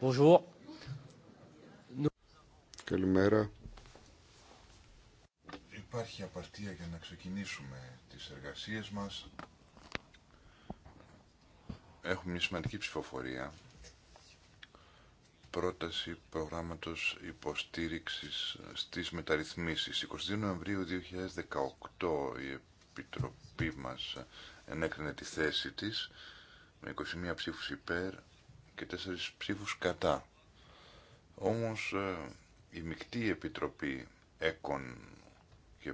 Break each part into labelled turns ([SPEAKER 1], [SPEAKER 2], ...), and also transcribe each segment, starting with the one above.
[SPEAKER 1] Bonjour. Καλημέρα.
[SPEAKER 2] Υπάρχει απαρτία για να ξεκινήσουμε τις εργασίες μας. Έχουμε μια σημαντική ψηφοφορία. Πρόταση προγράμματος υποστήριξης στις μεταρρυθμίσεις. 22 Νοεμβρίου 2018 Επιτροπή μας ενέκρινε τη θέση της με 21 ψήφους υπέρ και 4 ψήφους κατά. Όμως ε, η μεικτή Επιτροπή ΕΚΟΝ και,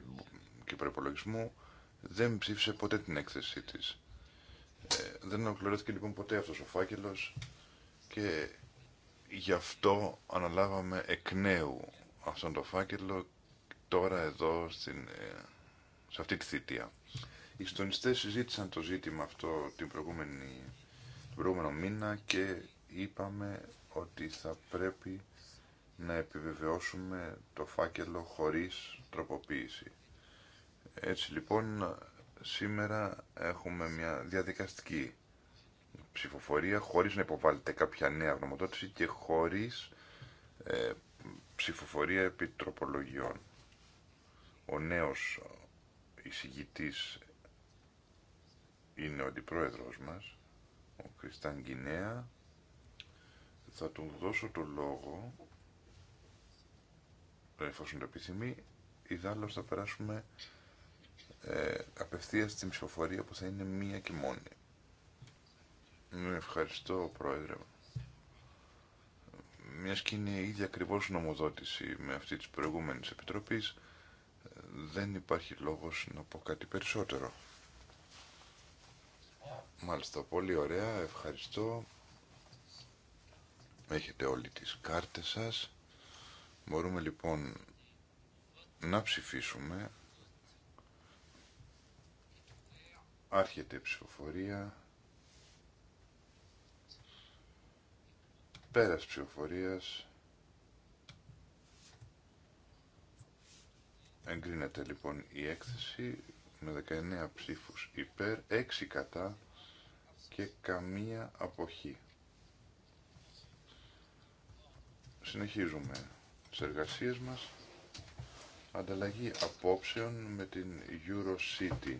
[SPEAKER 2] και Προπολογισμού δεν ψήφισε ποτέ την έκθεσή της. Ε, δεν ολοκληρώθηκε λοιπόν ποτέ αυτός ο φάκελος και γι' αυτό αναλάβαμε εκ νέου αυτόν τον φάκελο τώρα εδώ στην ε, σε αυτή τη θητεία. Οι συντονιστέ συζήτησαν το ζήτημα αυτό την προηγούμενη, προηγούμενο μήνα και είπαμε ότι θα πρέπει να επιβεβαιώσουμε το φάκελο χωρίς τροποποίηση. Έτσι λοιπόν σήμερα έχουμε μια διαδικαστική ψηφοφορία χωρίς να υποβάλλεται κάποια νέα γνωμοτότηση και χωρίς ε, ψηφοφορία επιτροπολογιών. Ο νέος εισηγητής είναι ο αντιπρόεδρος μας, ο Κριστάν Γκινέα. Θα του δώσω το λόγο, εφόσον το επιθυμεί, ιδάλλως θα περάσουμε ε, απευθείας στην ψηφοφορία που θα είναι μία και μόνη. Ευχαριστώ, Πρόεδρε. μια και είναι η ίδια ακριβώς νομοδότηση με αυτή της προηγούμενης επιτροπής, δεν υπάρχει λόγος να πω κάτι περισσότερο. Μάλιστα, πολύ ωραία, ευχαριστώ. Έχετε όλοι τις κάρτες σας. Μπορούμε λοιπόν να ψηφίσουμε. Άρχεται η ψηφοφορία. Πέρας ψηφοφορίας. Εγκρίνεται λοιπόν η έκθεση με 19 ψήφους υπέρ, 6 κατά και καμία αποχή. Συνεχίζουμε τις εργασίες μας. Ανταλλαγή απόψεων με την EuroCity,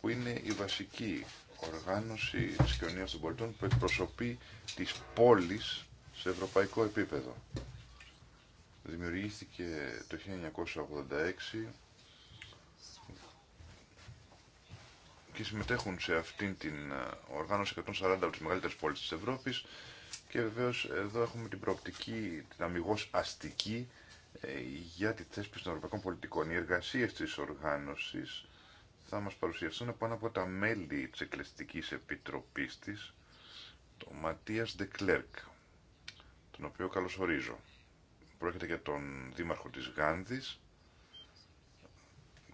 [SPEAKER 2] που είναι η βασική οργάνωση της κοινωνίας των πολιτών που εκπροσωπεί τις πόλεις σε ευρωπαϊκό επίπεδο δημιουργήθηκε το 1986 και συμμετέχουν σε αυτήν την ε, οργάνωση 140 από τις μεγαλύτερες πόλεις της Ευρώπης και βεβαίως εδώ έχουμε την προοπτική, την αμυγός αστική ε, για τη θέσπιση των ευρωπαϊκών πολιτικών. Οι εργασίες της οργάνωσης θα μας παρουσιαστούν από ένα από τα μέλη της Εκλεστικής Επιτροπής της, το Ματίας Ντεκλέρκ, τον οποίο καλωσορίζω πρόκειται για τον Δήμαρχο της Γάνδης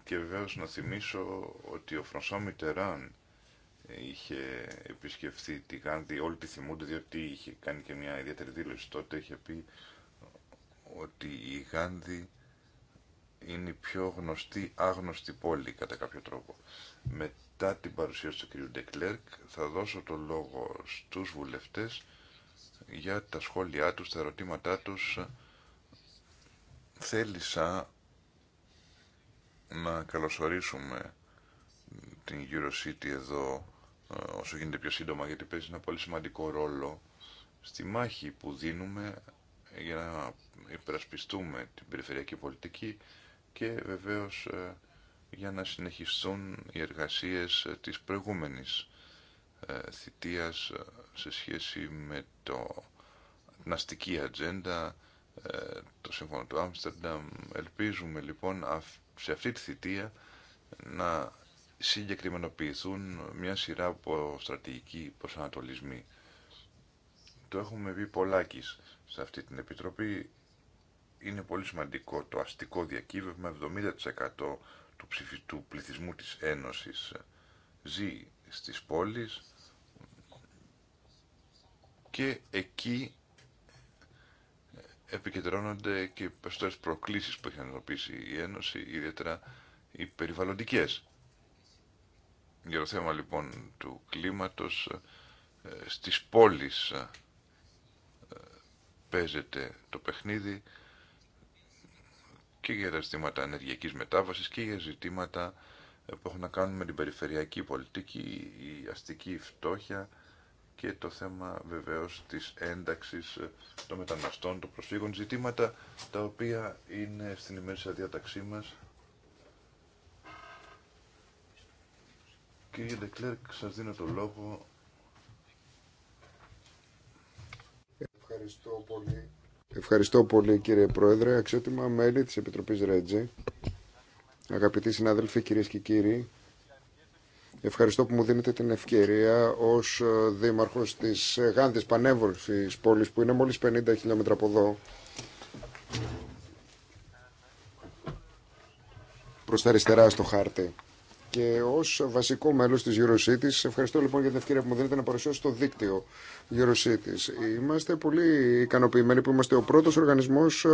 [SPEAKER 2] και βεβαίω να θυμίσω ότι ο Φρανσό Μιτεράν είχε επισκεφθεί τη Γάνδη, όλοι τη θυμούνται διότι είχε κάνει και μια ιδιαίτερη δήλωση τότε, είχε πει ότι η Γάνδη είναι η πιο γνωστή άγνωστη πόλη κατά κάποιο τρόπο. Μετά την παρουσίαση του κ. Ντεκλέρκ θα δώσω το λόγο στους βουλευτές για τα σχόλιά τους, τα ερωτήματά τους θέλησα να καλωσορίσουμε την EuroCity εδώ ε, όσο γίνεται πιο σύντομα γιατί παίζει ένα πολύ σημαντικό ρόλο στη μάχη που δίνουμε για να υπερασπιστούμε την περιφερειακή πολιτική και βεβαίως ε, για να συνεχιστούν οι εργασίες ε, της προηγούμενης θητείας σε σχέση με το, την αστική ατζέντα το Σύμφωνο του Άμστερνταμ. Ελπίζουμε λοιπόν σε αυτή τη θητεία να συγκεκριμενοποιηθούν μια σειρά από στρατηγικοί προσανατολισμοί. Το έχουμε πει πολλάκις σε αυτή την Επιτροπή. Είναι πολύ σημαντικό το αστικό διακύβευμα. 70% του ψηφιτού πληθυσμού της Ένωσης ζει στις πόλεις και εκεί επικεντρώνονται και οι προκλήσεις που έχει αντιμετωπίσει η Ένωση, ιδιαίτερα οι περιβαλλοντικέ. Για το θέμα λοιπόν του κλίματος, ε, στις πόλεις ε, παίζεται το παιχνίδι και για τα ζητήματα ενεργειακής μετάβασης και για ζητήματα που έχουν να κάνουν με την περιφερειακή πολιτική, η αστική φτώχεια, και το θέμα βεβαίως της ένταξης των μεταναστών, των προσφύγων, ζητήματα τα οποία είναι στην ημέρα διάταξή μας. Κύριε Ντεκλέρκ, σας δίνω το λόγο.
[SPEAKER 1] Ευχαριστώ πολύ. Ευχαριστώ πολύ κύριε Πρόεδρε, αξιότιμα μέλη της Επιτροπής Ρέτζη, αγαπητοί συνάδελφοι, κυρίες και κύριοι. Ευχαριστώ που μου δίνετε την ευκαιρία ως ε, δήμαρχος της ε, Γάντης, πανέμορφης πόλης που είναι μόλις 50 χιλιόμετρα από εδώ. Προς τα αριστερά στο χάρτη. Και ως βασικό μέλος της EuroCities, ευχαριστώ λοιπόν για την ευκαιρία που μου δίνετε να παρουσιάσω το δίκτυο EuroCities. Είμαστε πολύ ικανοποιημένοι που είμαστε ο πρώτος οργανισμό ε,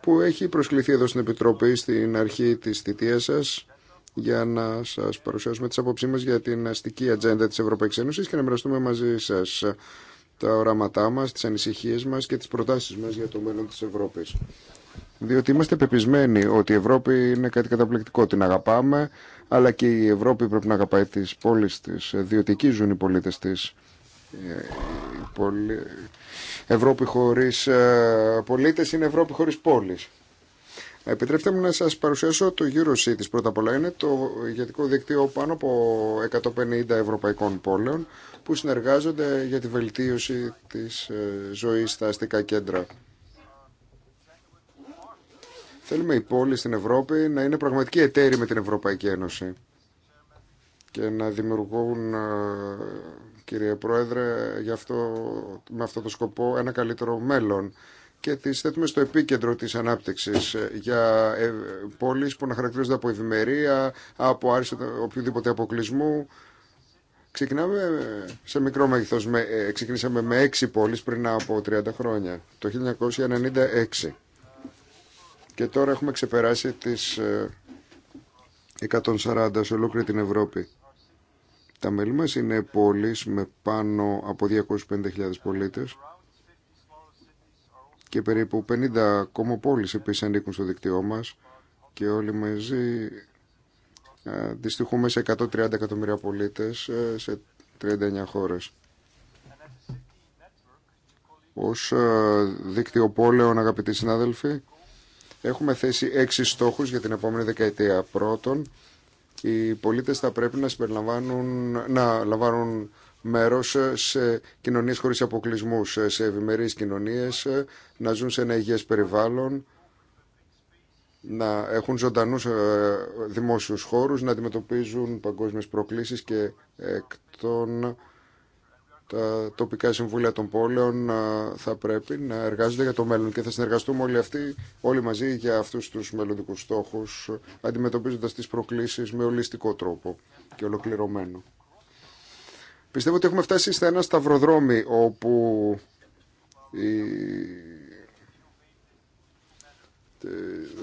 [SPEAKER 1] που έχει προσκληθεί εδώ στην Επιτροπή στην αρχή τη θητεία σα για να σας παρουσιάσουμε τις απόψει μα για την αστική ατζέντα της Ευρωπαϊκής Ένωσης και να μοιραστούμε μαζί σας τα οράματά μα, τις ανησυχίες μας και τις προτάσεις μας για το μέλλον της Ευρώπης. Διότι είμαστε πεπισμένοι ότι η Ευρώπη είναι κάτι καταπληκτικό, την αγαπάμε, αλλά και η Ευρώπη πρέπει να αγαπάει τι πόλεις τη διότι εκεί ζουν οι πολίτε τη ε, Ευρώπη χωρίς ε, πολίτες είναι Ευρώπη χωρίς πόλεις. Επιτρέψτε μου να σας παρουσιάσω το EuroCities. Πρώτα απ' όλα είναι το ηγετικό δίκτυο πάνω από 150 ευρωπαϊκών πόλεων που συνεργάζονται για τη βελτίωση της ε, ζωής στα αστικά κέντρα. Θέλουμε οι πόλει στην Ευρώπη να είναι πραγματικοί εταίροι με την Ευρωπαϊκή Ένωση και να δημιουργούν, ε, κύριε Πρόεδρε, αυτό, με αυτό το σκοπό ένα καλύτερο μέλλον και τι θέτουμε στο επίκεντρο της ανάπτυξη ε, για ε, πόλεις που να χαρακτηρίζονται από ευημερία, από άριστο οποιοδήποτε αποκλεισμού. Ξεκινάμε ε, σε μικρό μέγεθο. ξεκινήσαμε με έξι πόλεις πριν από 30 χρόνια, το 1996. Και τώρα έχουμε ξεπεράσει τις 140 σε ολόκληρη την Ευρώπη. Τα μέλη μας είναι πόλεις με πάνω από 250.000 πολίτες και περίπου 50 κομοπόλεις επίσης ανήκουν στο δίκτυό μας και όλοι μαζί ε, δυστυχούμε σε 130 εκατομμύρια πολίτες ε, σε 39 χώρες. Ως ε, δίκτυο πόλεων αγαπητοί συνάδελφοι έχουμε θέσει έξι στόχους για την επόμενη δεκαετία. Πρώτον, οι πολίτες θα πρέπει να συμπεριλαμβάνουν, να λαμβάνουν Μέρο ε, σε κοινωνίες χωρίς αποκλεισμού, ε, σε ευημερίε κοινωνίες, ε, να ζουν σε ένα υγιέ περιβάλλον, να έχουν ζωντανού δημόσιους χώρους, να αντιμετωπίζουν παγκόσμιες προκλήσεις και εκ των τα τοπικά συμβούλια των πόλεων θα πρέπει να εργάζονται για το μέλλον και θα συνεργαστούμε όλοι αυτοί, όλοι μαζί για αυτούς τους μελλοντικούς στόχους, αντιμετωπίζοντας τις προκλήσεις με ολιστικό τρόπο και ολοκληρωμένο. Πιστεύω ότι έχουμε φτάσει σε ένα σταυροδρόμι όπου η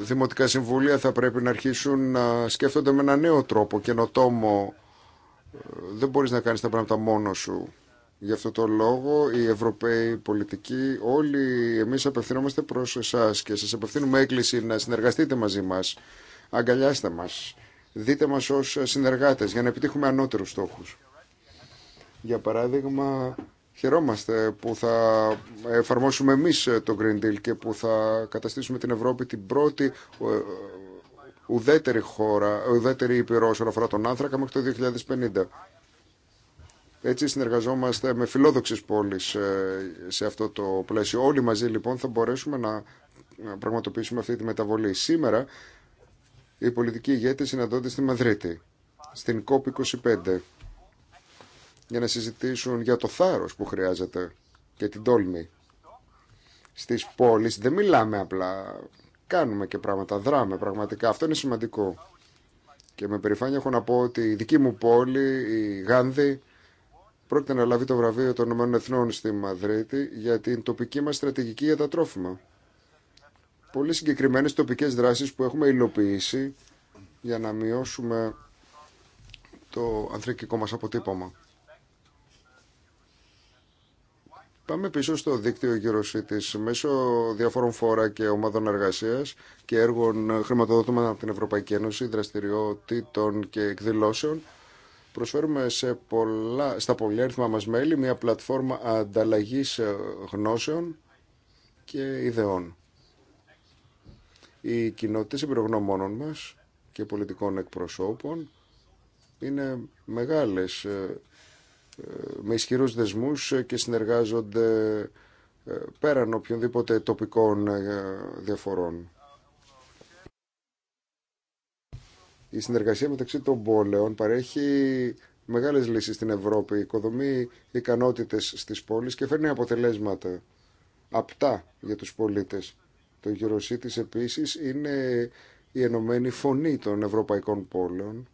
[SPEAKER 1] δημοτικά συμβούλια θα πρέπει να αρχίσουν να σκέφτονται με ένα νέο τρόπο, καινοτόμο. Ε, δεν μπορείς να κάνεις τα πράγματα μόνο σου. Γι' αυτό το λόγο οι Ευρωπαίοι πολιτικοί όλοι εμείς απευθυνόμαστε προς εσάς και σας απευθύνουμε έκκληση να συνεργαστείτε μαζί μας. Αγκαλιάστε μας. Δείτε μας ως συνεργάτες για να επιτύχουμε ανώτερους στόχους. Για παράδειγμα, χαιρόμαστε που θα εφαρμόσουμε εμείς το Green Deal και που θα καταστήσουμε την Ευρώπη την πρώτη ε, ουδέτερη χώρα, ουδέτερη υπηρό όσον αφορά τον άνθρακα μέχρι το 2050. Έτσι συνεργαζόμαστε με φιλόδοξες πόλεις ε, σε αυτό το πλαίσιο. Όλοι μαζί λοιπόν θα μπορέσουμε να πραγματοποιήσουμε αυτή τη μεταβολή. Σήμερα οι πολιτικοί ηγέτες συναντώνται στη Μαδρίτη, στην COP25 για να συζητήσουν για το θάρρος που χρειάζεται και την τόλμη στις πόλεις. Δεν μιλάμε απλά, κάνουμε και πράγματα, δράμε πραγματικά. Αυτό είναι σημαντικό. Και με περηφάνεια έχω να πω ότι η δική μου πόλη, η Γάνδη, πρόκειται να λάβει το βραβείο των ΗΕ στη Μαδρίτη για την τοπική μας στρατηγική για τα τρόφιμα. Πολύ συγκεκριμένες τοπικές δράσεις που έχουμε υλοποιήσει για να μειώσουμε το ανθρωπικό μας αποτύπωμα. Πάμε πίσω στο δίκτυο γύρωσή μέσω διαφόρων φόρα και ομάδων εργασία και έργων χρηματοδοτούμενων από την Ευρωπαϊκή Ένωση, δραστηριοτήτων και εκδηλώσεων. Προσφέρουμε σε πολλά, στα πολυάριθμα μας μέλη μια πλατφόρμα ανταλλαγή γνώσεων και ιδεών. Οι κοινότητες εμπειρογνωμόνων μας και πολιτικών εκπροσώπων είναι μεγάλες ε, με ισχυρούς δεσμούς και συνεργάζονται ε, πέραν οποιονδήποτε τοπικών ε, διαφορών. Η συνεργασία μεταξύ των πόλεων παρέχει μεγάλες λύσεις στην Ευρώπη, οικοδομεί ικανότητες στις πόλεις και φέρνει αποτελέσματα απτά για τους πολίτες. Το EuroCities επίσης είναι η ενωμένη φωνή των ευρωπαϊκών πόλεων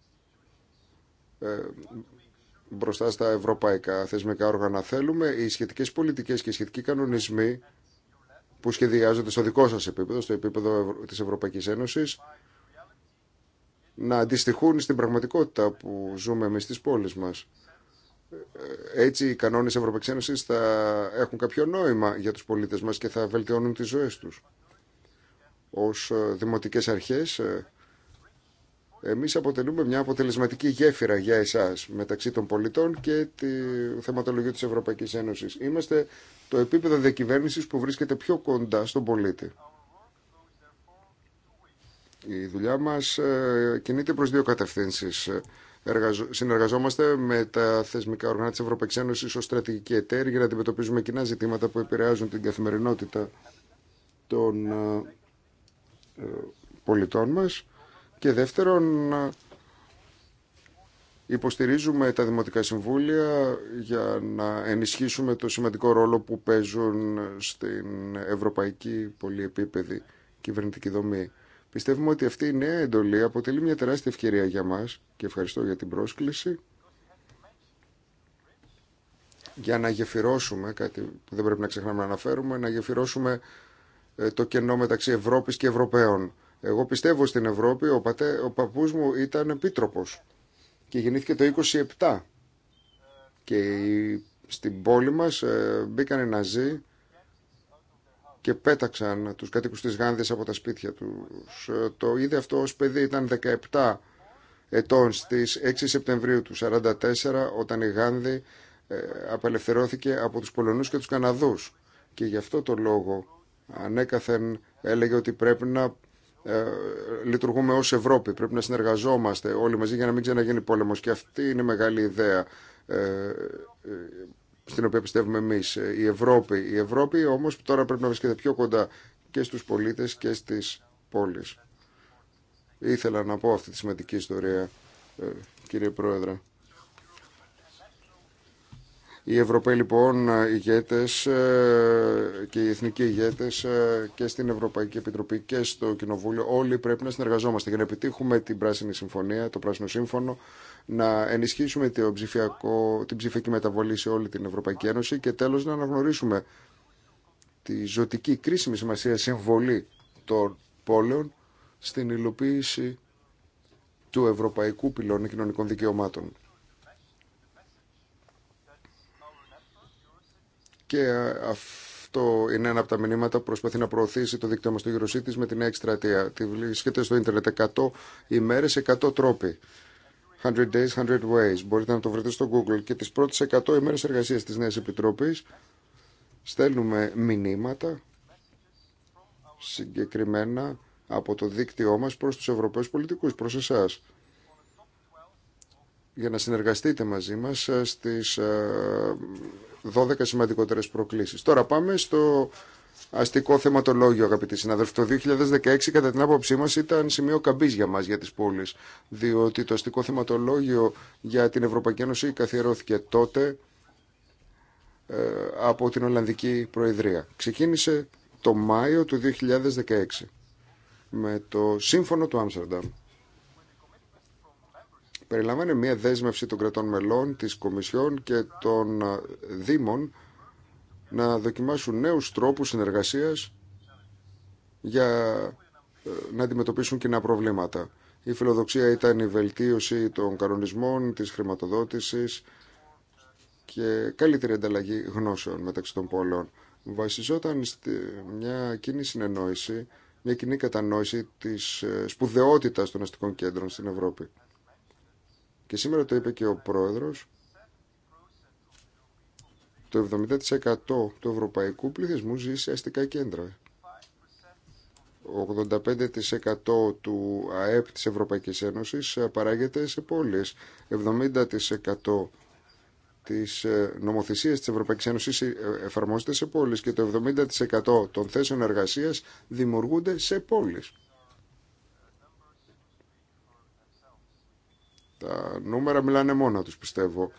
[SPEAKER 1] ε, μπροστά στα ευρωπαϊκά θεσμικά όργανα. Θέλουμε οι σχετικές πολιτικές και οι σχετικοί κανονισμοί που σχεδιάζονται στο δικό σας επίπεδο, στο επίπεδο της Ευρωπαϊκής Ένωσης, να αντιστοιχούν στην πραγματικότητα που ζούμε εμείς στις πόλεις μας. Έτσι οι κανόνες Ευρωπαϊκής Ένωσης θα έχουν κάποιο νόημα για τους πολίτες μας και θα βελτιώνουν τις ζωές τους. Ως δημοτικές αρχές ε, εμείς αποτελούμε μια αποτελεσματική γέφυρα για εσάς μεταξύ των πολιτών και τη θεματολογία της Ευρωπαϊκής Ένωσης. Είμαστε το επίπεδο διακυβέρνησης που βρίσκεται πιο κοντά στον πολίτη. Η δουλειά μας ε, κινείται προς δύο κατευθύνσεις. Συνεργαζόμαστε με τα θεσμικά οργάνα της Ευρωπαϊκής Ένωσης ως στρατηγική εταίρη για να αντιμετωπίζουμε κοινά ζητήματα που επηρεάζουν την καθημερινότητα των ε, ε, πολιτών μας και δεύτερον, υποστηρίζουμε τα Δημοτικά Συμβούλια για να ενισχύσουμε το σημαντικό ρόλο που παίζουν στην ευρωπαϊκή πολυεπίπεδη κυβερνητική δομή. Πιστεύουμε ότι αυτή η νέα εντολή αποτελεί μια τεράστια ευκαιρία για μας και ευχαριστώ για την πρόσκληση για να γεφυρώσουμε, κάτι που δεν πρέπει να ξεχνάμε να αναφέρουμε, να γεφυρώσουμε ε, το κενό μεταξύ Ευρώπης και Ευρωπαίων. Εγώ πιστεύω στην Ευρώπη, ο, πατέ, ο παππούς μου ήταν επίτροπος και γεννήθηκε το 27 και στην πόλη μας ε, μπήκαν οι Ναζί και πέταξαν τους κατοίκους της Γάνδης από τα σπίτια τους. Ε, το είδε αυτό ως παιδί, ήταν 17 ετών στις 6 Σεπτεμβρίου του 1944 όταν η Γάνδη ε, απελευθερώθηκε από τους Πολωνούς και τους Καναδούς και γι' αυτό το λόγο ανέκαθεν έλεγε ότι πρέπει να ε, λειτουργούμε ως Ευρώπη. Πρέπει να συνεργαζόμαστε όλοι μαζί για να μην ξαναγίνει πόλεμος. Και αυτή είναι η μεγάλη ιδέα ε, ε, στην οποία πιστεύουμε εμείς, η Ευρώπη. Η Ευρώπη όμως τώρα πρέπει να βρίσκεται πιο κοντά και στους πολίτες και στις πόλεις. Ήθελα να πω αυτή τη σημαντική ιστορία, κύριε Πρόεδρε. Οι Ευρωπαίοι λοιπόν ε, ηγέτες ε, και οι εθνικοί ηγέτες ε, και στην Ευρωπαϊκή Επιτροπή και στο Κοινοβούλιο όλοι πρέπει να συνεργαζόμαστε για να επιτύχουμε την Πράσινη Συμφωνία, το Πράσινο Σύμφωνο, να ενισχύσουμε ψηφιακό, την ψηφιακή μεταβολή σε όλη την Ευρωπαϊκή Ένωση και τέλος να αναγνωρίσουμε τη ζωτική κρίσιμη σημασία συμβολή των πόλεων στην υλοποίηση του Ευρωπαϊκού Πυλώνα Κοινωνικών Δικαιωμάτων. Και ε, αυτό είναι ένα από τα μηνύματα που προσπαθεί να προωθήσει το δίκτυο μας στο Eurocities με την νέα εκστρατεία. Τη βρίσκεται στο ίντερνετ 100 ημέρες, 100 τρόποι. 100 days, 100 ways. Μπορείτε να το βρείτε στο Google. Και τις πρώτες 100 ημέρες εργασίας της Νέας Επιτροπής στέλνουμε μηνύματα συγκεκριμένα από το δίκτυό μας προς τους Ευρωπαίους πολιτικούς, προς εσάς για να συνεργαστείτε μαζί μας ε, στις 12 ε, σημαντικότερες προκλήσεις. Τώρα πάμε στο αστικό θεματολόγιο, αγαπητοί συνάδελφοι. Το 2016, κατά την άποψή μας, ήταν σημείο καμπής για μας, για τις πόλεις, διότι το αστικό θεματολόγιο για την Ευρωπαϊκή Ένωση καθιερώθηκε τότε ε, από την Ολλανδική Προεδρία. Ξεκίνησε το Μάιο του 2016 με το Σύμφωνο του Άμστερνταμ περιλαμβάνει μια δέσμευση των κρατών μελών, της Κομισιόν και των ε, Δήμων να δοκιμάσουν νέους τρόπους συνεργασίας για ε, να αντιμετωπίσουν κοινά προβλήματα. Η φιλοδοξία ήταν η βελτίωση των κανονισμών, της χρηματοδότησης και καλύτερη ανταλλαγή γνώσεων μεταξύ των πόλεων. Βασιζόταν μια κοινή συνεννόηση, μια κοινή κατανόηση της ε, σπουδαιότητας των αστικών κέντρων στην Ευρώπη. Και σήμερα το είπε και ο πρόεδρος, το 70% του ευρωπαϊκού πληθυσμού ζει σε αστικά κέντρα. 85% του ΑΕΠ της Ευρωπαϊκής Ένωσης παράγεται σε πόλεις. 70% της ε, νομοθεσίας της Ευρωπαϊκής Ένωσης ε, εφαρμόζεται σε πόλεις και το 70% των θέσεων εργασίας δημιουργούνται σε πόλεις. Τα νούμερα μιλάνε μόνα τους πιστεύω.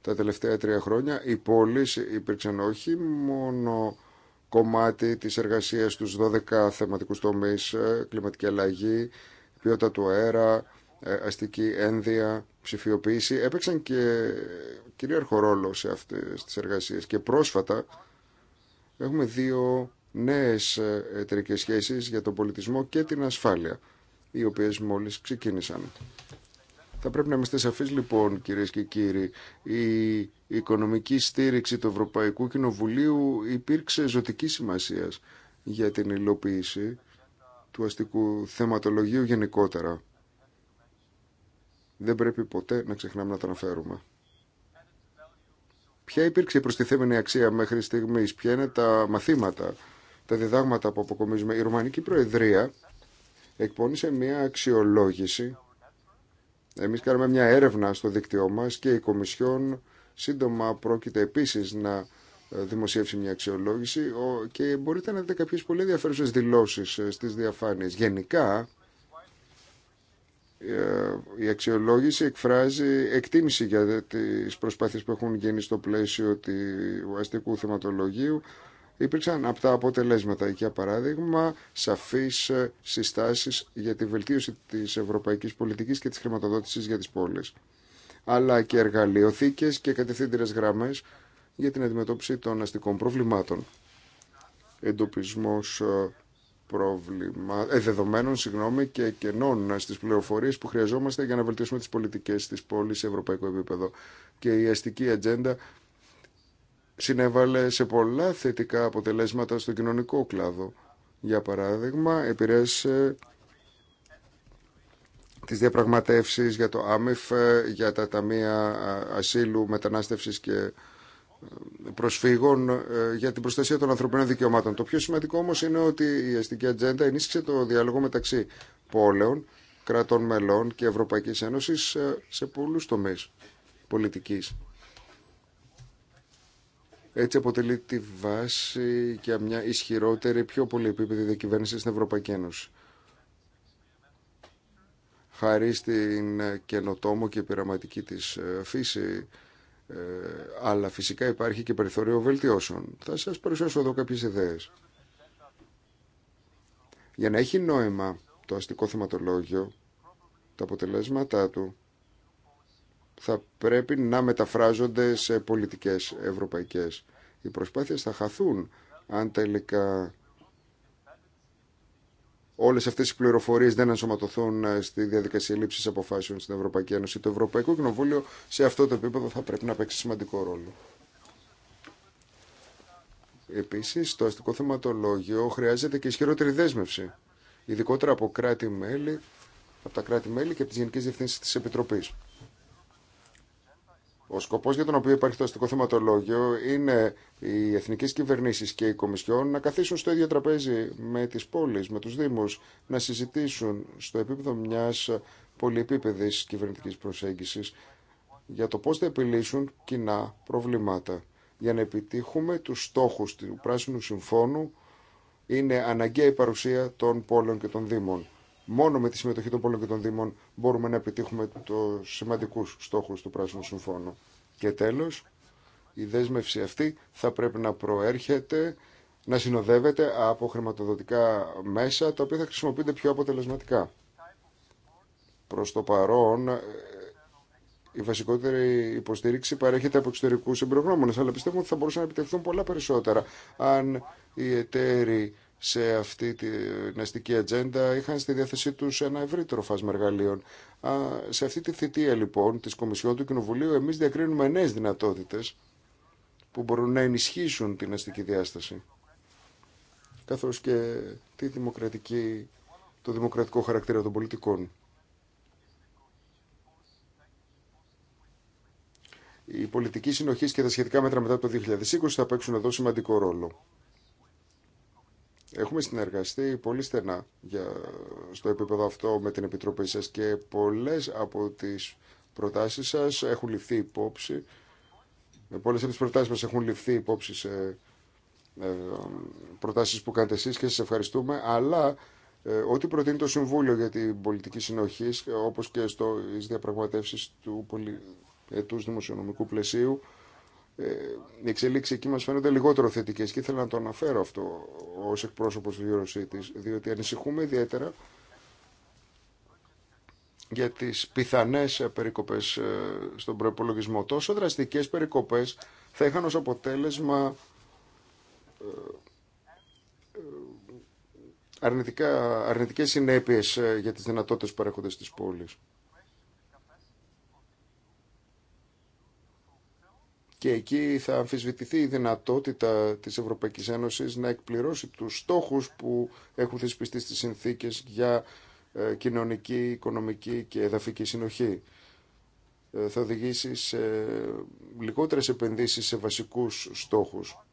[SPEAKER 1] Τα τελευταία τρία χρόνια οι πόλεις υπήρξαν όχι μόνο κομμάτι της εργασίας τους, 12 θεματικούς τομείς, ε, κλιματική αλλαγή, ποιότητα του αέρα, ε, αστική ένδυα, ψηφιοποίηση, έπαιξαν και κυρίαρχο ρόλο σε αυτές τις εργασίες. Και πρόσφατα έχουμε δύο νέες ε, εταιρικέ σχέσεις για τον πολιτισμό και την ασφάλεια, οι οποίες μόλις ξεκίνησαν. Θα πρέπει να είμαστε σαφείς λοιπόν κυρίες και κύριοι. Η οικονομική στήριξη του Ευρωπαϊκού Κοινοβουλίου υπήρξε ζωτική σημασία για την υλοποίηση του αστικού θεματολογίου γενικότερα. Δεν πρέπει ποτέ να ξεχνάμε να τα αναφέρουμε. Ποια υπήρξε η προστιθέμενη αξία μέχρι στιγμής, ποια είναι τα μαθήματα, τα διδάγματα που αποκομίζουμε. Η Ρουμανική Προεδρία εκπονήσε μια αξιολόγηση εμείς κάνουμε μια έρευνα στο δίκτυό μας και η Κομισιόν σύντομα πρόκειται επίσης να ε, δημοσιεύσει μια αξιολόγηση και μπορείτε να δείτε κάποιες πολύ ενδιαφέρουσες δηλώσεις ε, στις διαφάνειες. Γενικά, ε, η αξιολόγηση εκφράζει εκτίμηση για τις προσπάθειες που έχουν γίνει στο πλαίσιο του αστικού θεματολογίου υπήρξαν από τα αποτελέσματα. Για παράδειγμα, σαφεί ε, συστάσει για τη βελτίωση τη ευρωπαϊκή πολιτική και τη χρηματοδότηση για τι πόλει. αλλά και εργαλειοθήκες και κατευθύντηρες γραμμέ για την αντιμετώπιση των αστικών προβλημάτων. Εντοπισμό ε, προβλημα... Ε, δεδομένων και κενών στις πληροφορίες που χρειαζόμαστε για να βελτιώσουμε τις πολιτικές της πόλης σε ευρωπαϊκό επίπεδο. Και η αστική ατζέντα συνέβαλε σε πολλά θετικά αποτελέσματα στο κοινωνικό κλάδο. Για παράδειγμα, επηρέασε τις διαπραγματεύσεις για το ΆΜΕΦ, για τα Ταμεία Ασύλου, Μετανάστευσης και ε, προσφύγων ε, για την προστασία των ανθρωπίνων δικαιωμάτων. Το πιο σημαντικό όμως είναι ότι η αστική ατζέντα ενίσχυσε το διάλογο μεταξύ πόλεων, κρατών μελών και Ευρωπαϊκής Ένωσης ε, σε πολλούς τομείς πολιτικής. Έτσι αποτελεί τη βάση για μια ισχυρότερη, πιο πολυεπίπεδη διακυβέρνηση στην Ευρωπαϊκή Ένωση. Χάρη στην ε, καινοτόμο και πειραματική της ε, φύση, ε, αλλά φυσικά υπάρχει και περιθώριο βελτιώσεων. Θα σας παρουσιάσω εδώ κάποιες ιδέες. Για να έχει νόημα το αστικό θεματολόγιο, τα αποτελέσματά του θα πρέπει να μεταφράζονται σε πολιτικές ευρωπαϊκές. Οι προσπάθειες θα χαθούν αν τελικά όλε αυτέ οι πληροφορίες δεν ενσωματωθούν ε, στη διαδικασία λήψης αποφάσεων στην Ευρωπαϊκή Ένωση. Το Ευρωπαϊκό Κοινοβούλιο σε αυτό το επίπεδο θα πρέπει να παίξει σημαντικό ρόλο. Επίση, το αστικό θεματολόγιο χρειάζεται και ισχυρότερη δέσμευση, ειδικότερα από, κράτη -μέλη, από τα κράτη-μέλη και από τι Γενικέ Διευθύνσει τη Επιτροπή. Ο σκοπό για τον οποίο υπάρχει το αστικό θεματολόγιο είναι οι εθνικέ κυβερνήσει και οι κομισιόν να καθίσουν στο ίδιο τραπέζι με τι πόλει, με του Δήμου, να συζητήσουν στο επίπεδο μια πολυεπίπεδη κυβερνητική προσέγγιση για το πώ θα επιλύσουν κοινά προβλήματα. Για να επιτύχουμε του στόχου του Πράσινου Συμφώνου είναι αναγκαία η παρουσία των πόλεων και των Δήμων. Μόνο με τη συμμετοχή των πόλεων και των δήμων μπορούμε να επιτύχουμε του σημαντικού στόχου του Πράσινου Συμφώνου. Και τέλος, η δέσμευση αυτή θα πρέπει να προέρχεται, να συνοδεύεται από χρηματοδοτικά μέσα τα οποία θα χρησιμοποιούνται πιο αποτελεσματικά. Προς το παρόν, ε, η βασικότερη υποστήριξη παρέχεται από εξωτερικού εμπειρογνώμονε, αλλά πιστεύουμε ότι θα μπορούσαν να επιτευχθούν πολλά περισσότερα αν οι εταίροι σε αυτή την αστική ατζέντα είχαν στη διάθεσή του ένα ευρύτερο φάσμα εργαλείων. σε αυτή τη θητεία λοιπόν της Κομισιόν του Κοινοβουλίου εμείς διακρίνουμε νέε δυνατότητες που μπορούν να ενισχύσουν την αστική διάσταση καθώς και τη δημοκρατική, το δημοκρατικό χαρακτήρα των πολιτικών. Η πολιτική συνοχή και τα σχετικά μέτρα μετά το 2020 θα παίξουν εδώ σημαντικό ρόλο. Έχουμε συνεργαστεί πολύ στενά για, στο επίπεδο αυτό με την Επιτροπή σας και πολλές από τις προτάσεις σας έχουν ληφθεί υπόψη. Ε, πολλές από τις προτάσεις μας έχουν ληφθεί υπόψη σε ε, προτάσεις που κάνετε εσείς και σας ευχαριστούμε. Αλλά ε, ό,τι προτείνει το Συμβούλιο για την πολιτική συνοχή, όπως και στις διαπραγματεύσεις του πολυετούς δημοσιονομικού πλαισίου, ε, οι εξελίξει εκεί μα φαίνονται λιγότερο θετικέ και ήθελα να το αναφέρω αυτό ω εκπρόσωπο του EuroCities, διότι ανησυχούμε ιδιαίτερα για τι πιθανέ περικοπέ ε, στον προπολογισμό. Τόσο δραστικές περικοπές θα είχαν ως αποτέλεσμα ε, αρνητικά, αρνητικές συνέπειες για τις δυνατότητες που παρέχονται πόλης. πόλεις. και εκεί θα αμφισβητηθεί η δυνατότητα της Ευρωπαϊκής Ένωσης να εκπληρώσει τους στόχους που έχουν θεσπιστεί στις συνθήκες για ε, κοινωνική, οικονομική και εδαφική συνοχή. Ε, θα οδηγήσει σε λιγότερες επενδύσεις σε βασικούς στόχους.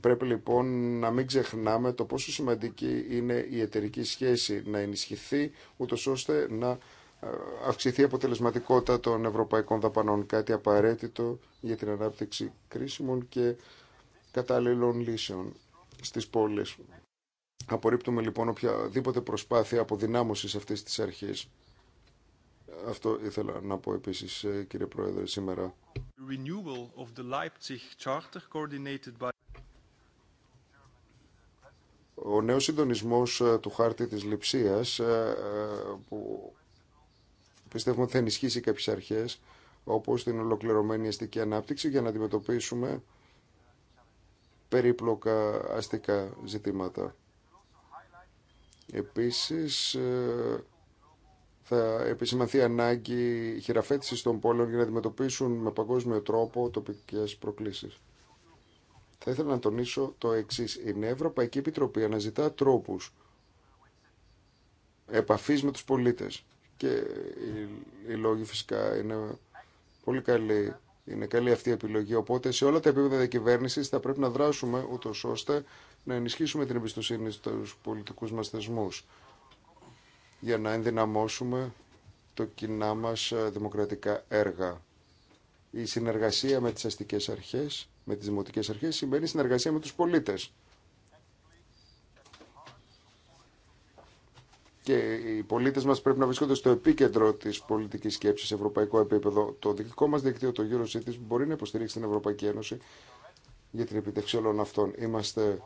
[SPEAKER 1] Πρέπει λοιπόν να μην ξεχνάμε το πόσο σημαντική είναι η εταιρική σχέση να ενισχυθεί, ούτως ώστε να αυξηθεί η αποτελεσματικότητα των ευρωπαϊκών δαπανών, κάτι απαραίτητο για την ανάπτυξη κρίσιμων και κατάλληλων λύσεων στις πόλεις. Απορρίπτουμε λοιπόν οποιαδήποτε προσπάθεια αποδυνάμωσης αυτής της αρχής. Αυτό ήθελα να πω επίσης, ε, κύριε Πρόεδρε, σήμερα. Ο νέος συντονισμός ε, του χάρτη της λειψίας ε, που Πιστεύουμε ότι θα ενισχύσει κάποιε αρχέ, όπως την ολοκληρωμένη αστική ανάπτυξη, για να αντιμετωπίσουμε περίπλοκα αστικά ζητήματα. Επίσης, ε, θα επισημανθεί ανάγκη χειραφέτησης των πόλεων για να αντιμετωπίσουν με παγκόσμιο τρόπο τοπικές προκλήσεις. Θα ήθελα να τονίσω το εξή. Η Ευρωπαϊκή Επιτροπή αναζητά τρόπου, επαφή με του πολίτε και οι λόγοι φυσικά είναι πολύ καλή Είναι καλή αυτή η επιλογή. Οπότε σε όλα τα επίπεδα διακυβέρνηση θα πρέπει να δράσουμε ούτω ώστε να ενισχύσουμε την εμπιστοσύνη στου πολιτικού μα θεσμού για να ενδυναμώσουμε το κοινά μας ε, δημοκρατικά έργα. Η συνεργασία με τις αστικές αρχές, με τις δημοτικές αρχές, σημαίνει συνεργασία με τους πολίτες. και οι πολίτε μα πρέπει να βρίσκονται στο επίκεντρο τη πολιτική σκέψη σε ευρωπαϊκό επίπεδο. Το δικό μας δίκτυο, το EuroCities, μπορεί να υποστηρίξει την Ευρωπαϊκή Ένωση για την επιτευχή όλων αυτών. Είμαστε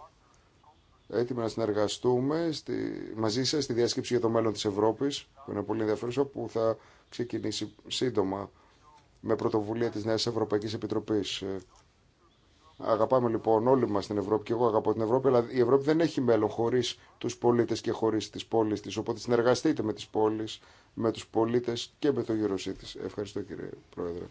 [SPEAKER 1] έτοιμοι να συνεργαστούμε στη, μαζί σα στη διάσκεψη για το μέλλον τη Ευρώπη, που είναι πολύ ενδιαφέρουσα, που θα ξεκινήσει σύντομα με πρωτοβουλία τη νέα Ευρωπαϊκή Επιτροπή. Αγαπάμε λοιπόν όλοι μα την Ευρώπη και εγώ αγαπώ την Ευρώπη, αλλά η Ευρώπη δεν έχει μέλλον χωρί του πολίτε και χωρί τι πόλει τη. Οπότε συνεργαστείτε με τι πόλει, με του πολίτε και με το γύρωσή τη. Ευχαριστώ κύριε Πρόεδρε.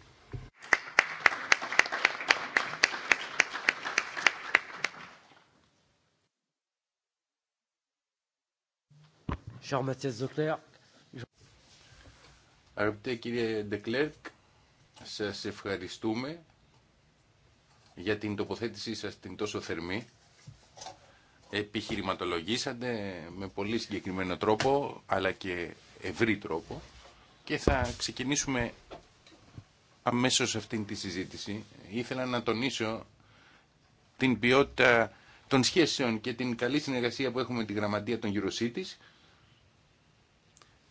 [SPEAKER 3] Αγαπητέ κύριε Ντεκλέρκ, σας ευχαριστούμε για την τοποθέτησή σας την τόσο θερμή. Επιχειρηματολογήσατε με πολύ συγκεκριμένο τρόπο, αλλά και ευρύ τρόπο και θα ξεκινήσουμε αμέσως αυτήν τη συζήτηση. Ήθελα να τονίσω την ποιότητα των σχέσεων και την καλή συνεργασία που έχουμε με τη γραμματεία των Γυροσίτης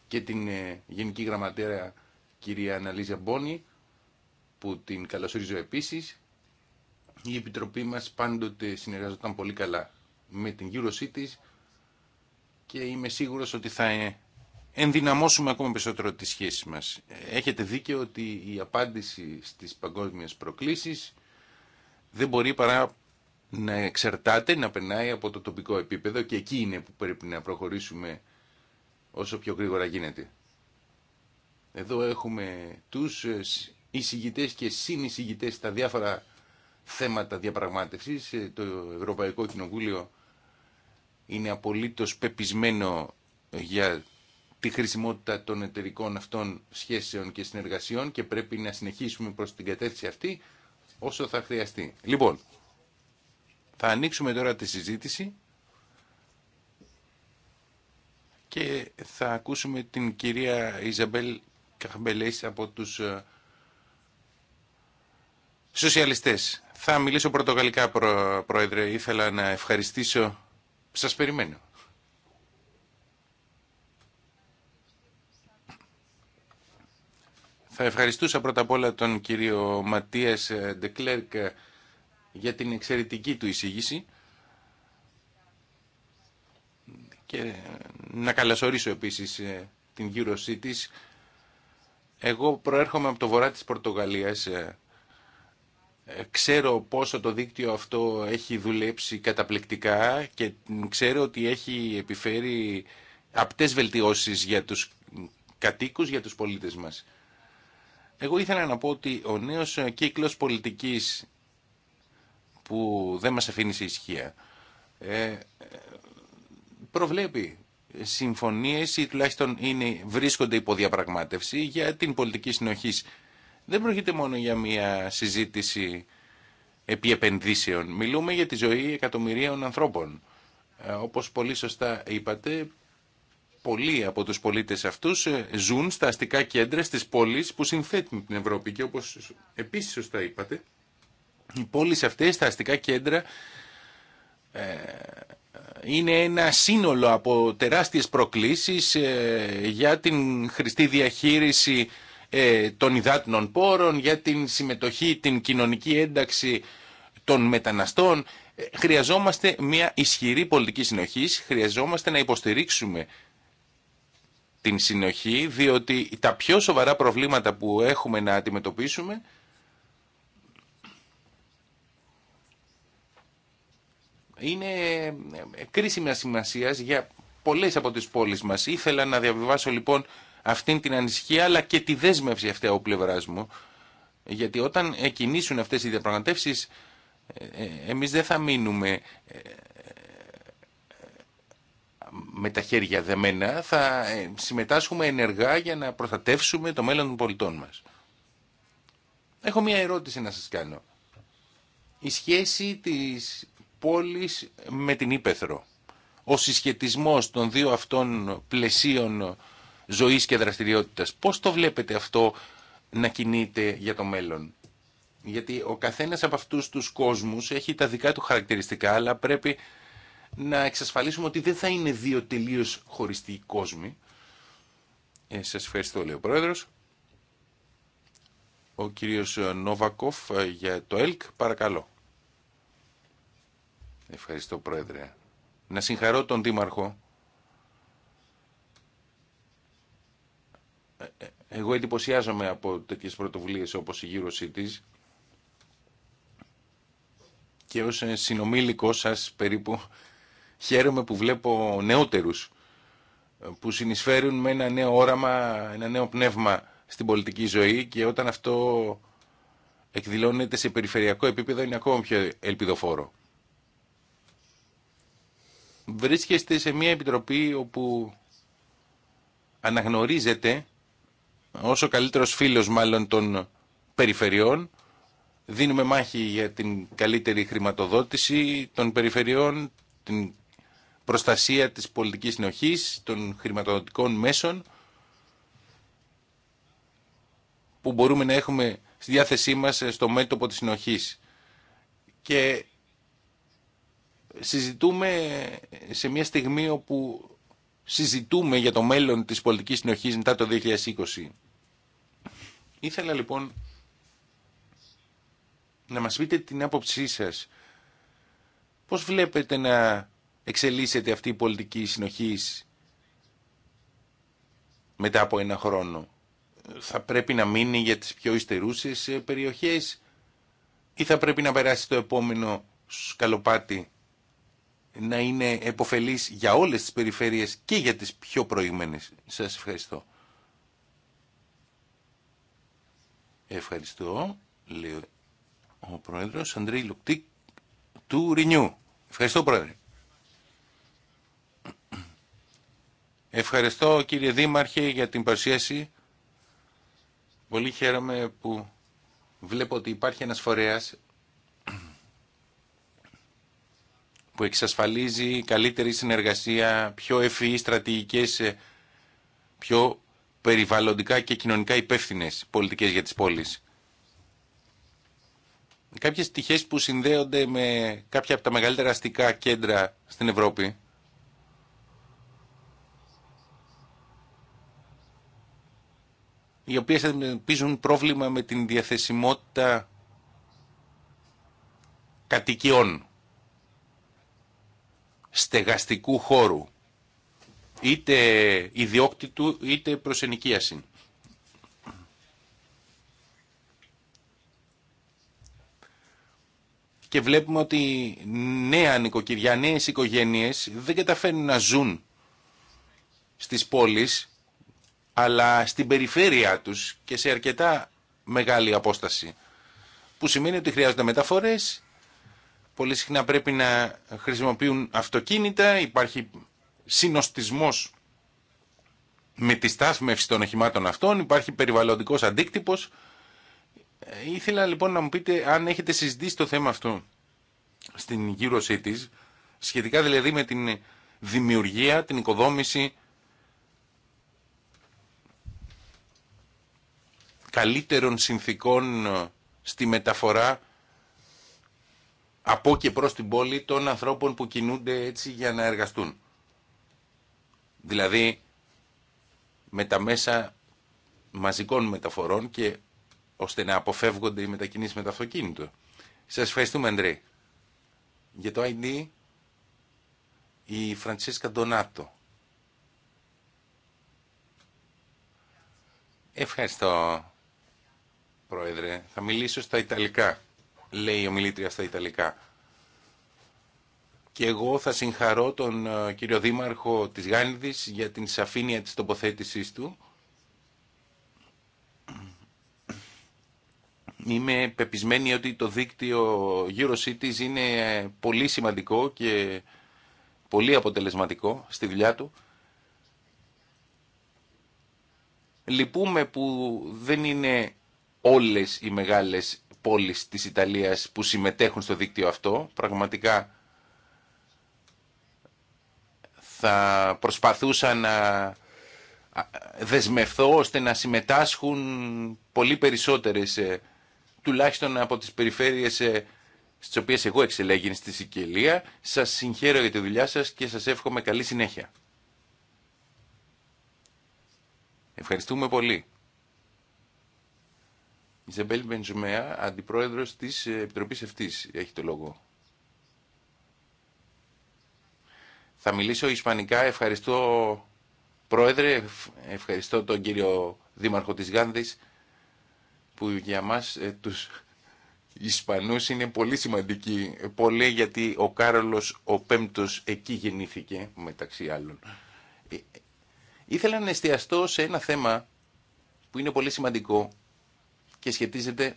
[SPEAKER 3] και την ε, Γενική Γραμματέα κυρία Αναλίζα Μπόνη που την καλωσορίζω επίσης η Επιτροπή μας πάντοτε συνεργαζόταν πολύ καλά με την Eurocities και είμαι σίγουρος ότι θα ενδυναμώσουμε ακόμα περισσότερο τις σχέσεις μας. Έχετε δίκιο ότι η απάντηση στις παγκόσμιες προκλήσεις δεν μπορεί παρά να εξαρτάται, να περνάει από το τοπικό επίπεδο και εκεί είναι που πρέπει να προχωρήσουμε όσο πιο γρήγορα γίνεται. Εδώ έχουμε τους εισηγητές και συνεισηγητές στα διάφορα θέματα διαπραγμάτευσης. Ε, το Ευρωπαϊκό Κοινοβούλιο είναι απολύτως πεπισμένο για τη χρησιμότητα των εταιρικών αυτών σχέσεων και συνεργασιών και πρέπει να συνεχίσουμε προς την κατεύθυνση αυτή όσο θα χρειαστεί. Λοιπόν, θα ανοίξουμε τώρα τη συζήτηση και θα ακούσουμε την κυρία Ιζαμπέλ Καχμπελέης από τους ε, σοσιαλιστές. Θα μιλήσω πρωτογαλλικά, Πρόεδρε. Ήθελα να ευχαριστήσω. Σας περιμένω. Θα ευχαριστούσα πρώτα απ' όλα τον κύριο Ματίας Ντεκλέρκ για την εξαιρετική του εισήγηση και να καλασορίσω επίσης ε, την γύρωσή της. Εγώ προέρχομαι από το βορρά της Πορτογαλίας ε, Ξέρω πόσο το δίκτυο αυτό έχει δουλέψει καταπληκτικά και ξέρω ότι έχει επιφέρει απτές βελτιώσεις για τους κατοίκους, για τους πολίτες μας. Εγώ ήθελα να πω ότι ο νέος κύκλος πολιτικής που δεν μας αφήνει σε ισχύα ε, προβλέπει συμφωνίες ή τουλάχιστον είναι, βρίσκονται υπό διαπραγμάτευση για την πολιτική συνοχής δεν πρόκειται μόνο για μια συζήτηση επί επενδύσεων. Μιλούμε για τη ζωή εκατομμυρίων ανθρώπων. Ε, όπως πολύ σωστά είπατε, πολλοί από τους πολίτες αυτούς ε, ζουν στα αστικά κέντρα στις πόλεις που συνθέτουν την Ευρώπη και όπως επίσης σωστά είπατε, οι πόλεις αυτές, τα αστικά κέντρα ε, είναι ένα σύνολο από τεράστιες προκλήσεις για την χρηστή διαχείριση ε, των υδάτινων πόρων, για την συμμετοχή, την κοινωνική ένταξη των μεταναστών. Ε, χρειαζόμαστε μια ισχυρή πολιτική συνοχή, χρειαζόμαστε να υποστηρίξουμε την συνοχή, διότι τα πιο σοβαρά προβλήματα που έχουμε να αντιμετωπίσουμε είναι ε, κρίσιμη σημασία για πολλές από τις πόλεις μας. Ήθελα να διαβιβάσω λοιπόν αυτήν την ανησυχία αλλά και τη δέσμευση αυτή από πλευρά μου. Γιατί όταν κινήσουν αυτέ οι διαπραγματεύσεις ε, ε, εμείς δεν θα μείνουμε ε, με τα χέρια δεμένα, θα συμμετάσχουμε ενεργά για να προστατεύσουμε το μέλλον των πολιτών μας. Έχω μία ερώτηση να σας κάνω. Η σχέση της πόλης με την Ήπεθρο, ο συσχετισμός των δύο αυτών πλαισίων ζωής και δραστηριότητας. Πώς το βλέπετε αυτό να κινείται για το μέλλον. Γιατί ο καθένας από αυτούς τους κόσμους έχει τα δικά του χαρακτηριστικά, αλλά πρέπει να εξασφαλίσουμε ότι δεν θα είναι δύο τελείω χωριστοί κόσμοι. Ε, ευχαριστώ, λέει ο πρόεδρο. Ο κύριος Νόβακοφ ε, για το ΕΛΚ, παρακαλώ. Ευχαριστώ, Πρόεδρε. Να συγχαρώ τον Δήμαρχο εγώ εντυπωσιάζομαι από τέτοιες πρωτοβουλίες όπως η γύρωσή της και ως ε, συνομήλικο σας περίπου χαίρομαι που βλέπω νεότερους ε, που συνεισφέρουν με ένα νέο όραμα, ένα νέο πνεύμα στην πολιτική ζωή και όταν αυτό εκδηλώνεται σε περιφερειακό επίπεδο είναι ακόμα πιο ελπιδοφόρο. Βρίσκεστε σε μια επιτροπή όπου αναγνωρίζετε όσο ο καλύτερος φίλος μάλλον των περιφερειών. Δίνουμε μάχη για την καλύτερη χρηματοδότηση των περιφερειών, την προστασία της πολιτικής συνοχής, των χρηματοδοτικών μέσων που μπορούμε να έχουμε στη διάθεσή μας ε, στο μέτωπο της συνοχής. Και συζητούμε σε μια στιγμή όπου συζητούμε για το μέλλον της πολιτικής συνοχής μετά το 2020. Ήθελα λοιπόν να μας πείτε την άποψή σας. Πώς βλέπετε να εξελίσσεται αυτή η πολιτική συνοχής μετά από ένα χρόνο. Θα πρέπει να μείνει για τις πιο ιστερούσες περιοχές ή θα πρέπει να περάσει το επόμενο σκαλοπάτι να είναι εποφελής για όλες τις περιφέρειες και για τις πιο προηγμένες. Σας ευχαριστώ. Ευχαριστώ, λέει ο Πρόεδρος Αντρέη Λουκτή του Ρινιού. Ευχαριστώ, Πρόεδρε. Ευχαριστώ, κύριε Δήμαρχε, για την παρουσίαση. Πολύ χαίρομαι που βλέπω ότι υπάρχει ένας φορέας που εξασφαλίζει καλύτερη συνεργασία, πιο ευφυείς στρατηγικές, ε, πιο περιβαλλοντικά και κοινωνικά υπεύθυνε πολιτικές για τις πόλεις. Κάποιες τυχές που συνδέονται με κάποια από τα μεγαλύτερα αστικά κέντρα στην Ευρώπη. οι οποίες αντιμετωπίζουν πρόβλημα με την διαθεσιμότητα κατοικιών στεγαστικού χώρου, είτε ιδιόκτητου είτε ενοικίαση. Και βλέπουμε ότι νέα νοικοκυριά, νέε οικογένειες δεν καταφέρνουν να ζουν στις πόλεις, αλλά στην περιφέρεια τους και σε αρκετά μεγάλη απόσταση. Που σημαίνει ότι χρειάζονται μεταφορές πολύ συχνά πρέπει να χρησιμοποιούν αυτοκίνητα, υπάρχει συνοστισμός με τη στάθμευση των οχημάτων αυτών, υπάρχει περιβαλλοντικός αντίκτυπος. Ε, ήθελα λοιπόν να μου πείτε αν έχετε συζητήσει το θέμα αυτό στην γύρωσή τη. σχετικά δηλαδή με την δημιουργία, την οικοδόμηση καλύτερων συνθήκων ε, στη μεταφορά από και προς την πόλη των ανθρώπων που κινούνται έτσι για να εργαστούν. Δηλαδή με τα μέσα μαζικών μεταφορών και ώστε να αποφεύγονται οι μετακινήσεις με το αυτοκίνητο. Σας ευχαριστούμε Αντρέ. Για το ID η Φραντσίσκα Ντονάτο. Ευχαριστώ, Πρόεδρε. Θα μιλήσω στα Ιταλικά λέει η ομιλήτρια στα Ιταλικά. Και εγώ θα συγχαρώ τον ε, κύριο Δήμαρχο της Γάνιδης για την σαφήνεια της τοποθέτησής του. Είμαι πεπισμένη ότι το δίκτυο EuroCities είναι πολύ σημαντικό και πολύ αποτελεσματικό στη δουλειά του. Λυπούμε που δεν είναι όλες οι μεγάλες πόλεις της Ιταλίας που συμμετέχουν στο δίκτυο αυτό. Πραγματικά θα προσπαθούσα να δεσμευθώ ώστε να συμμετάσχουν πολύ περισσότερες ε, τουλάχιστον από τις περιφέρειες ε, στις οποίες εγώ εξελέγην στη Σικελία. Σας συγχαίρω για τη δουλειά σας και σας εύχομαι καλή συνέχεια. Ευχαριστούμε πολύ. Ιζαμπέλ Μπεντζουμέα, αντιπρόεδρος της Επιτροπής αυτής, έχει το λόγο. Θα μιλήσω ισπανικά. Ευχαριστώ, Πρόεδρε, ευχαριστώ τον κύριο Δήμαρχο της Γάνδης, που για μας ε, τους Ισπανούς είναι πολύ σημαντική. Ε, πολύ γιατί ο Κάρολος ο Πέμπτος εκεί γεννήθηκε, μεταξύ άλλων. Ε, ήθελα να εστιαστώ σε ένα θέμα που είναι πολύ σημαντικό και σχετίζεται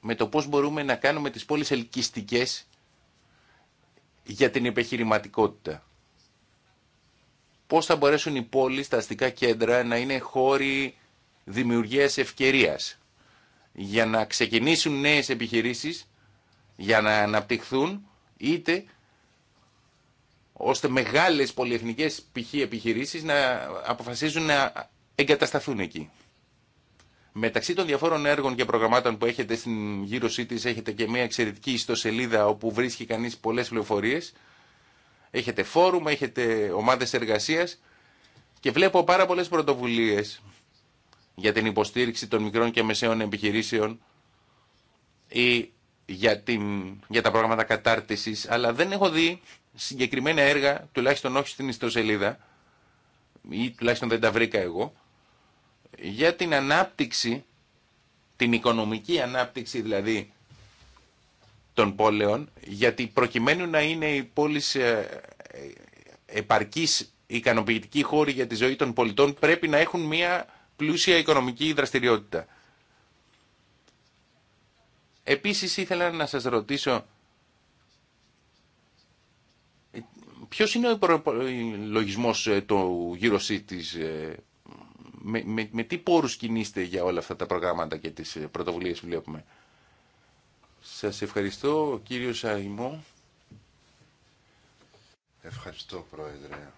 [SPEAKER 3] με το πώς μπορούμε να κάνουμε τις πόλεις ελκυστικές για την επιχειρηματικότητα. Πώς θα μπορέσουν οι πόλεις, τα αστικά κέντρα να είναι χώροι δημιουργίας ευκαιρίας για να ξεκινήσουν νέες επιχειρήσεις, για να αναπτυχθούν είτε ώστε μεγάλες πολυεθνικές π.χ. επιχειρήσεις να αποφασίζουν να εγκατασταθούν εκεί. Μεταξύ των διαφόρων έργων και προγραμμάτων που έχετε στην γύρωσή της έχετε και μια εξαιρετική ιστοσελίδα όπου βρίσκει κανείς πολλές πληροφορίες. Έχετε φόρουμ, έχετε ομάδες εργασίας και βλέπω πάρα πολλές πρωτοβουλίες για την υποστήριξη των μικρών και μεσαίων επιχειρήσεων ή για, την, για τα προγράμματα κατάρτισης, αλλά δεν έχω δει συγκεκριμένα έργα, τουλάχιστον όχι στην ιστοσελίδα, ή τουλάχιστον δεν τα βρήκα εγώ, για την ανάπτυξη, την οικονομική ανάπτυξη δηλαδή των πόλεων, γιατί προκειμένου να είναι οι πόλεις ε, ε, επαρκής ικανοποιητική χώρη για τη ζωή των πολιτών πρέπει να έχουν μια πλούσια οικονομική δραστηριότητα. Επίσης ήθελα να σας ρωτήσω ε, ποιος είναι ο λογισμός του γύρω της με, με, τι πόρους κινείστε για όλα αυτά τα προγράμματα και τις ε, πρωτοβουλίες που βλέπουμε. Σας ευχαριστώ κύριο Σαϊμό. Ευχαριστώ
[SPEAKER 2] πρόεδρε.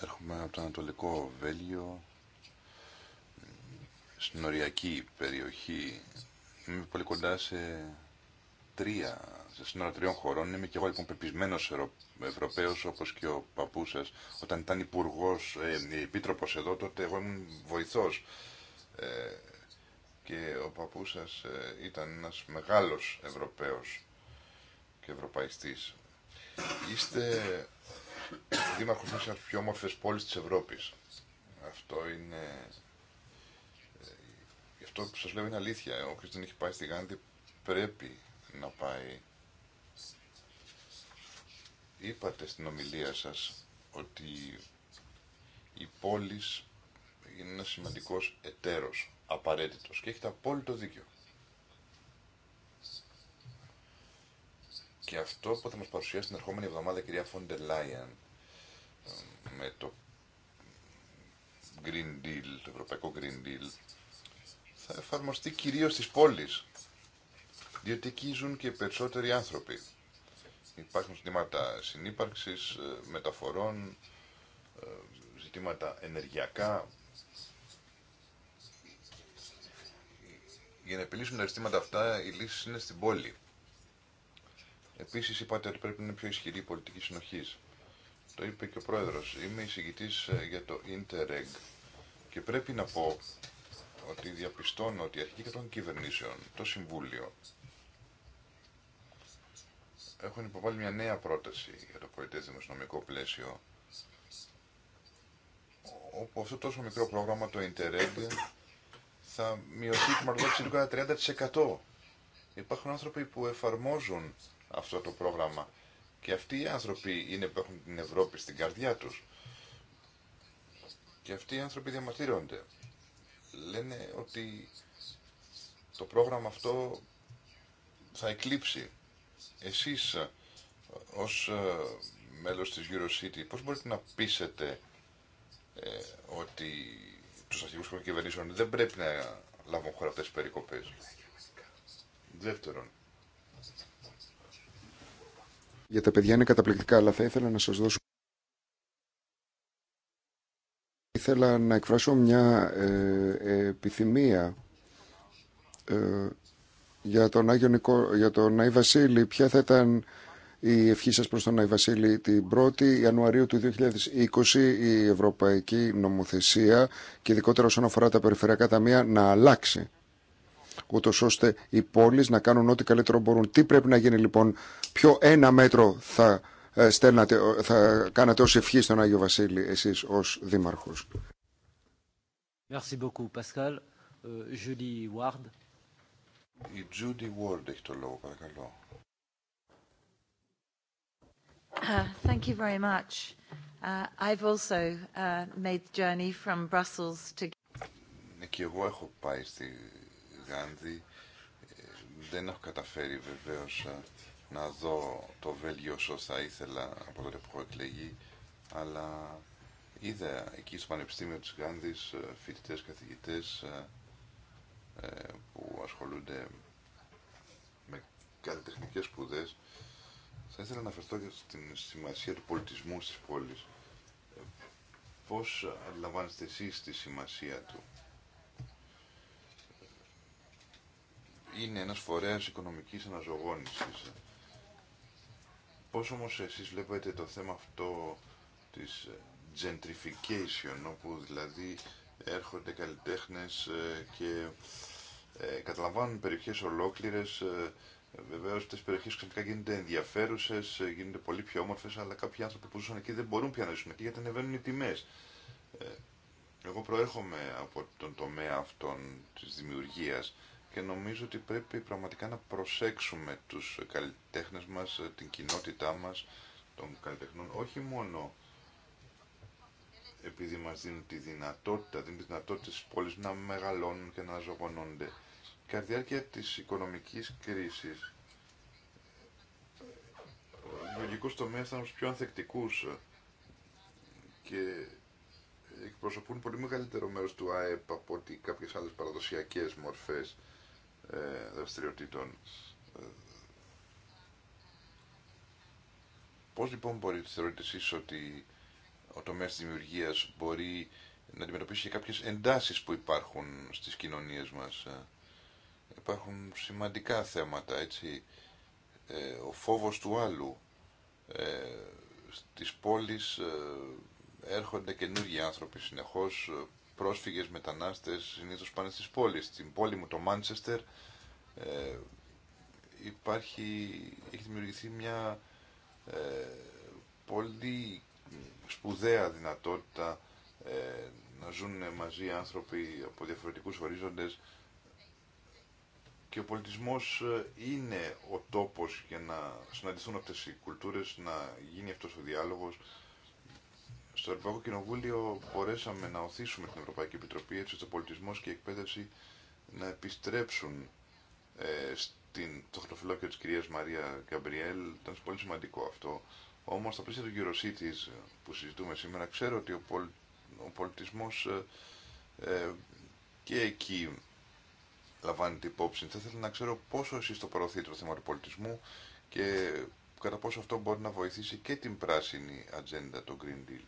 [SPEAKER 2] Έρχομαι από το Ανατολικό Βέλγιο, στην οριακή περιοχή. Είμαι πολύ κοντά σε τρία σε σύνορα τριών χωρών. Είμαι και εγώ λοιπόν πεπισμένο Ευρωπαίο όπω και ο παππού σα. Όταν ήταν υπουργό, ε, επίτροπο εδώ, τότε εγώ ήμουν βοηθό. Ε, και ο παππού σα ε, ήταν ένα μεγάλο Ευρωπαίο και Ευρωπαϊστή. Είστε δήμαρχο μια από τι πιο όμορφε πόλει τη Ευρώπη. Αυτό είναι... Ε, αυτό που σα λέω είναι αλήθεια. Ο δεν έχει πάει στη Γάντη πρέπει να πάει είπατε στην ομιλία σας ότι η πόλη είναι ένας σημαντικός εταίρος, απαραίτητος και έχετε απόλυτο δίκιο. Και αυτό που θα μας παρουσιάσει την ερχόμενη εβδομάδα κυρία Φόντε με το Green Deal, το Ευρωπαϊκό Green Deal θα εφαρμοστεί κυρίως στις πόλεις διότι εκεί ζουν και περισσότεροι άνθρωποι. Υπάρχουν ζητήματα συνύπαρξης, ε, μεταφορών, ε, ζητήματα ενεργειακά. Για να επιλύσουν τα ζητήματα αυτά, οι λύσει είναι στην πόλη. Επίσης είπατε ότι πρέπει να είναι πιο ισχυρή η πολιτική συνοχής. Το είπε και ο πρόεδρος. Είμαι εισηγητής ε, για το Interreg και πρέπει να πω ότι διαπιστώνω ότι η αρχική των κυβερνήσεων, το Συμβούλιο έχουν υποβάλει μια νέα πρόταση για το πολιτές δημοσιονομικό πλαίσιο όπου αυτό τόσο μικρό πρόγραμμα, το Interreg, θα μειωθεί η χρηματοδότηση 30%. Υπάρχουν άνθρωποι που εφαρμόζουν αυτό το πρόγραμμα και αυτοί οι άνθρωποι είναι που έχουν την Ευρώπη στην καρδιά τους. Και αυτοί οι άνθρωποι διαμαρτύρονται. Λένε ότι το πρόγραμμα αυτό θα εκλείψει εσείς ε, ως ε, μέλος της EuroCity πώς μπορείτε να πείσετε ε, ότι τους αρχηγούς των κυβερνήσεων δεν πρέπει να λάβουν χώρα αυτές τις περικοπές. Δεύτερον.
[SPEAKER 1] Για τα παιδιά είναι καταπληκτικά, αλλά θα ήθελα να σας δώσω ήθελα να εκφράσω μια ε, επιθυμία για τον, Άγιο Νικό, για τον Άι Βασίλη. Ποια θα ήταν η ευχή σας προς τον Άι Βασίλη την 1η Ιανουαρίου του 2020 η Ευρωπαϊκή Νομοθεσία και ειδικότερα όσον αφορά τα περιφερειακά ταμεία να αλλάξει ούτω ώστε οι πόλεις να κάνουν ό,τι καλύτερο μπορούν. Τι πρέπει να γίνει λοιπόν, ποιο ένα μέτρο θα, ε, στέλνατε, θα κάνατε ως ευχή στον Άγιο Βασίλη εσείς ως Δήμαρχος. Merci beaucoup, Pascal.
[SPEAKER 2] Euh, Julie Ward. Η Judy Ward έχει το λόγο, παρακαλώ. Uh, thank you very much. Uh, I've also uh, made the journey from Brussels to... Ναι, και εγώ έχω πάει στη Γάνδη. Ε, δεν έχω καταφέρει βεβαίως ε, να δω το Βέλγιο όσο θα ήθελα από τότε που έχω εκλεγεί, αλλά είδα εκεί στο Πανεπιστήμιο της Γάνδης ε, φοιτητές, καθηγητές, ε, που ασχολούνται με καλλιτεχνικές σπουδέ. θα ήθελα να αναφερθώ και στην σημασία του πολιτισμού στις πόλεις. Ε, πώς αντιλαμβάνεστε εσείς τη σημασία του. Είναι ένας φορέας οικονομικής αναζωγόνησης. Πώς όμως εσείς βλέπετε το θέμα αυτό της ε, gentrification, όπου δηλαδή έρχονται καλλιτέχνες ε, και ε, καταλαμβάνουν περιοχές ολόκληρες. Ε, Βεβαίω, αυτέ οι περιοχέ ξαφνικά γίνονται ενδιαφέρουσε, γίνονται πολύ πιο όμορφε, αλλά κάποιοι άνθρωποι που ζούσαν εκεί δεν μπορούν πια να ζήσουν εκεί γιατί ανεβαίνουν οι τιμέ. Εγώ προέρχομαι από τον τομέα αυτών τη δημιουργία και νομίζω ότι πρέπει πραγματικά να προσέξουμε τους καλλιτέχνες μας, την κοινότητά μας των καλλιτεχνών, όχι μόνο επειδή μας δίνουν τη δυνατότητα, δίνουν τη δυνατότητα στις πόλεις να μεγαλώνουν και να ζωγονώνται. Κατά τη διάρκεια της οικονομικής κρίσης, ο λογικό τομέα ήταν πιο ανθεκτικούς και εκπροσωπούν πολύ μεγαλύτερο μέρος του ΑΕΠ από ότι κάποιες άλλες παραδοσιακές μορφές ε, δραστηριοτήτων. Πώς λοιπόν μπορεί, θεωρείτε εσείς, ότι ο τομέας της δημιουργίας μπορεί να αντιμετωπίσει και κάποιες εντάσεις που υπάρχουν στις κοινωνίες μας. Ε, υπάρχουν σημαντικά θέματα, έτσι. Ε, ο φόβος του άλλου. Ε, στις πόλεις έρχονται καινούργιοι άνθρωποι συνεχώς, πρόσφυγες, μετανάστες, συνήθως πάνε στις πόλεις. Στην πόλη μου, το Μάντσεστερ, υπάρχει, έχει δημιουργηθεί μια ε, πολύ σπουδαία δυνατότητα ε, να ζουν μαζί άνθρωποι από διαφορετικούς ορίζοντες και ο πολιτισμός ε, είναι ο τόπος για να συναντηθούν αυτές οι κουλτούρες, να γίνει αυτός ο διάλογος. Στο Ευρωπαϊκό Κοινοβούλιο μπορέσαμε να οθήσουμε την Ευρωπαϊκή Επιτροπή έτσι ώστε ο πολιτισμός και η εκπαίδευση να επιστρέψουν ε, στην, το χρωτοφυλάκιο της κυρίας Μαρία Γκαμπριέλ. Ήταν πολύ σημαντικό αυτό. Όμω, στα πλαίσια του Eurocities που συζητούμε σήμερα, ξέρω ότι ο, πολ, πολιτισμό ε, ε, και εκεί λαμβάνει την υπόψη. Θα ήθελα να ξέρω πόσο εσεί το προωθείτε το θέμα του πολιτισμού και κατά πόσο αυτό μπορεί να βοηθήσει και την πράσινη ατζέντα, το Green Deal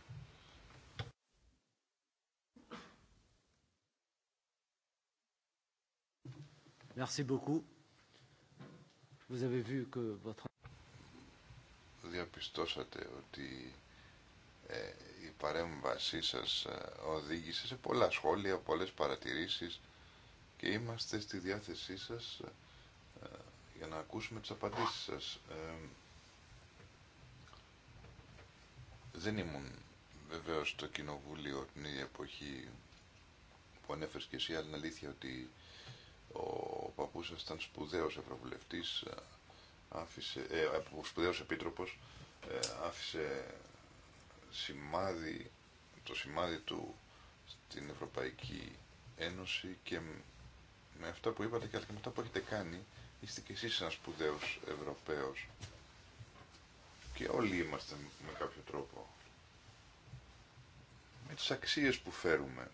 [SPEAKER 2] διαπιστώσατε ότι ε, η παρέμβασή σας ε, οδήγησε σε πολλά σχόλια, πολλές παρατηρήσεις και είμαστε στη διάθεσή σας ε, για να ακούσουμε τις απαντήσεις σας. δεν ήμουν βεβαίω στο κοινοβούλιο την ίδια εποχή που ανέφερε και εσύ, αλλά είναι αλήθεια ότι ο παππούς ήταν σπουδαίος ευρωβουλευτής, άφησε, ε, ο σπουδαίος επίτροπος ε, άφησε το σημάδι του στην Ευρωπαϊκή Ένωση και με αυτά που είπατε και με αυτά που έχετε κάνει είστε και εσείς ένας σπουδαίος Ευρωπαίος και όλοι είμαστε με κάποιο τρόπο με τις αξίες που φέρουμε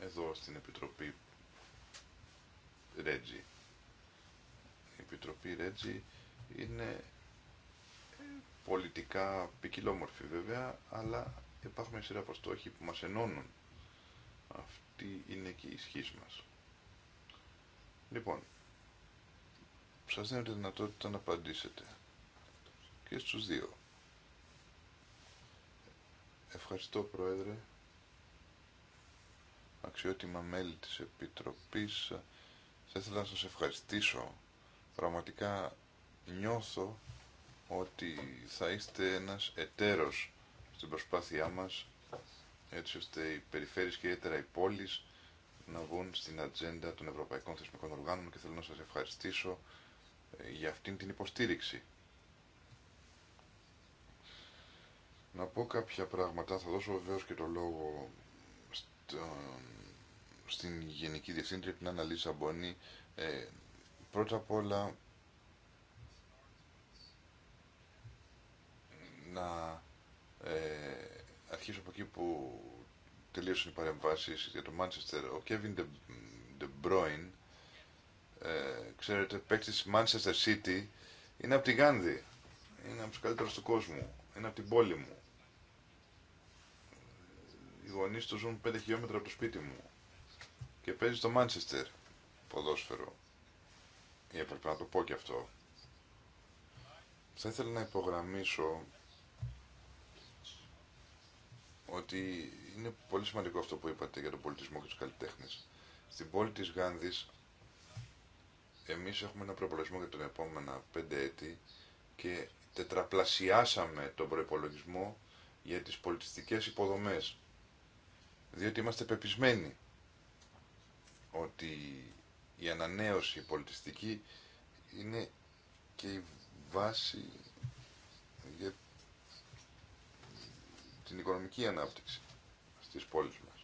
[SPEAKER 2] εδώ στην Επιτροπή Ρέτζι. Η Επιτροπή Ρέτζι είναι πολιτικά ποικιλόμορφη βέβαια, αλλά υπάρχουν σειρά από που μας ενώνουν. Αυτή είναι και η ισχύς μας. Λοιπόν, σας δίνω τη δυνατότητα να απαντήσετε και στους δύο. Ευχαριστώ Πρόεδρε, αξιότιμα μέλη της Επιτροπής. Θα ήθελα να σας ευχαριστήσω. Πραγματικά νιώθω ότι θα είστε ένας εταίρος στην προσπάθειά μας έτσι ώστε οι περιφέρειες και ιδιαίτερα οι πόλεις να βγουν στην ατζέντα των Ευρωπαϊκών Θεσμικών Οργάνων και θέλω να σας ευχαριστήσω ε, για αυτήν την υποστήριξη. Να πω κάποια πράγματα, θα δώσω βεβαίως και το λόγο στην Γενική Διευθύντρια, την Αναλύσα Μπονή. Ε, πρώτα απ' όλα να ε, αρχίσω από εκεί που τελείωσαν οι παρεμβάσεις για το Manchester. Ο Κέβιν De Bruyne, ε, ξέρετε, παίκτη τη Manchester City, είναι από τη Γάνδη. Είναι από του καλύτερου του κόσμου. Είναι από την πόλη μου. Οι γονεί του ζουν 5 χιλιόμετρα από το σπίτι μου. Και παίζει στο Manchester ποδόσφαιρο. Ή έπρεπε να το πω και αυτό. Θα ήθελα να υπογραμμίσω ότι είναι πολύ σημαντικό αυτό που είπατε για τον πολιτισμό και του καλλιτέχνε. Στην πόλη τη Γάνδη, εμείς έχουμε ένα προπολογισμό για τον επόμενα πέντε έτη και τετραπλασιάσαμε τον προπολογισμό για τις πολιτιστικές υποδομές. Διότι είμαστε πεπισμένοι ότι η ανανέωση πολιτιστική είναι και η βάση για την οικονομική ανάπτυξη στις πόλεις μας.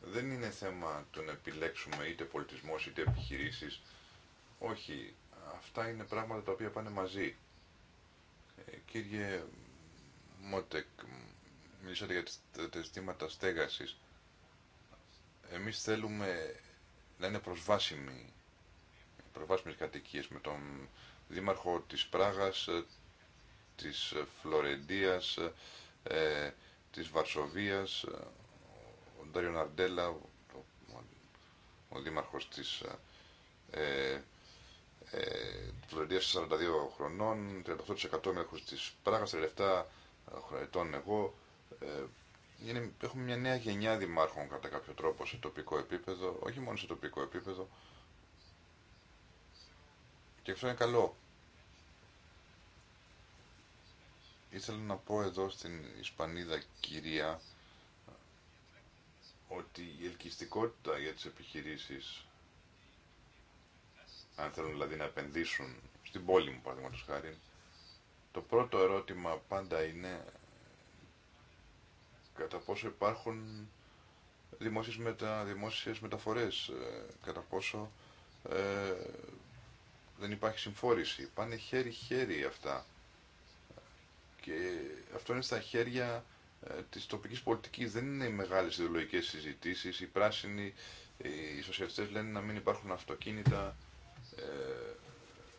[SPEAKER 2] Δεν είναι θέμα το να επιλέξουμε είτε πολιτισμός είτε επιχειρήσεις. Όχι, αυτά είναι πράγματα τα οποία πάνε μαζί. Ε, κύριε Μότεκ, μιλήσατε για τα ζητήματα στέγασης. Εμείς θέλουμε να είναι προσβάσιμοι, προσβάσιμες κατοικίες με τον δήμαρχο της Πράγας, ε, της Φλωρεντίας, ε, ε, της Βαρσοβίας, ο Ντάριο Ναρντέλα, ο, δήμαρχος της ε, ε, Φλωρεντίας 42 χρονών, 38% μέχρι της Πράγας, 37 χρονών εγώ. έχουμε μια νέα γενιά δημάρχων κατά κάποιο τρόπο σε τοπικό επίπεδο, όχι μόνο σε τοπικό επίπεδο. Και αυτό είναι καλό. Ήθελα να πω εδώ στην Ισπανίδα κυρία ότι η ελκυστικότητα για τις επιχειρήσεις αν θέλουν δηλαδή να επενδύσουν στην πόλη μου παραδείγματος χάρη το πρώτο ερώτημα πάντα είναι κατά πόσο υπάρχουν δημόσιες, μετα, δημόσιες μεταφορές, ε, κατά πόσο ε, δεν υπάρχει συμφόρηση. Πάνε χέρι-χέρι αυτά και αυτό είναι στα χέρια ε, της τοπικής πολιτικής. Δεν είναι οι μεγάλες ιδεολογικές συζητήσεις. Οι πράσινοι, οι σοσιαλιστές λένε να μην υπάρχουν αυτοκίνητα. Ε,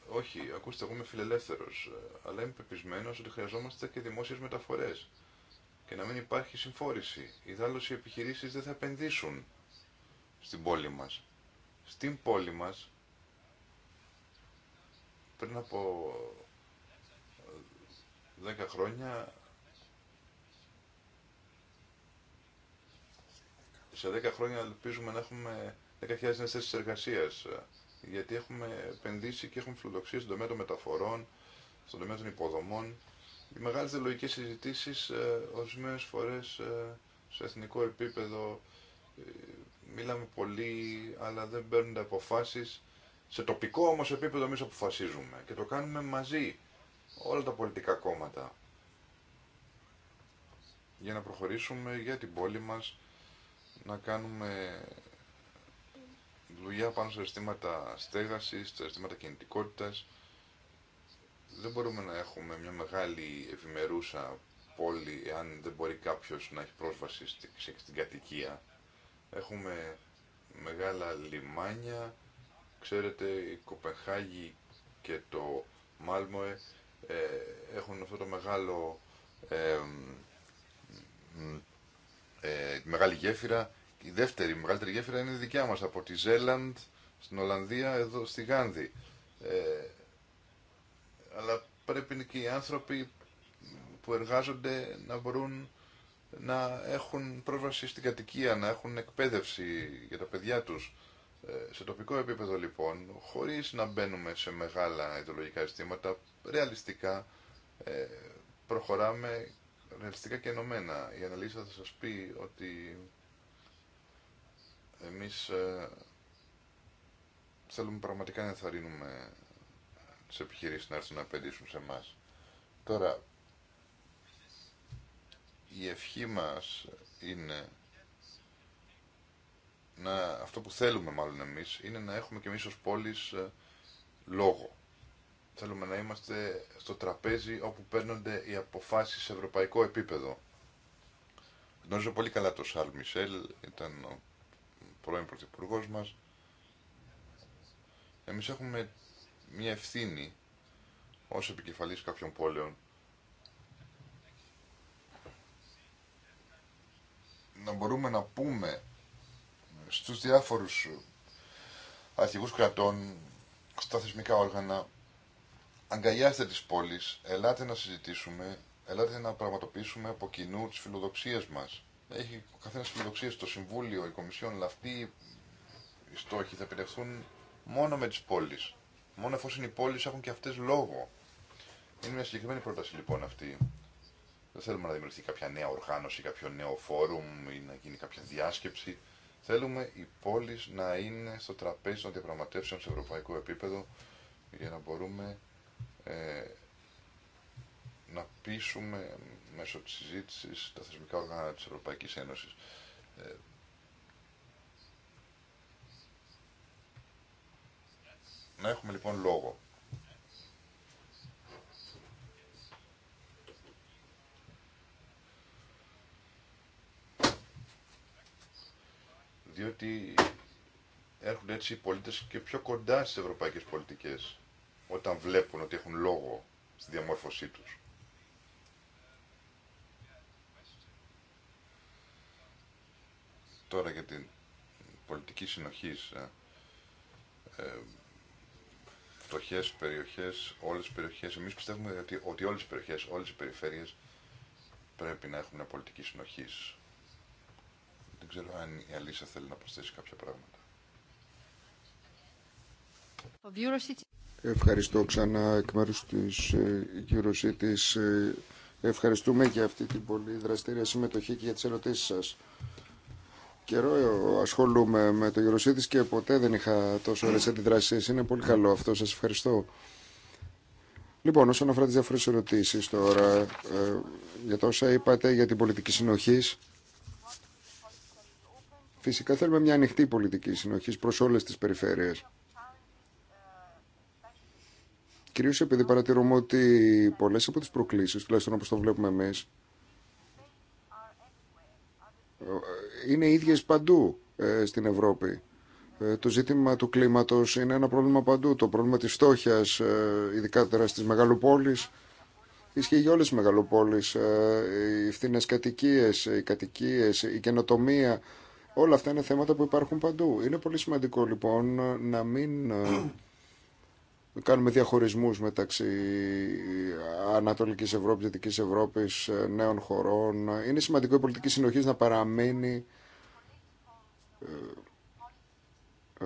[SPEAKER 2] όχι, ακούστε, εγώ είμαι φιλελεύθερος, ε, αλλά είμαι πεπισμένος ότι χρειαζόμαστε και δημόσιες μεταφορές και να μην υπάρχει συμφόρηση. Ιδάλλως οι επιχειρήσεις δεν θα επενδύσουν στην πόλη μας. Στην πόλη μας, πριν από 10 χρόνια σε 10 χρόνια ελπίζουμε να έχουμε 10.000 νέες θέσεις εργασίας γιατί έχουμε επενδύσει και έχουμε φιλοδοξία στον τομέα των μεταφορών, στον τομέα των υποδομών. Οι μεγάλες δελογικές συζητήσεις ε, ορισμένε φορές ε, σε εθνικό επίπεδο ε, μιλάμε πολύ αλλά δεν παίρνουν τα αποφάσεις. Σε τοπικό όμως επίπεδο εμεί αποφασίζουμε και το κάνουμε μαζί όλα τα πολιτικά κόμματα για να προχωρήσουμε για την πόλη μας, να κάνουμε δουλειά πάνω σε αισθήματα στέγασης, σε αισθήματα κινητικότητας. Δεν μπορούμε να έχουμε μια μεγάλη ευημερούσα πόλη αν δεν μπορεί κάποιος να έχει πρόσβαση στην κατοικία. Έχουμε μεγάλα λιμάνια, ξέρετε η Κοπεχάγη και το Μάλμοε ε, έχουν αυτό το μεγάλο ε, ε, μεγάλη γέφυρα. Η δεύτερη μεγαλύτερη γέφυρα είναι η δικιά μας από τη Ζέλαντ στην Ολλανδία εδώ στη Γάνδη. αλλά πρέπει και οι άνθρωποι που εργάζονται να μπορούν να έχουν πρόσβαση στην κατοικία, να έχουν εκπαίδευση για τα παιδιά τους. σε τοπικό επίπεδο λοιπόν, χωρίς να μπαίνουμε σε μεγάλα ιδεολογικά ζητήματα, ρεαλιστικά ε, προχωράμε ρεαλιστικά και ενωμένα. Η αναλύση θα σας πει ότι εμείς ε, θέλουμε πραγματικά να ενθαρρύνουμε τις επιχειρήσεις να έρθουν να επενδύσουν σε εμά. Τώρα, η ευχή μας είναι να, αυτό που θέλουμε μάλλον εμείς είναι να έχουμε και εμείς ως πόλεις ε, λόγο Θέλουμε να είμαστε στο τραπέζι όπου παίρνονται οι αποφάσεις σε ευρωπαϊκό επίπεδο. Γνωρίζω πολύ καλά τον Σαρλ Μισελ, ήταν ο πρώην πρωθυπουργό μας. Εμείς έχουμε μια ευθύνη ως επικεφαλής κάποιων πόλεων να μπορούμε να πούμε στους διάφορους αρχηγούς κρατών, στα θεσμικά όργανα, αγκαλιάστε τις πόλεις, ελάτε να συζητήσουμε, ελάτε να πραγματοποιήσουμε από κοινού τις φιλοδοξίες μας. Έχει ο καθένας φιλοδοξίες το Συμβούλιο, η Κομισιόν, αλλά αυτοί οι στόχοι θα επιτευχθούν μόνο με τις πόλεις. Μόνο εφόσον οι πόλεις έχουν και αυτές λόγο. Είναι μια συγκεκριμένη πρόταση λοιπόν αυτή. Δεν θέλουμε να δημιουργηθεί κάποια νέα οργάνωση, κάποιο νέο φόρουμ ή να γίνει κάποια διάσκεψη. Θέλουμε οι πόλεις να είναι στο τραπέζι των διαπραγματεύσεων σε ευρωπαϊκό επίπεδο για να μπορούμε ε, να πείσουμε μέσω της συζήτησης τα θεσμικά όργανα της Ευρωπαϊκής Ένωσης. Ε, να έχουμε λοιπόν λόγο. Διότι έρχονται έτσι οι πολίτες και πιο κοντά στις ευρωπαϊκές πολιτικές όταν βλέπουν ότι έχουν λόγο στη διαμόρφωσή τους. Τώρα για την πολιτική συνοχής ε, ε φτωχές περιοχές, όλες τις περιοχές. Εμείς πιστεύουμε ότι, ότι όλες τις περιοχές, όλες οι περιφέρειες πρέπει να έχουν μια πολιτική συνοχής. Δεν ξέρω αν η Αλίσσα θέλει να προσθέσει κάποια πράγματα.
[SPEAKER 1] Ευχαριστώ ξανά εκ τη της ε, Σίτη. Ε, ευχαριστούμε για αυτή την πολύ δραστήρια συμμετοχή και για τι ερωτήσει σα. Καιρό ε, ασχολούμαι με το Σίτη και ποτέ δεν είχα τόσο ωραίε αντιδράσει. Είναι πολύ καλό αυτό. Σα ευχαριστώ. Λοιπόν, όσον αφορά τι διαφορέ ερωτήσει τώρα, για τα όσα είπατε για την πολιτική συνοχή. φυσικά θέλουμε μια ανοιχτή πολιτική συνοχή προ όλε τι περιφέρειες. Κυρίω επειδή παρατηρούμε ότι πολλές από τις προκλήσεις, τουλάχιστον όπω το βλέπουμε εμεί είναι ίδιες παντού ε, στην Ευρώπη. Ε, το ζήτημα του κλίματος είναι ένα πρόβλημα παντού. Το πρόβλημα της φτώχειας, ε, ειδικά τώρα στις μεγαλοπόλεις, ισχύει για όλες τις μεγαλοπόλεις. Οι φθηνές κατοικίες, οι κατοικίες, η καινοτομία, όλα αυτά είναι θέματα που υπάρχουν παντού. Είναι πολύ σημαντικό λοιπόν να μην κάνουμε διαχωρισμούς μεταξύ Ανατολικής Ευρώπης, Δυτικής Ευρώπης, νέων χωρών. Είναι σημαντικό η πολιτική συνοχή να παραμένει ε, ε,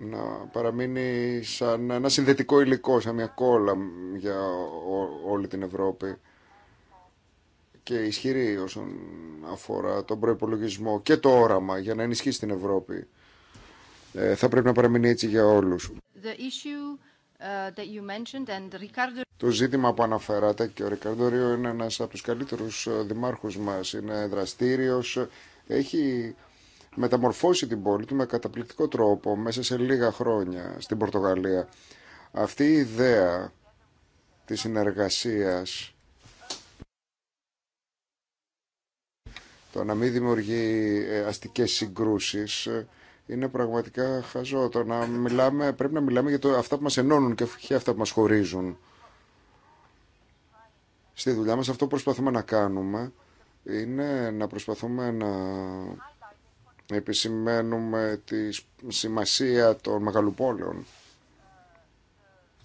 [SPEAKER 1] να παραμείνει σαν ένα συνδετικό υλικό, σαν μια κόλλα για όλη την Ευρώπη και ισχυρή όσον αφορά τον προϋπολογισμό και το όραμα για να ενισχύσει την Ευρώπη. Ε, θα πρέπει να παραμείνει έτσι για όλους.
[SPEAKER 3] Uh,
[SPEAKER 1] το ζήτημα που αναφέρατε και ο Ρικάρντο Ρίο είναι ένας από τους καλύτερους ε, δημάρχους μας. Είναι δραστήριος, έχει μεταμορφώσει την πόλη του με καταπληκτικό τρόπο μέσα σε λίγα χρόνια στην Πορτογαλία. Αυτή η ιδέα της συνεργασίας, το να μην δημιουργεί ε, αστικές συγκρούσεις, είναι πραγματικά χαζό το να μιλάμε, πρέπει να μιλάμε για αυτά που μας ενώνουν και όχι αυτά που μας χωρίζουν. Στη δουλειά μας αυτό που προσπαθούμε να κάνουμε είναι να προσπαθούμε να επισημαίνουμε τη σημασία των μεγαλοπόλεων,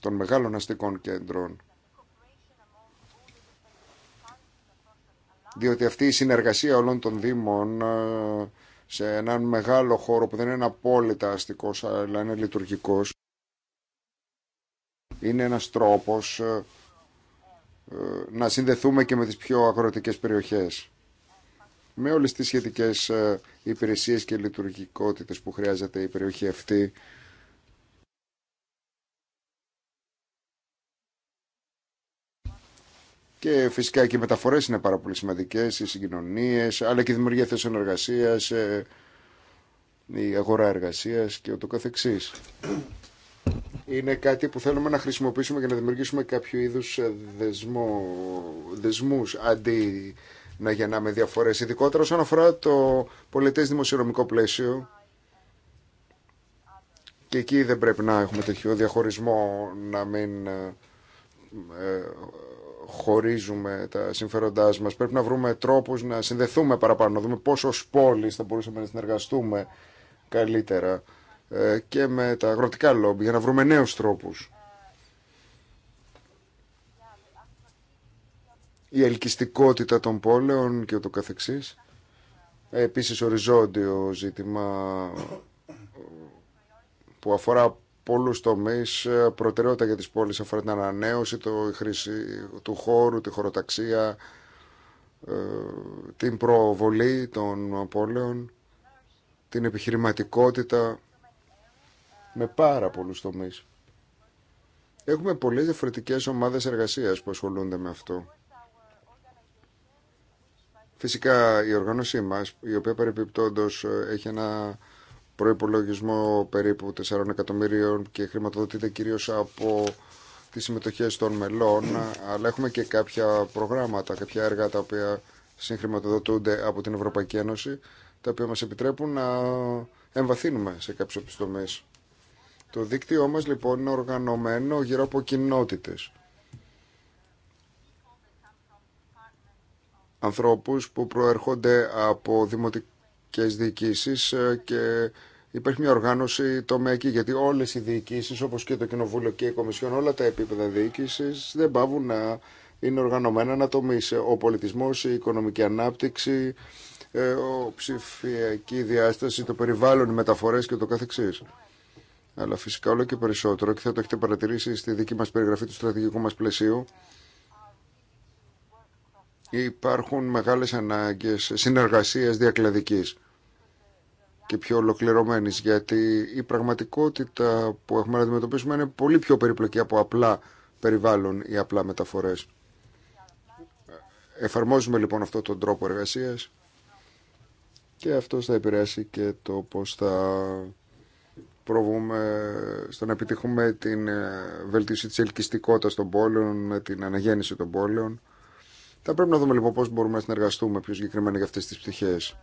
[SPEAKER 1] των μεγάλων αστικών κέντρων. Διότι αυτή η συνεργασία όλων των Δήμων ε, σε έναν μεγάλο χώρο που δεν είναι απόλυτα αστικός αλλά είναι λειτουργικός είναι ένας τρόπος ε, ε, να συνδεθούμε και με τις πιο αγροτικές περιοχές με όλες τις σχετικές ε, υπηρεσίες και λειτουργικότητες που χρειάζεται η περιοχή αυτή Και φυσικά και οι μεταφορέ είναι πάρα πολύ σημαντικέ, οι συγκοινωνίε, αλλά και η δημιουργία θέσεων εργασία, ε, η αγορά εργασία και ούτω καθεξή. Είναι κάτι που θέλουμε να χρησιμοποιήσουμε για να δημιουργήσουμε κάποιο είδου ε, δεσμού αντί να γεννάμε διαφορέ. Ειδικότερα όσον αφορά το πολιτέ δημοσιονομικό πλαίσιο. Και εκεί δεν πρέπει να έχουμε τέτοιο διαχωρισμό να μην ε, χωρίζουμε τα συμφέροντά μα. Πρέπει να βρούμε τρόπου να συνδεθούμε παραπάνω, να δούμε πόσο ω θα μπορούσαμε να συνεργαστούμε καλύτερα ε, και με τα αγροτικά λόμπι για να βρούμε νέου τρόπου. Η ελκυστικότητα των πόλεων και ούτω καθεξής. Ε, επίσης οριζόντιο ζήτημα που αφορά πολλούς τομείς. Ε, προτεραιότητα για τις πόλεις αφορά την ανανέωση, το χρήση του χώρου, τη χωροταξία, ε, την προβολή των πόλεων, την επιχειρηματικότητα με πάρα πολλούς τομείς. Έχουμε πολλές διαφορετικές ομάδες εργασίας που ασχολούνται με αυτό. Φυσικά η οργάνωσή μας, η οποία παρεμπιπτόντως ε, έχει ένα προϋπολογισμό περίπου 4 εκατομμυρίων και χρηματοδοτείται κυρίως από τις συμμετοχές των μελών, αλλά έχουμε και κάποια προγράμματα, κάποια έργα τα οποία συγχρηματοδοτούνται από την Ευρωπαϊκή Ένωση, τα οποία μας επιτρέπουν να εμβαθύνουμε σε κάποιους τομείς. Το δίκτυό μας λοιπόν είναι οργανωμένο γύρω από κοινότητες. Ανθρώπους που προέρχονται από δημοτικ τις διοικήσεις ε, και υπάρχει μια οργάνωση τομεακή γιατί όλες οι διοικήσεις όπως και το Κοινοβούλιο και η Κομισιόν όλα τα επίπεδα διοίκησης δεν πάβουν να είναι οργανωμένα να τομίσει ο πολιτισμός, η οικονομική ανάπτυξη, η ε, ψηφιακή διάσταση, το περιβάλλον, οι μεταφορές και το καθεξής. Αλλά φυσικά όλο και περισσότερο και θα το έχετε παρατηρήσει στη δική μας περιγραφή του στρατηγικού μας πλαισίου υπάρχουν μεγάλες ανάγκες συνεργασίας διακλαδικής και πιο ολοκληρωμένη γιατί η πραγματικότητα που έχουμε να αντιμετωπίσουμε είναι πολύ πιο περιπλοκή από απλά περιβάλλον ή απλά μεταφορέ. Εφαρμόζουμε λοιπόν αυτό τον τρόπο εργασία και αυτό θα επηρεάσει και το πώ θα προβούμε στο να επιτύχουμε την ε, βελτίωση τη ελκυστικότητα των πόλεων, την αναγέννηση των πόλεων. Θα πρέπει να δούμε λοιπόν πώς μπορούμε να συνεργαστούμε πιο συγκεκριμένα για αυτές τις πτυχές.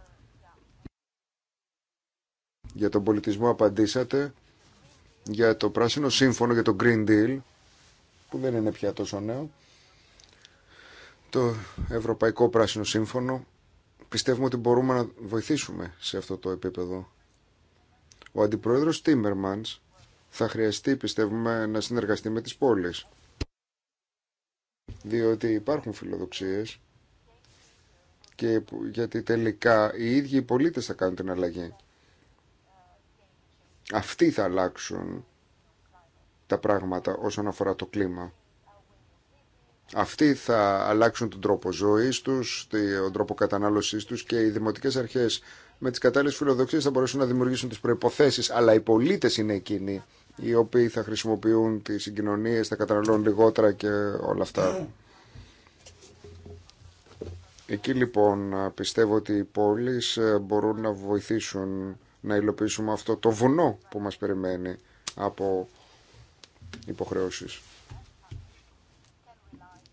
[SPEAKER 1] Για τον πολιτισμό απαντήσατε. Για το πράσινο σύμφωνο, για το Green Deal, που δεν είναι πια τόσο νέο. Το Ευρωπαϊκό Πράσινο Σύμφωνο. Πιστεύουμε ότι μπορούμε να βοηθήσουμε σε αυτό το επίπεδο. Ο Αντιπρόεδρος Τίμερμανς θα χρειαστεί, πιστεύουμε, να συνεργαστεί με τις πόλεις. Διότι υπάρχουν φιλοδοξίες και γιατί τελικά οι ίδιοι οι πολίτες θα κάνουν την αλλαγή. Αυτοί θα αλλάξουν τα πράγματα όσον αφορά το κλίμα. Αυτοί θα αλλάξουν τον τρόπο ζωής τους, τον τρόπο κατανάλωσής τους και οι δημοτικές αρχές με τις κατάλληλες φιλοδοξίες θα μπορέσουν να δημιουργήσουν τις προϋποθέσεις, αλλά οι πολίτες είναι εκείνοι οι οποίοι θα χρησιμοποιούν τις συγκοινωνίες, θα καταναλώνουν λιγότερα και όλα αυτά. Εκεί λοιπόν πιστεύω ότι οι πόλεις μπορούν να βοηθήσουν να υλοποιήσουμε αυτό το βουνό που μας περιμένει από υποχρεώσεις.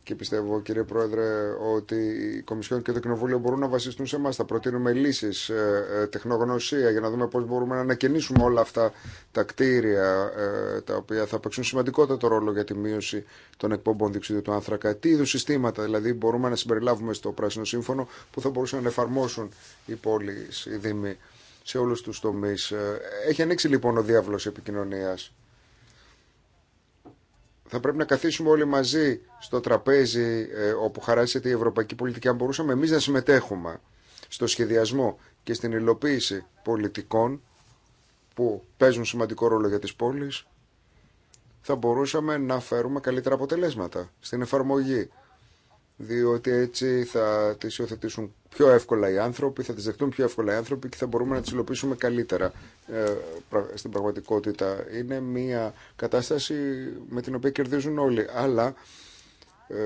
[SPEAKER 1] Και πιστεύω, κύριε Πρόεδρε, ότι οι Κομισιόν και το Κοινοβούλιο μπορούν να βασιστούν σε εμά. Θα προτείνουμε λύσει, ε, ε, τεχνογνωσία για να δούμε πώ μπορούμε να ανακαινήσουμε όλα αυτά τα κτίρια ε, τα οποία θα παίξουν σημαντικότατο ρόλο για τη μείωση των εκπομπών διοξιδίου του άνθρακα. Τι είδου συστήματα δηλαδή μπορούμε να συμπεριλάβουμε στο Πράσινο Σύμφωνο που θα μπορούσαν να εφαρμόσουν οι πόλει, οι Δήμοι σε όλους τους τομείς. Ε, έχει ανοίξει λοιπόν ο διάβλος επικοινωνίας. Θα πρέπει να καθίσουμε όλοι μαζί στο τραπέζι ε, όπου χαράσεται η ευρωπαϊκή πολιτική. Αν μπορούσαμε εμείς να συμμετέχουμε στο σχεδιασμό και στην υλοποίηση πολιτικών που παίζουν σημαντικό ρόλο για τις πόλεις, θα μπορούσαμε να φέρουμε καλύτερα αποτελέσματα στην εφαρμογή διότι έτσι θα τις υιοθετήσουν πιο εύκολα οι άνθρωποι, θα τις δεχτούν πιο εύκολα οι άνθρωποι και θα μπορούμε να τις υλοποιήσουμε καλύτερα ε, στην πραγματικότητα. Είναι μια κατάσταση με την οποία κερδίζουν όλοι, αλλά ε,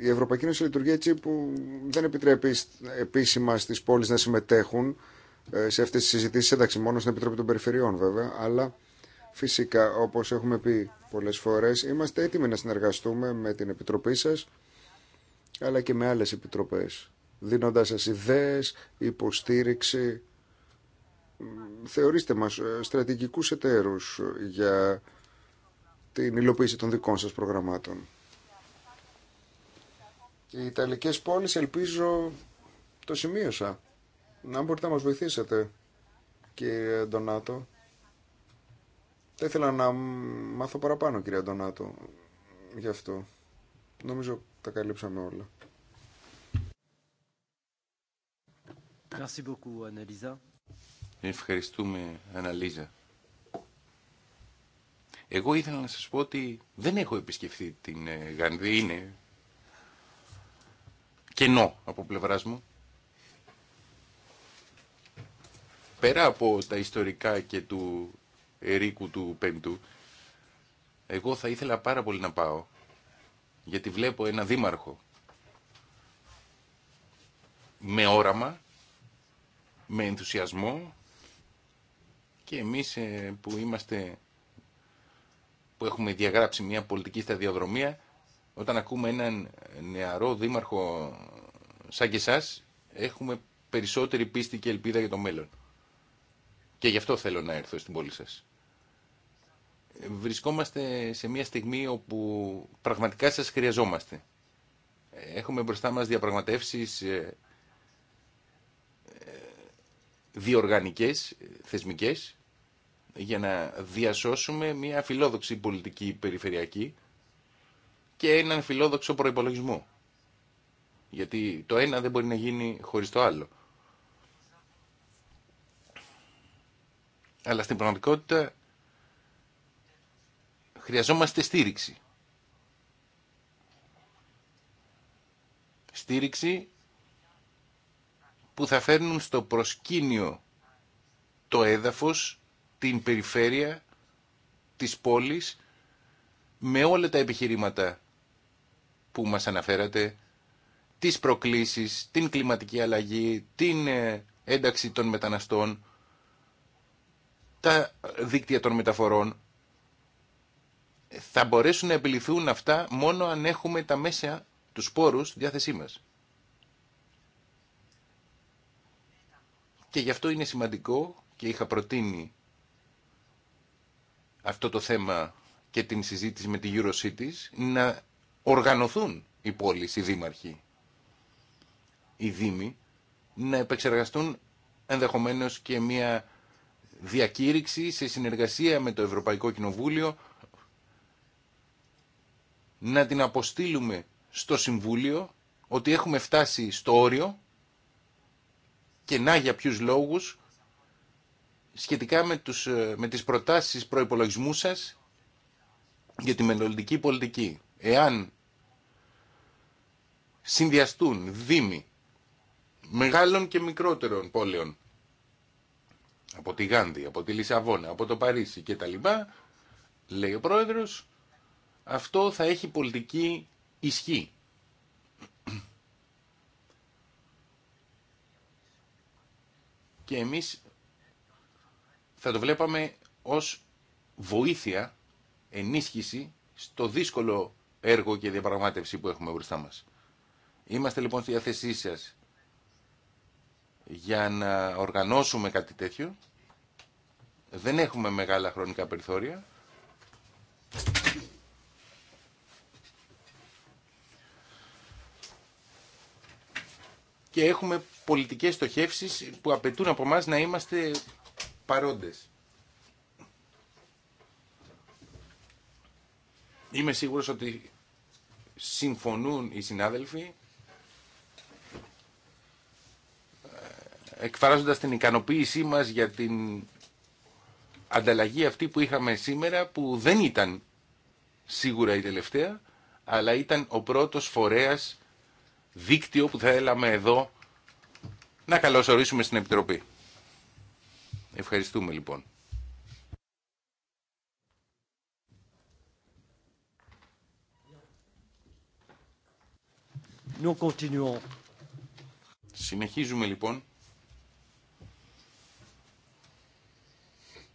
[SPEAKER 1] η Ευρωπαϊκή Ένωση λειτουργεί έτσι που δεν επιτρέπει επίσημα στις πόλεις να συμμετέχουν ε, σε αυτές τις συζητήσεις, εντάξει μόνο στην Επιτροπή των Περιφερειών βέβαια, αλλά φυσικά όπως έχουμε πει πολλές φορές είμαστε έτοιμοι να συνεργαστούμε με την Επιτροπή σας αλλά και με άλλες επιτροπές, δίνοντας σας ιδέες, υποστήριξη. Θεωρήστε μας ε, στρατηγικούς εταίρους για την υλοποίηση των δικών σας προγραμμάτων. Οι Ιταλικές πόλεις ελπίζω το σημείωσα. Να μπορείτε να μας βοηθήσετε, κύριε Ντονάτο. Θα ήθελα να μάθω παραπάνω, κύριε Ντονάτο, γι' αυτό. Νομίζω τα καλύψαμε όλα.
[SPEAKER 3] Ευχαριστούμε, Αναλίζα. Εγώ ήθελα να σας πω ότι δεν έχω επισκεφθεί την ε, Γανδί, είναι κενό από πλευράς μου. Πέρα από τα ιστορικά και του Ερίκου του Πέμπτου, εγώ θα ήθελα πάρα πολύ να πάω γιατί βλέπω ένα δήμαρχο με όραμα, με ενθουσιασμό και εμείς ε, που είμαστε που έχουμε διαγράψει μια πολιτική σταδιοδρομία όταν ακούμε έναν νεαρό δήμαρχο σαν και εσάς έχουμε περισσότερη πίστη και ελπίδα για το μέλλον. Και γι' αυτό θέλω να έρθω στην πόλη σας βρισκόμαστε σε μια στιγμή όπου πραγματικά σας χρειαζόμαστε. Έχουμε μπροστά μας διαπραγματεύσεις ε, ε, διοργανικές, θεσμικές, για να διασώσουμε μια φιλόδοξη πολιτική περιφερειακή και έναν φιλόδοξο προϋπολογισμό. Γιατί το ένα δεν μπορεί να γίνει χωρίς το άλλο. Αλλά στην πραγματικότητα Χρειαζόμαστε στήριξη. Στήριξη που θα φέρνουν στο προσκήνιο το έδαφος, την περιφέρεια της πόλης με όλα τα επιχειρήματα που μας αναφέρατε, τις προκλήσεις, την κλιματική αλλαγή, την ε, ένταξη των μεταναστών, τα δίκτυα των μεταφορών θα μπορέσουν να επιληθούν αυτά μόνο αν έχουμε τα μέσα, τους πόρους, διάθεσή μας. Και γι' αυτό είναι σημαντικό και είχα προτείνει αυτό το θέμα και την συζήτηση με τη EuroCities να οργανωθούν οι πόλεις, οι δήμαρχοι, οι δήμοι, να επεξεργαστούν ενδεχομένως και μια διακήρυξη σε συνεργασία με το Ευρωπαϊκό Κοινοβούλιο να την αποστείλουμε στο Συμβούλιο ότι έχουμε φτάσει στο όριο και να για ποιους λόγους σχετικά με, τους, ε, με τις προτάσεις προϋπολογισμού σας για τη μελλοντική πολιτική. Εάν συνδυαστούν δήμοι μεγάλων και μικρότερων πόλεων από τη Γάνδη, από τη Λισαβόνα, από το Παρίσι και λέει ο πρόεδρος, αυτό θα έχει πολιτική ισχύ. Και εμείς θα το βλέπαμε ως βοήθεια, ενίσχυση στο δύσκολο έργο και διαπραγμάτευση που έχουμε μπροστά μας. Είμαστε λοιπόν στη διάθεσή σας για να οργανώσουμε κάτι τέτοιο. Δεν έχουμε μεγάλα χρονικά περιθώρια. και έχουμε πολιτικές στοχεύσεις που απαιτούν από εμά να είμαστε παρόντες. Είμαι σίγουρος ότι συμφωνούν οι συνάδελφοι ε, εκφράζοντας την ικανοποίησή μας για την ανταλλαγή αυτή που είχαμε σήμερα που δεν ήταν σίγουρα η τελευταία αλλά ήταν ο πρώτος φορέας δίκτυο που θα έλαμε εδώ να καλωσορίσουμε στην Επιτροπή. Ευχαριστούμε λοιπόν. Συνεχίζουμε λοιπόν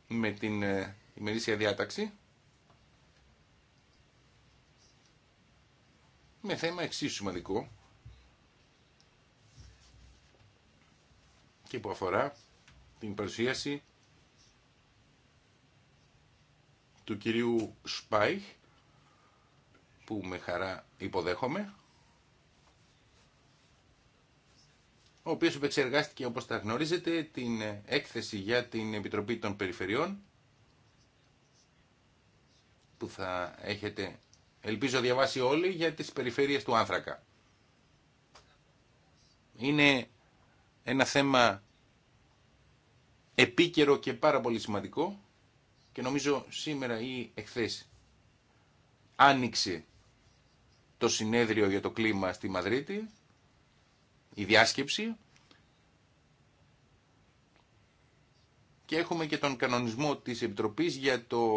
[SPEAKER 3] με την ε, ημερήσια διάταξη με θέμα εξίσου σημαντικό και που αφορά την παρουσίαση του κυρίου Σπάιχ που με χαρά υποδέχομαι ο οποίος επεξεργάστηκε όπως τα γνωρίζετε την έκθεση για την Επιτροπή των Περιφερειών που θα έχετε ελπίζω διαβάσει όλοι για τις περιφέρειες του Άνθρακα. Είναι ένα θέμα επίκαιρο και πάρα πολύ σημαντικό και νομίζω σήμερα ή εχθές άνοιξε το συνέδριο για το κλίμα στη Μαδρίτη, η διάσκεψη και έχουμε και τον κανονισμό της Επιτροπής για το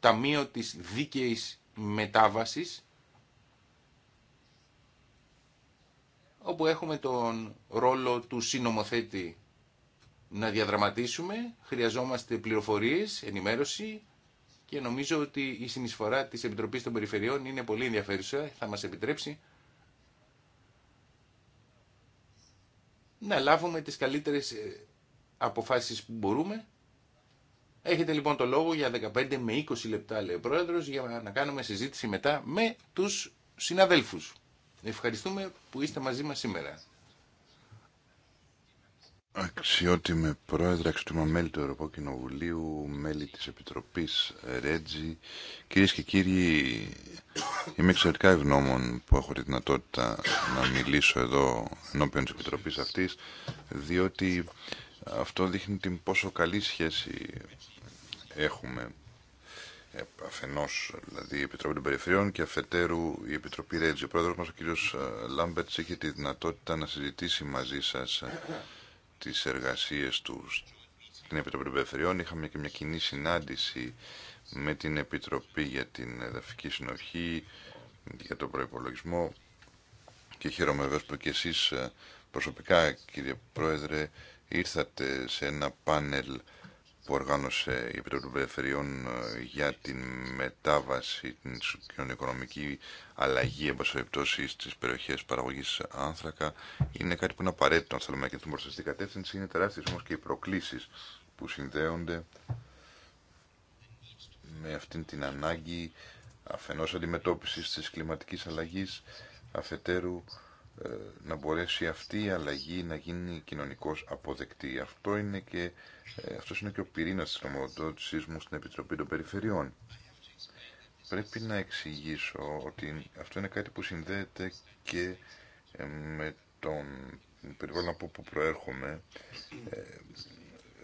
[SPEAKER 3] Ταμείο της Δίκαιης Μετάβασης όπου έχουμε τον ρόλο του συνομοθέτη να διαδραματίσουμε, χρειαζόμαστε πληροφορίες, ενημέρωση και νομίζω ότι η συνεισφορά της Επιτροπής των Περιφερειών είναι πολύ ενδιαφέρουσα, θα μας επιτρέψει να λάβουμε τις καλύτερες ε, αποφάσεις που μπορούμε. Έχετε λοιπόν το λόγο για 15 με 20 λεπτά, λέει ο Πρόεδρος, για να κάνουμε συζήτηση μετά με τους συναδέλφους. Ευχαριστούμε που είστε μαζί μας σήμερα.
[SPEAKER 2] Αξιότιμε Πρόεδρε, αξιότιμα μέλη του Ευρωπαϊκού Κοινοβουλίου, μέλη της Επιτροπής Ρέτζη, κυρίες και κύριοι, είμαι εξαιρετικά ευγνώμων που έχω τη δυνατότητα να μιλήσω εδώ ενώπιον της Επιτροπής αυτής, διότι αυτό δείχνει την πόσο καλή σχέση έχουμε ε, αφενός δηλαδή η Επιτροπή των Περιφερειών και αφετέρου η Επιτροπή Ρέτζη. Ο πρόεδρος μας, ο κύριος ε, Λάμπερτς, είχε τη δυνατότητα να συζητήσει μαζί σας ε, τις εργασίες του στην Επιτροπή των Περιφερειών. Είχαμε και μια κοινή συνάντηση με την Επιτροπή για την Εδαφική Συνοχή, για τον προϋπολογισμό και χαίρομαι βέβαια που και εσείς προσωπικά κύριε Πρόεδρε ήρθατε σε ένα πάνελ που οργάνωσε η Επιτροπή Περιφερειών ε, για την μετάβαση, την κοινωνικονομική αλλαγή περιπτώσει, στι περιοχέ παραγωγή άνθρακα είναι κάτι που είναι απαραίτητο αν θέλουμε να κινηθούμε προ αυτή την κατεύθυνση. Είναι τεράστιε όμω και οι προκλήσει που συνδέονται με αυτήν την ανάγκη αφενός αντιμετώπισης της κλιματικής αλλαγής, αφετέρου ε, να μπορέσει αυτή η αλλαγή να γίνει κοινωνικώς αποδεκτή. Αυτό είναι και, ε, αυτός είναι και ο πυρήνας της νομοδότησής μου στην Επιτροπή των Περιφερειών. Πρέπει να εξηγήσω ότι αυτό είναι κάτι που συνδέεται και ε, με τον περιβάλλον από που προέρχομαι.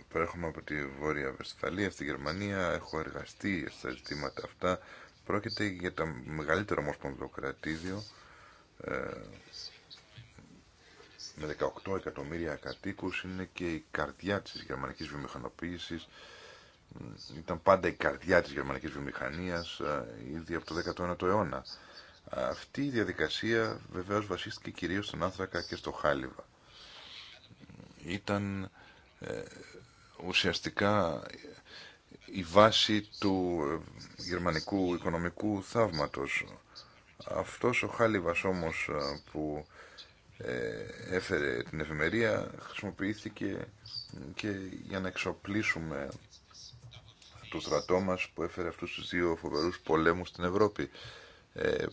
[SPEAKER 2] Προέρχομαι από τη Βόρεια Βεσταλία στη Γερμανία, έχω εργαστεί στα ζητήματα αυτά. Πρόκειται για το μεγαλύτερο ομοσπονδοκρατήδιο με 18 εκατομμύρια κατοίκους είναι και η καρδιά της γερμανικής βιομηχανοποίησης ήταν πάντα η καρδιά της γερμανικής βιομηχανίας ε, ήδη από το 19ο αιώνα. Αυτή η διαδικασία βεβαίως βασίστηκε κυρίως στον άνθρακα και στο χάλιβα. Ήταν ε, ουσιαστικά η βάση του ε, γερμανικού οικονομικού θαύματος. Αυτός ο χάλιβας όμως που ε, έφερε την εφημερία χρησιμοποιήθηκε και για να εξοπλίσουμε το στρατό μας που έφερε αυτούς τους δύο φοβερούς πολέμους στην Ευρώπη. Ε,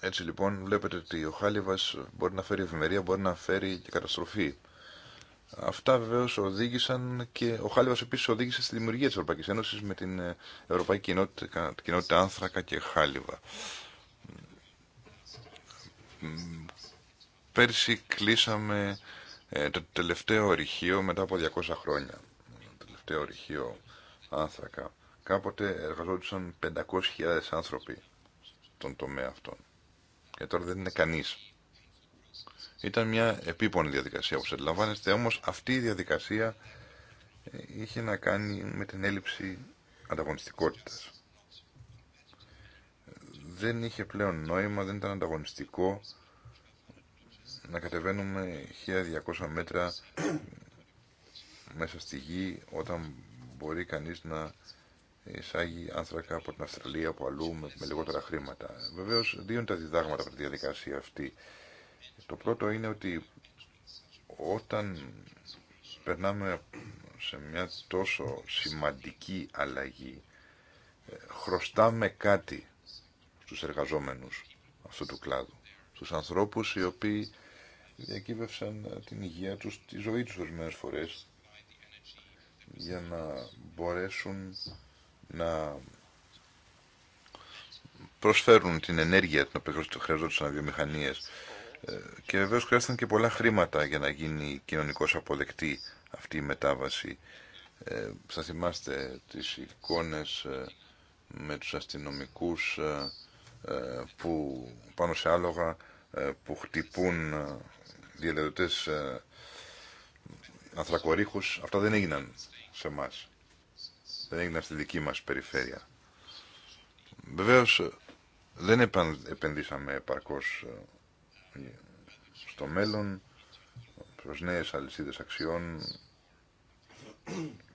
[SPEAKER 2] έτσι λοιπόν βλέπετε ότι ο Χάλιβας μπορεί να φέρει ευημερία, μπορεί να φέρει και καταστροφή. Αυτά βεβαίω οδήγησαν και ο Χάλιβας επίσης οδήγησε στη δημιουργία τη Ευρωπαϊκή Ένωση με την ε, Ευρωπαϊκή Κοινότητα, Κοινότητα Άνθρακα και Χάλιβα. Πέρσι κλείσαμε ε, το τελευταίο ορυχείο μετά από 200 χρόνια. Το τελευταίο ορυχείο άνθρακα. Κάποτε εργαζόντουσαν 500.000 άνθρωποι στον τομέα αυτόν. Και τώρα δεν είναι κανείς. Ήταν μια επίπονη διαδικασία όπως αντιλαμβάνεστε, όμως αυτή η διαδικασία ε, είχε να κάνει με την έλλειψη ανταγωνιστικότητας δεν είχε πλέον νόημα, δεν ήταν ανταγωνιστικό να κατεβαίνουμε 1200 μέτρα μέσα στη γη όταν μπορεί κανείς να εισάγει άνθρακα από την Αυστραλία, από αλλού, με, λιγότερα χρήματα. Βεβαίως, δύο είναι τα διδάγματα από τη διαδικασία αυτή. Το πρώτο είναι ότι όταν περνάμε σε μια τόσο σημαντική αλλαγή, ε, χρωστάμε κάτι στους εργαζόμενους αυτού του κλάδου. Στους ανθρώπους οι οποίοι διακύβευσαν την υγεία τους, τη ζωή τους ορισμένες φορές για να μπορέσουν να προσφέρουν την ενέργεια την οποία χρειαζόντουσαν βιομηχανίες ε, και βεβαίως χρειάστηκαν και πολλά χρήματα για να γίνει κοινωνικώς αποδεκτή αυτή η μετάβαση. Ε, θα θυμάστε τις εικόνες ε, με τους αστυνομικούς ε, ε, που πάνω σε άλογα ε, που χτυπούν ε, διαδεδοτές ανθρακορίχους. Αυτά δεν έγιναν σε εμά. Δεν έγιναν στη δική μας περιφέρεια. Βεβαίως δεν επενδύσαμε επαρκώς στο μέλλον προς νέες αλυσίδες αξιών,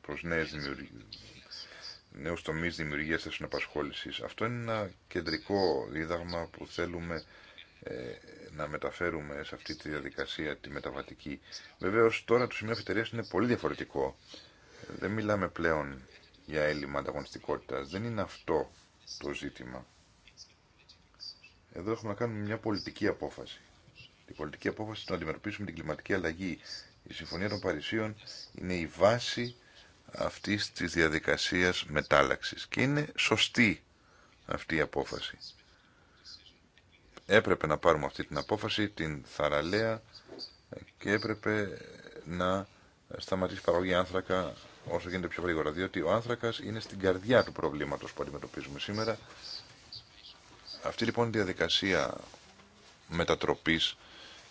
[SPEAKER 2] προς νέες νέους τομείς δημιουργίας τη απασχόλησης. Αυτό είναι ένα κεντρικό δίδαγμα που θέλουμε ε, να μεταφέρουμε σε αυτή τη διαδικασία τη μεταβατική. Βεβαίως τώρα το σημείο αφιτερίας είναι πολύ διαφορετικό. Δεν μιλάμε πλέον για έλλειμμα ανταγωνιστικότητας. Δεν είναι αυτό το ζήτημα. Εδώ έχουμε να κάνουμε μια πολιτική απόφαση. Η πολιτική απόφαση να αντιμετωπίσουμε την κλιματική αλλαγή. Η Συμφωνία των Παρισίων είναι η βάση αυτή της διαδικασία μετάλλαξη. Και είναι σωστή αυτή η απόφαση. Έπρεπε να πάρουμε αυτή την απόφαση, την θαραλέα και έπρεπε να σταματήσει η παραγωγή άνθρακα όσο γίνεται πιο γρήγορα. Διότι ο άνθρακα είναι στην καρδιά του προβλήματο που αντιμετωπίζουμε σήμερα. Αυτή λοιπόν η διαδικασία μετατροπή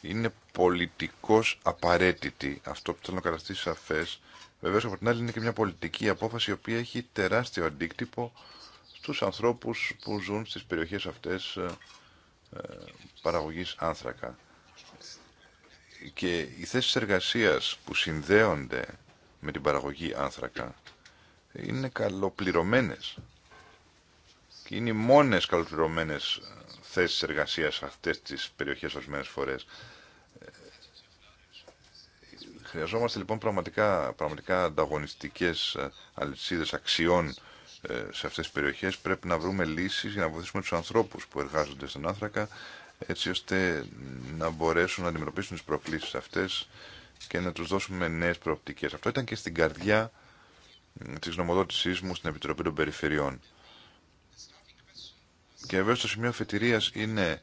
[SPEAKER 2] είναι πολιτικώ απαραίτητη. Αυτό που θέλω να καταστήσει Βεβαίω από την άλλη είναι και μια πολιτική απόφαση η οποία έχει τεράστιο αντίκτυπο στους ανθρώπους που ζουν στις περιοχές αυτές ε, ε, παραγωγής άνθρακα. Και οι θέσεις εργασίας που συνδέονται με την παραγωγή άνθρακα είναι καλοπληρωμένες και είναι οι μόνες καλοπληρωμένες ε, θέσεις εργασίας αυτές τις περιοχές ορισμένες φορές. Χρειαζόμαστε λοιπόν πραγματικά, πραγματικά ανταγωνιστικές ε, αλυσίδες αξιών ε, σε αυτές τις περιοχές. Πρέπει να βρούμε λύσεις για να βοηθήσουμε τους ανθρώπους που εργάζονται στον άνθρακα έτσι ώστε να μπορέσουν να αντιμετωπίσουν τις προκλήσεις αυτές και να τους δώσουμε νέες προοπτικές. Αυτό ήταν και στην καρδιά της νομοδότησής μου στην Επιτροπή των Περιφερειών. Και βέβαια στο σημείο αφετηρίας είναι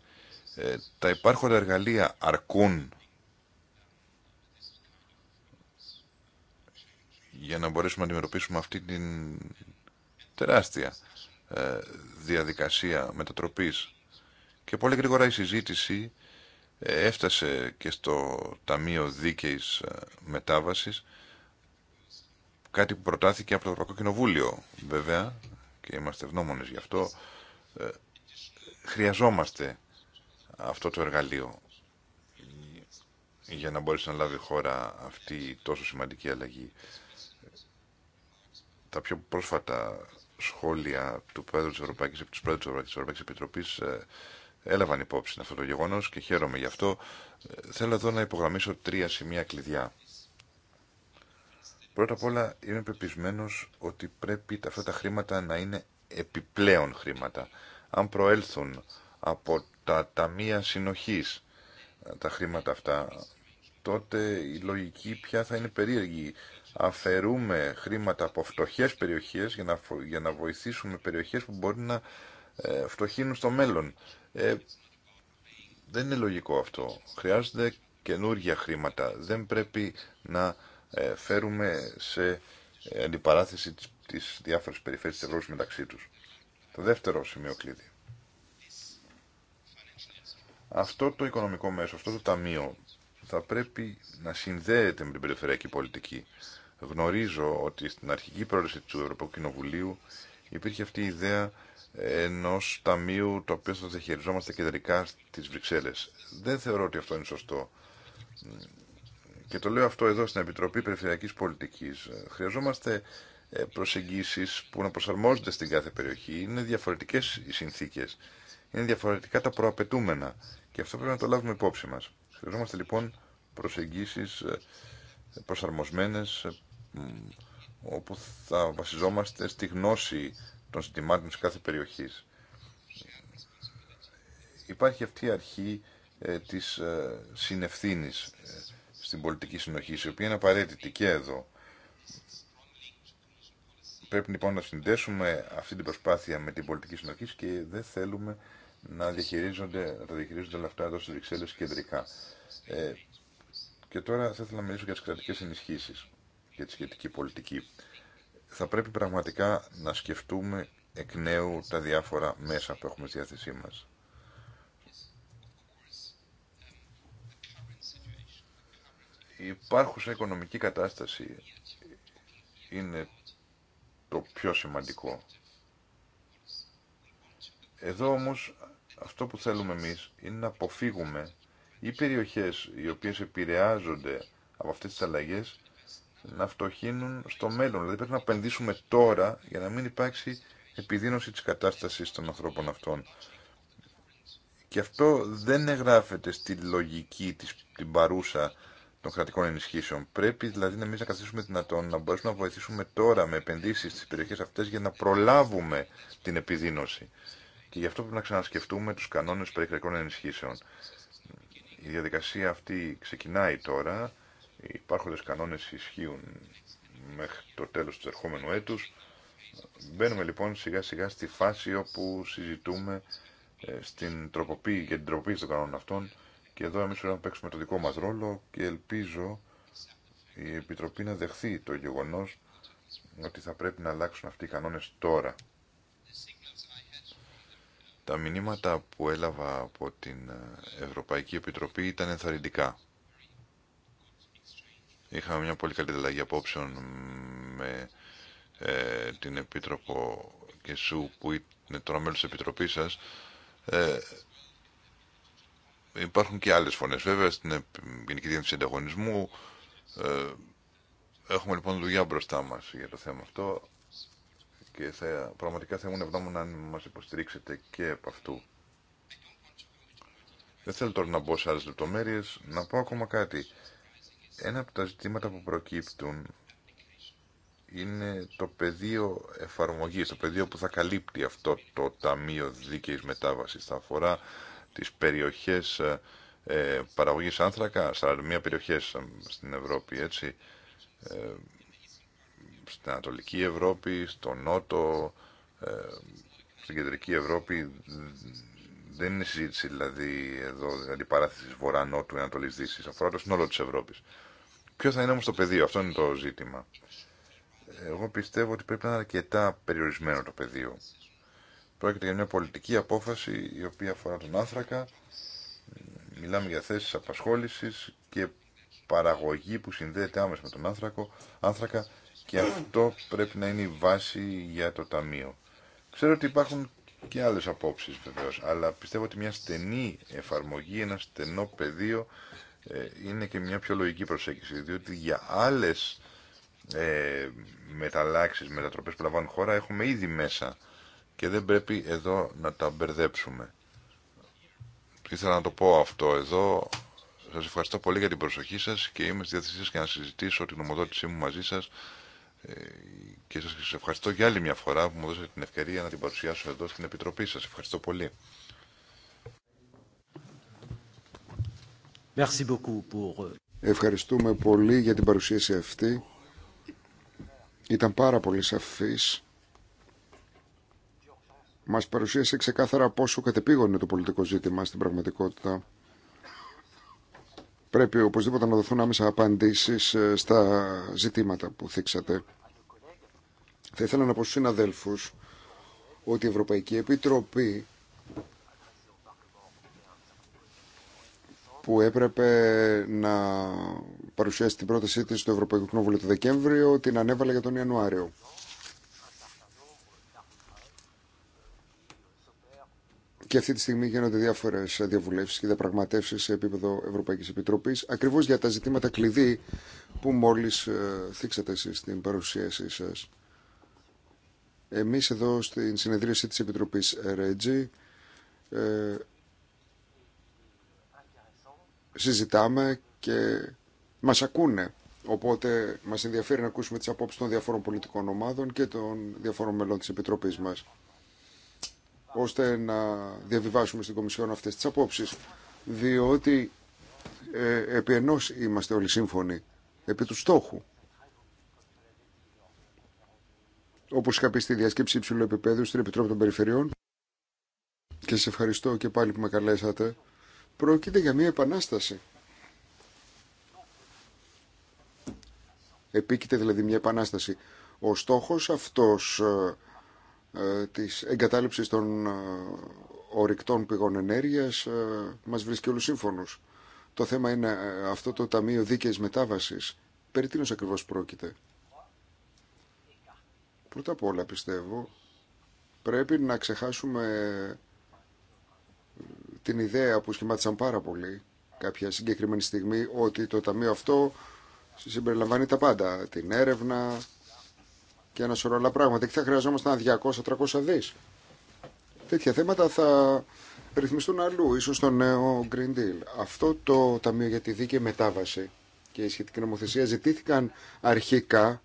[SPEAKER 2] ε, τα υπάρχοντα εργαλεία αρκούν για να μπορέσουμε να αντιμετωπίσουμε αυτή την τεράστια ε, διαδικασία μετατροπής. Και πολύ γρήγορα η συζήτηση ε, έφτασε και στο Ταμείο Δίκαιης ε, Μετάβασης, κάτι που προτάθηκε από το Ευρωπαϊκό Κοινοβούλιο βέβαια, και είμαστε ευγνώμονες γι' αυτό, χρειαζόμαστε αυτό το εργαλείο για να μπορέσει να λάβει η χώρα αυτή η τόσο σημαντική αλλαγή τα πιο πρόσφατα σχόλια του Πρόεδρου της Ευρωπαϊκής, της της Ευρωπαϊκής Επιτροπής ε, έλαβαν υπόψη αυτό το γεγονός και χαίρομαι γι' αυτό. Ε, θέλω εδώ να υπογραμμίσω τρία σημεία κλειδιά. Πρώτα απ' όλα είμαι πεπισμένος ότι πρέπει αυτά τα χρήματα να είναι επιπλέον χρήματα. Αν προέλθουν από τα ταμεία συνοχής ε, τα χρήματα αυτά, τότε η λογική πια θα είναι περίεργη αφαιρούμε χρήματα από φτωχέ περιοχές για να, για βοηθήσουμε περιοχές που μπορεί να ε, φτωχύνουν στο μέλλον. Ε, δεν είναι λογικό αυτό. Χρειάζονται καινούργια χρήματα. Δεν πρέπει να ε, φέρουμε σε αντιπαράθεση τις, τις διάφορες περιφέρειες της Ευρώπης μεταξύ τους. Το δεύτερο σημείο κλειδί. Αυτό το οικονομικό μέσο, αυτό το ταμείο θα πρέπει να συνδέεται με την περιφερειακή πολιτική γνωρίζω ότι στην αρχική πρόταση του Ευρωπαϊκού Κοινοβουλίου υπήρχε αυτή η ιδέα ενός ταμείου το οποίο θα διαχειριζόμαστε κεντρικά στις Βρυξέλλες. Δεν θεωρώ ότι αυτό είναι σωστό. Και το λέω αυτό εδώ στην Επιτροπή Περιφερειακής Πολιτικής. Χρειαζόμαστε ε, προσεγγίσεις που να προσαρμόζονται στην κάθε περιοχή. Είναι διαφορετικές οι συνθήκες. Είναι διαφορετικά τα προαπαιτούμενα. Και αυτό πρέπει να το λάβουμε υπόψη μας. Χρειαζόμαστε λοιπόν προσεγγίσει ε, προσαρμοσμένε. Ε, όπου θα βασιζόμαστε στη γνώση των συντημάτων της κάθε περιοχής. Υπάρχει αυτή η αρχή ε, της ε, συνευθύνης ε, στην πολιτική συνοχή, η οποία είναι απαραίτητη και εδώ. Πρέπει λοιπόν να συνδέσουμε αυτή την προσπάθεια με την πολιτική συνοχή και δεν θέλουμε να διαχειρίζονται, να διαχειρίζονται όλα αυτά εδώ στις Βρυξέλλες κεντρικά. Ε, και τώρα θα ήθελα να μιλήσω για τις κρατικές ενισχύσεις και τη σχετική πολιτική. Θα πρέπει πραγματικά να σκεφτούμε εκ νέου τα διάφορα μέσα που έχουμε στη διάθεσή μας. Η υπάρχουσα οικονομική κατάσταση είναι το πιο σημαντικό. Εδώ όμως αυτό που θέλουμε εμείς είναι να αποφύγουμε οι περιοχές οι οποίες επηρεάζονται από αυτές τις αλλαγές να φτωχύνουν στο μέλλον. Δηλαδή πρέπει να επενδύσουμε τώρα για να μην υπάρξει επιδείνωση της κατάστασης των ανθρώπων αυτών. Και αυτό δεν εγγράφεται στη λογική της, την παρούσα των κρατικών ενισχύσεων. Πρέπει δηλαδή να μην να καθίσουμε δυνατόν, να μπορέσουμε να βοηθήσουμε τώρα με επενδύσεις στις περιοχές αυτές για να προλάβουμε την επιδείνωση. Και γι' αυτό πρέπει να ξανασκεφτούμε τους κανόνες περί κρατικών ενισχύσεων. Η διαδικασία αυτή ξεκινάει τώρα οι υπάρχοντες κανόνες ισχύουν μέχρι το τέλος του ερχόμενου έτους. Μπαίνουμε λοιπόν σιγά σιγά στη φάση όπου συζητούμε ε, στην τροποποίηση, για την τροποποίηση των κανόνων αυτών και εδώ εμείς πρέπει να παίξουμε το δικό μας ρόλο και ελπίζω η Επιτροπή να δεχθεί το γεγονός ότι θα πρέπει να αλλάξουν αυτοί οι κανόνες τώρα. Τα μηνύματα που έλαβα από την Ευρωπαϊκή Επιτροπή ήταν ενθαρρυντικά. Είχαμε μια πολύ καλή ανταλλαγή απόψεων με ε, την Επίτροπο Κεσού που είναι τώρα μέλος της Επιτροπής σας. Ε, υπάρχουν και άλλες φωνές βέβαια στην Γενική Διεύθυνση Ανταγωνισμού. Ε, έχουμε λοιπόν δουλειά μπροστά μας για το θέμα αυτό και θα, πραγματικά θα ήμουν ευγνώμων αν μας υποστηρίξετε και από αυτού. Δεν θέλω τώρα να μπω σε άλλες λεπτομέρειες, να πω ακόμα κάτι. Ένα από τα ζητήματα που προκύπτουν είναι το πεδίο εφαρμογής, το πεδίο που θα καλύπτει αυτό το Ταμείο Δίκαιης Μετάβασης. Θα αφορά τις περιοχές ε, ε παραγωγής άνθρακα, 41 περιοχές ε, στην Ευρώπη, έτσι, ε, στην Ανατολική Ευρώπη, στο Νότο, ε, στην Κεντρική Ευρώπη, δεν είναι συζήτηση δηλαδή εδώ παραθεση δηλαδή, Ανατολής Δύσης, αφορά το σύνολο τη Ευρώπη. Ποιο θα είναι όμω το πεδίο, αυτό είναι το ζήτημα. Εγώ πιστεύω ότι πρέπει να είναι αρκετά περιορισμένο το πεδίο. Πρόκειται για μια πολιτική απόφαση η οποία αφορά τον άνθρακα. Μιλάμε για θέσεις απασχόλησης και παραγωγή που συνδέεται άμεσα με τον άνθρακο, άνθρακα και αυτό πρέπει να είναι η βάση για το ταμείο. Ξέρω ότι υπάρχουν και άλλες απόψεις βεβαίως, αλλά πιστεύω ότι μια στενή εφαρμογή, ένα στενό πεδίο ε, είναι και μια πιο λογική προσέγγιση, διότι για άλλες ε, μεταλλάξεις, μετατροπές που λαμβάνουν χώρα έχουμε ήδη μέσα και δεν πρέπει εδώ να τα μπερδέψουμε. Ήθελα να το πω αυτό εδώ. Σας ευχαριστώ πολύ για την προσοχή σας και είμαι στη διάθεσή σας και να συζητήσω την ομοδότησή μου μαζί σας ε, και σας ευχαριστώ για άλλη μια φορά που μου δώσατε την ευκαιρία να την παρουσιάσω εδώ στην Επιτροπή σας. Ευχαριστώ πολύ.
[SPEAKER 1] Euh, Ευχαριστούμε πολύ για την παρουσίαση αυτή. Ήταν πάρα πολύ σαφής. Μας παρουσίασε ξεκάθαρα πόσο κατεπήγον είναι το πολιτικό ζήτημα στην πραγματικότητα. Πρέπει οπωσδήποτε να δοθούν άμεσα απαντήσεις ε, στα ζητήματα που θίξατε. Θα ήθελα να πω στους συναδέλφους ότι η Ευρωπαϊκή Επιτροπή που έπρεπε να παρουσιάσει την πρότασή της στο Ευρωπαϊκό Κοινοβούλιο το Δεκέμβριο, την ανέβαλε για τον Ιανουάριο. Και αυτή τη στιγμή γίνονται διάφορε διαβουλεύσει και διαπραγματεύσει σε επίπεδο Ευρωπαϊκή Επιτροπή, ακριβώ για τα ζητήματα κλειδί που μόλι ε, θίξατε εσεί στην παρουσίασή σα. Εμεί εδώ στην συνεδρίαση τη Επιτροπή Ρέτζι ε, συζητάμε και μας ακούνε. Οπότε μας ενδιαφέρει να ακούσουμε τις απόψεις των διαφόρων πολιτικών ομάδων και των διαφόρων μελών της Επιτροπής μας ώστε να διαβιβάσουμε στην Κομισιόν αυτές τις απόψεις διότι ε, επί ενός είμαστε όλοι σύμφωνοι επί του στόχου όπως είχα πει στη διασκέψη υψηλού επίπεδου στην Επιτροπή των Περιφερειών και σε ευχαριστώ και πάλι που με καλέσατε Πρόκειται για μια επανάσταση. Επίκειται δηλαδή μια επανάσταση. Ο στόχος αυτός ε, ε, της εγκατάλειψης των ε, πηγών ενέργειας ε, μας βρίσκει όλους σύμφωνους. Το θέμα είναι αυτό το Ταμείο Δίκαιης Μετάβασης. Περί τίνος ακριβώς πρόκειται. Πρώτα απ' όλα πιστεύω πρέπει να ξεχάσουμε την ιδέα που σχημάτισαν πάρα πολύ κάποια συγκεκριμένη στιγμή ότι το ταμείο αυτό συμπεριλαμβάνει τα πάντα, την έρευνα και ένα σωρό άλλα πράγματα και θα χρειαζόμασταν 200-300 δις. Τέτοια θέματα θα ρυθμιστούν αλλού, ίσως στο νέο Green Deal. Αυτό το Ταμείο για τη Δίκαιη Μετάβαση και η σχετική νομοθεσία ζητήθηκαν αρχικά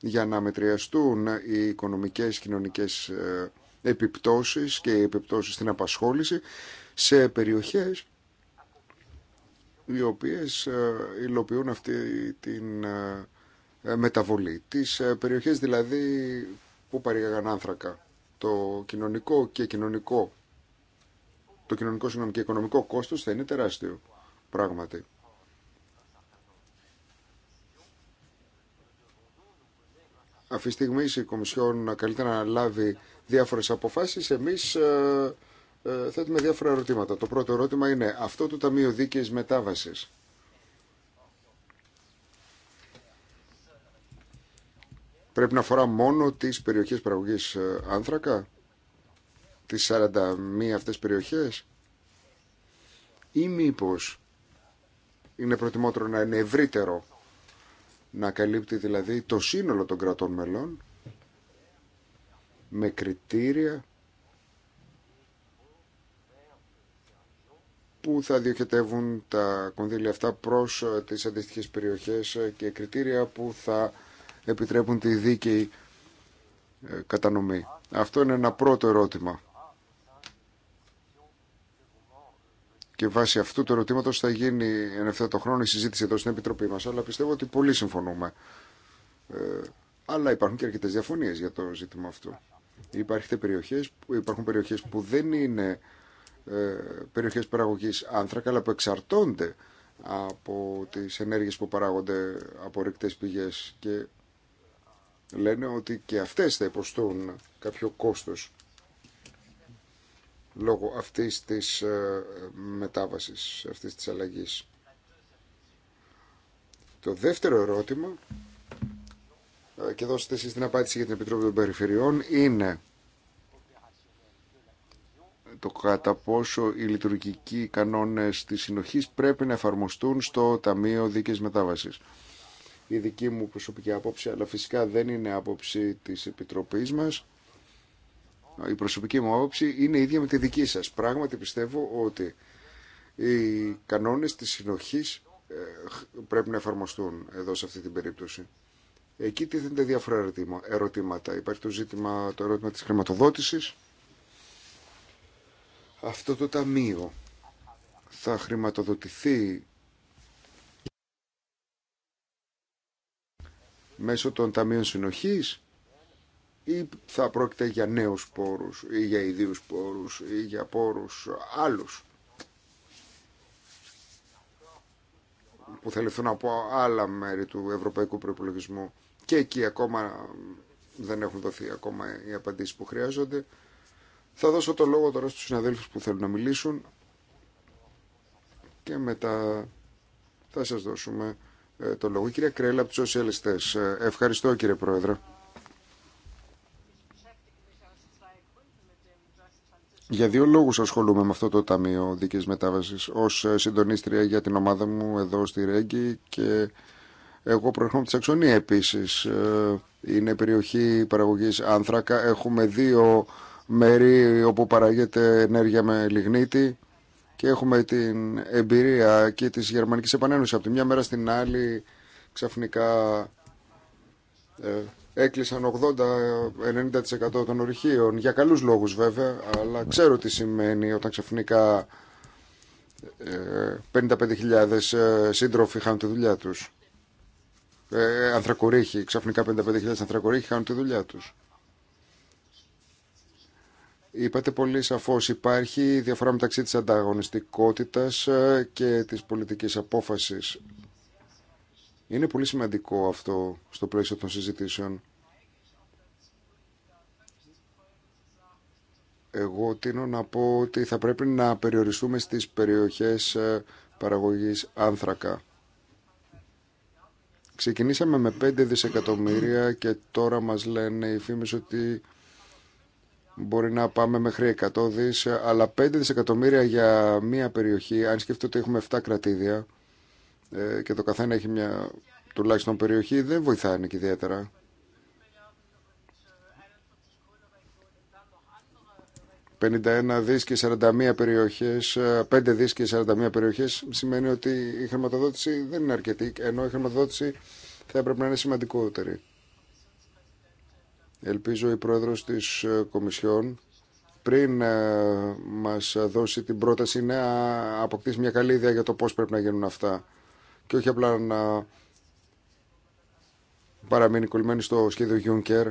[SPEAKER 1] για να μετριαστούν οι οικονομικές, κοινωνικές ε, επιπτώσεις και οι επιπτώσεις στην απασχόληση σε περιοχές οι οποίες ε, υλοποιούν αυτή την ε, ε, μεταβολή. Τις περιοχές δηλαδή που παρήγαγαν άνθρακα. Το κοινωνικό και κοινωνικό το κοινωνικό και οικονομικό κόστος θα είναι τεράστιο πράγματι. Αυτή τη στιγμή η Κομισιόν καλύτερα να λάβει διάφορες αποφάσεις. Εμείς ε, θέτουμε διάφορα ερωτήματα. Το πρώτο ερώτημα είναι αυτό του ταμείο Δίκαιης Μετάβασης. Πρέπει να αφορά μόνο τις περιοχές παραγωγής ε, άνθρακα, τις 41 αυτές περιοχές ή μήπω είναι προτιμότερο να είναι ευρύτερο, να καλύπτει δηλαδή το σύνολο των κρατών μελών με κριτήρια που θα διοχετεύουν τα κονδύλια αυτά προς ε, τις αντίστοιχες περιοχές ε, και κριτήρια που θα επιτρέπουν τη δίκαιη ε, κατανομή. Αυτό είναι ένα πρώτο ερώτημα. Και βάσει αυτού του ερωτήματος θα γίνει εν ευθέτω χρόνο η συζήτηση εδώ στην Επιτροπή μας. Αλλά πιστεύω ότι πολύ συμφωνούμε. αλλά υπάρχουν και αρκετές διαφωνίες για το ζήτημα αυτό. Υπάρχουν περιοχές, υπάρχουν περιοχές που δεν είναι ε, περιοχές παραγωγής άνθρακα, αλλά που εξαρτώνται από τις ενέργειες που παράγονται από ρηκτές πηγές και λένε ότι και αυτές θα υποστούν κάποιο κόστος λόγω αυτής της ε, μετάβασης, αυτής της αλλαγής. Το δεύτερο ερώτημα, ε, και δώσετε εσείς την απάντηση για την Επιτροπή των Περιφερειών, είναι το κατά πόσο οι λειτουργικοί κανόνες της συνοχής πρέπει να εφαρμοστούν στο Ταμείο Δίκαιης Μετάβασης. Η δική μου προσωπική άποψη, αλλά φυσικά δεν είναι άποψη της Επιτροπής μας, η προσωπική μου άποψη είναι ίδια με τη δική σας. Πράγματι πιστεύω ότι οι κανόνες της συνοχής ε, πρέπει να εφαρμοστούν εδώ σε αυτή την περίπτωση. Εκεί τίθενται διάφορα ερωτήματα. Υπάρχει το, ζήτημα, το ερώτημα της χρηματοδότησης, αυτό το ταμείο θα χρηματοδοτηθεί μέσω των ταμείων συνοχής ή θα πρόκειται για νέους πόρους ή για ιδίους πόρους ή για πόρους άλλους που θα ληφθούν από άλλα μέρη του ευρωπαϊκού προϋπολογισμού και εκεί ακόμα δεν έχουν δοθεί ακόμα οι απαντήσεις που χρειάζονται θα δώσω το λόγο τώρα στους συναδέλφους που θέλουν να μιλήσουν και μετά θα σας δώσουμε ε, το λόγο. κύριε κυρία Κρέλα από τους σοσιαλιστές. Ε, ευχαριστώ κύριε Πρόεδρε. Για δύο λόγους ασχολούμαι με αυτό το Ταμείο Δικής μετάβαση. ως ε, συντονίστρια για την ομάδα μου εδώ στη Ρέγκη και εγώ προέρχομαι από τη Σαξονία επίσης. Είναι περιοχή παραγωγή άνθρακα. Έχουμε δύο μέρη όπου παράγεται ενέργεια με λιγνίτη και έχουμε την εμπειρία και της Γερμανικής Επανένωσης. Από τη μια μέρα στην άλλη ξαφνικά ε, έκλεισαν 80-90% των ορυχείων, για καλούς λόγους βέβαια, αλλά ξέρω τι σημαίνει όταν ξαφνικά 55.000 ε, ε, σύντροφοι χάνουν τη δουλειά τους. Ε, ανθρακορίχοι, ξαφνικά 55.000 ανθρακορίχοι χάνουν τη δουλειά τους. Είπατε πολύ σαφώς υπάρχει διαφορά μεταξύ της ανταγωνιστικότητας ε, και της πολιτικής απόφασης. Είναι πολύ σημαντικό αυτό στο πλαίσιο των συζητήσεων. Εγώ τίνω να πω ότι θα πρέπει να περιοριστούμε στις περιοχές ε, παραγωγής άνθρακα. Ξεκινήσαμε με 5 δισεκατομμύρια και τώρα μας λένε οι φήμες ότι Μπορεί να πάμε μέχρι 100 δις, αλλά 5 δισεκατομμύρια για μία περιοχή, αν σκεφτείτε ότι έχουμε 7 κρατήδια ε, και το καθένα έχει μια τουλάχιστον περιοχή, δεν βοηθάει και ιδιαίτερα. «51 δις και 41 περιοχές, 5 ε, δις και 41 περιοχές» σημαίνει ότι η χρηματοδότηση δεν είναι αρκετή, ενώ η χρηματοδότηση θα έπρεπε να είναι σημαντικότερη. Ελπίζω η πρόεδρος της ε, Κομισιόν πριν ε, μας δώσει την πρόταση να αποκτήσει μια καλή ιδέα για το πώς πρέπει να γίνουν αυτά και όχι απλά να παραμείνει κολλημένη στο σχέδιο Juncker.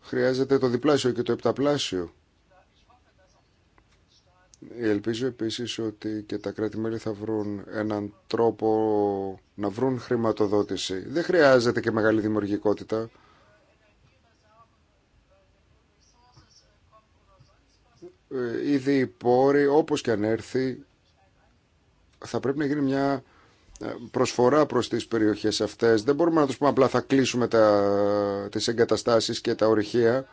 [SPEAKER 1] Χρειάζεται το διπλάσιο και το επταπλάσιο Ελπίζω επίσης ότι και τα κράτη-μέλη θα βρουν έναν τρόπο να βρουν χρηματοδότηση. Δεν χρειάζεται και μεγάλη δημιουργικότητα. Ε, ήδη οι πόροι, όπως και αν έρθει, θα πρέπει να γίνει μια ε, προσφορά προς τις περιοχές αυτές. Δεν μπορούμε να τους πούμε απλά θα κλείσουμε τα, τις εγκαταστάσεις και τα ορυχεία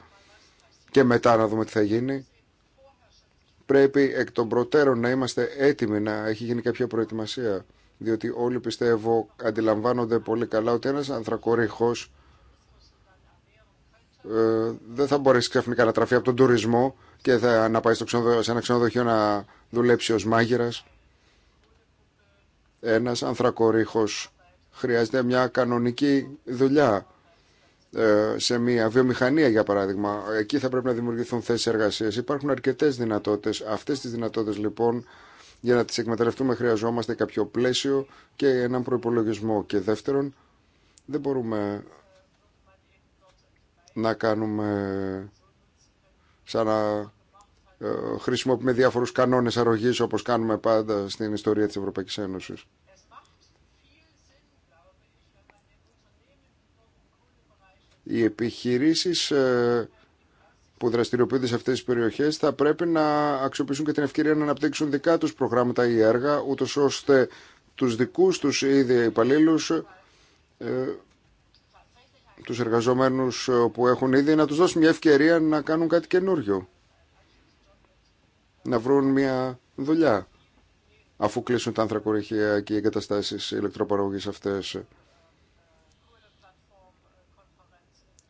[SPEAKER 1] και μετά να δούμε τι θα γίνει πρέπει εκ των προτέρων να είμαστε έτοιμοι να έχει γίνει κάποια προετοιμασία. Διότι όλοι πιστεύω αντιλαμβάνονται πολύ καλά ότι ένας ανθρακορίχος ε, δεν θα μπορέσει ξαφνικά να τραφεί από τον τουρισμό και θα, να πάει στο σε ένα ξενοδοχείο να δουλέψει ως μάγειρα. Ένας ανθρακορίχος χρειάζεται μια κανονική δουλειά ε, σε μια βιομηχανία για παράδειγμα. Εκεί θα πρέπει να δημιουργηθούν θέσεις εργασίας. Υπάρχουν αρκετές δυνατότητες. Αυτές τις δυνατότητες λοιπόν για να τις εκμεταλλευτούμε χρειαζόμαστε κάποιο πλαίσιο και έναν προϋπολογισμό. Και δεύτερον δεν μπορούμε να κάνουμε σαν να ε, χρησιμοποιούμε διάφορους κανόνες αρρωγής όπως κάνουμε πάντα στην ιστορία της Ευρωπαϊκής Ένωσης. Οι επιχειρήσεις ε, που δραστηριοποιούνται σε αυτές τις περιοχές θα πρέπει να αξιοποιήσουν και την ευκαιρία να αναπτύξουν δικά τους προγράμματα ή έργα, ούτω ώστε τους δικούς τους ήδη υπαλλήλου, ε, τους εργαζομένους ε, που έχουν ήδη, να τους δώσουν μια ευκαιρία να κάνουν κάτι καινούριο, να βρουν μια δουλειά αφού κλείσουν τα ανθρακοριχεία και οι εγκαταστάσεις ηλεκτροπαραγωγής αυτές.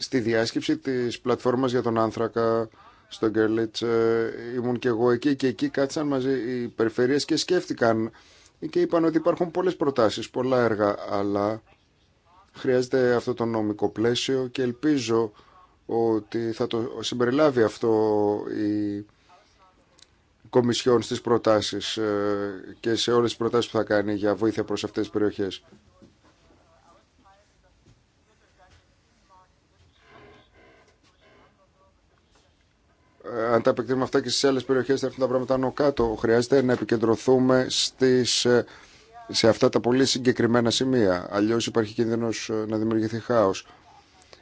[SPEAKER 1] Στη διάσκεψη της πλατφόρμας για τον άνθρακα στο Γκέρλιτς ε, ήμουν και εγώ εκεί και εκεί κάτσαν μαζί οι περιφερειές και σκέφτηκαν και είπαν ότι υπάρχουν πολλές προτάσεις, πολλά έργα, αλλά χρειάζεται αυτό το νομικό πλαίσιο και ελπίζω ότι θα το συμπεριλάβει αυτό η Κομισιόν στις προτάσεις ε, και σε όλες τις προτάσεις που θα κάνει για βοήθεια προς αυτές τις περιοχές. Ε, αν τα επεκτείνουμε αυτά και στι άλλε περιοχέ, θα έρθουν τα πράγματα άνω κάτω. Χρειάζεται να επικεντρωθούμε στις, ε, σε αυτά τα πολύ συγκεκριμένα σημεία. Αλλιώ υπάρχει κίνδυνο ε, να δημιουργηθεί χάο.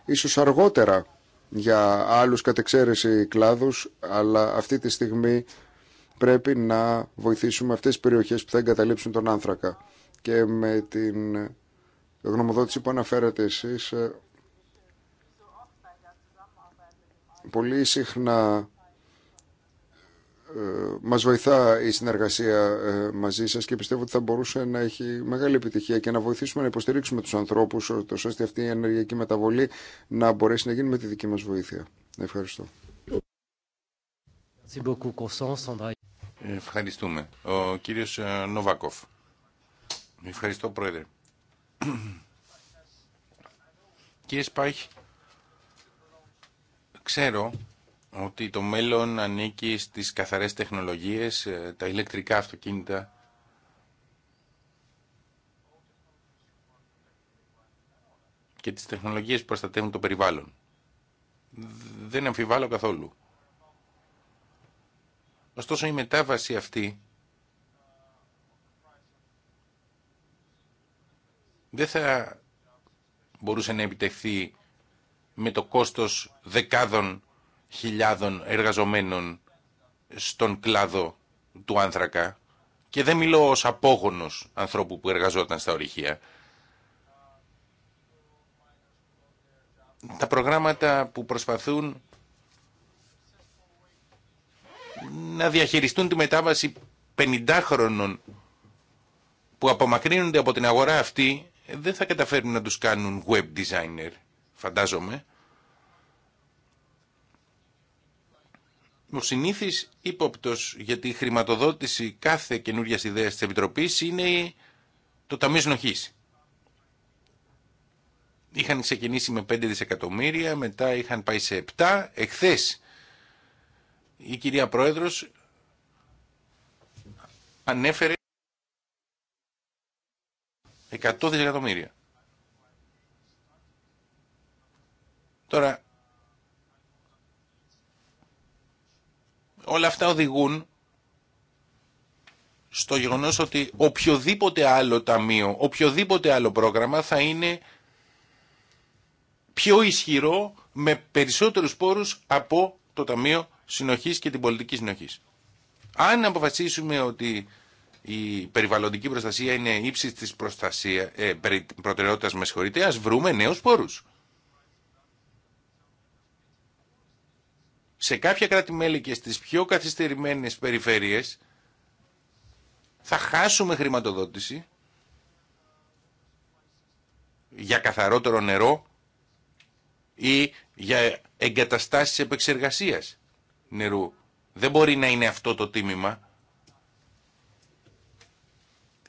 [SPEAKER 1] Ίσως αργότερα για άλλους κατεξαίρεση κλάδου, αλλά αυτή τη στιγμή πρέπει να βοηθήσουμε αυτέ τι περιοχέ που θα εγκαταλείψουν τον άνθρακα. Και με την γνωμοδότηση που αναφέρατε εσείς, πολύ συχνά ε, μας βοηθά η συνεργασία ε, μαζί σας και πιστεύω ότι θα μπορούσε να έχει μεγάλη επιτυχία και να βοηθήσουμε να υποστηρίξουμε τους ανθρώπους ώστε αυτή η ενεργειακή μεταβολή να μπορέσει να γίνει με τη δική μας βοήθεια. Ευχαριστώ.
[SPEAKER 3] Ευχαριστούμε. Ο κύριος ε, Νοβάκοφ. Ευχαριστώ, Πρόεδρε. Κύριε Σπάχη, Ξέρω ότι το μέλλον ανήκει στις καθαρές τεχνολογίες, ε, τα ηλεκτρικά αυτοκίνητα. και τις τεχνολογίες που προστατεύουν το περιβάλλον. Δεν αμφιβάλλω καθόλου. Ωστόσο η μετάβαση αυτή δεν θα μπορούσε να επιτευχθεί με το κόστος δεκάδων χιλιάδων εργαζομένων στον κλάδο του άνθρακα και δεν μιλώ ως απόγονος ανθρώπου που εργαζόταν στα ορυχεία. Τα προγράμματα που προσπαθούν να διαχειριστούν τη μετάβαση 50 χρόνων που απομακρύνονται από την αγορά αυτή δεν θα καταφέρουν να τους κάνουν web designer, φαντάζομαι. Ο συνήθι ύποπτο για τη χρηματοδότηση κάθε καινούργια ιδέα τη Επιτροπής είναι το Ταμείο Συνοχής. Είχαν ξεκινήσει με 5 δισεκατομμύρια, μετά είχαν πάει σε 7. Εχθέ η κυρία Πρόεδρος ανέφερε 100 δισεκατομμύρια. Τώρα, όλα αυτά οδηγούν στο γεγονός ότι οποιοδήποτε άλλο ταμείο, οποιοδήποτε άλλο πρόγραμμα θα είναι πιο ισχυρό με περισσότερους πόρους από το Ταμείο Συνοχής και την Πολιτική Συνοχής. Αν αποφασίσουμε ότι η περιβαλλοντική προστασία είναι ύψης της προστασία, ε, προτεραιότητας, με βρούμε νέους πόρους. σε κάποια κράτη-μέλη και στις πιο καθυστερημένες περιφέρειες θα χάσουμε χρηματοδότηση για καθαρότερο νερό ή για εγκαταστάσεις επεξεργασίας νερού. Δεν μπορεί να είναι αυτό το τίμημα.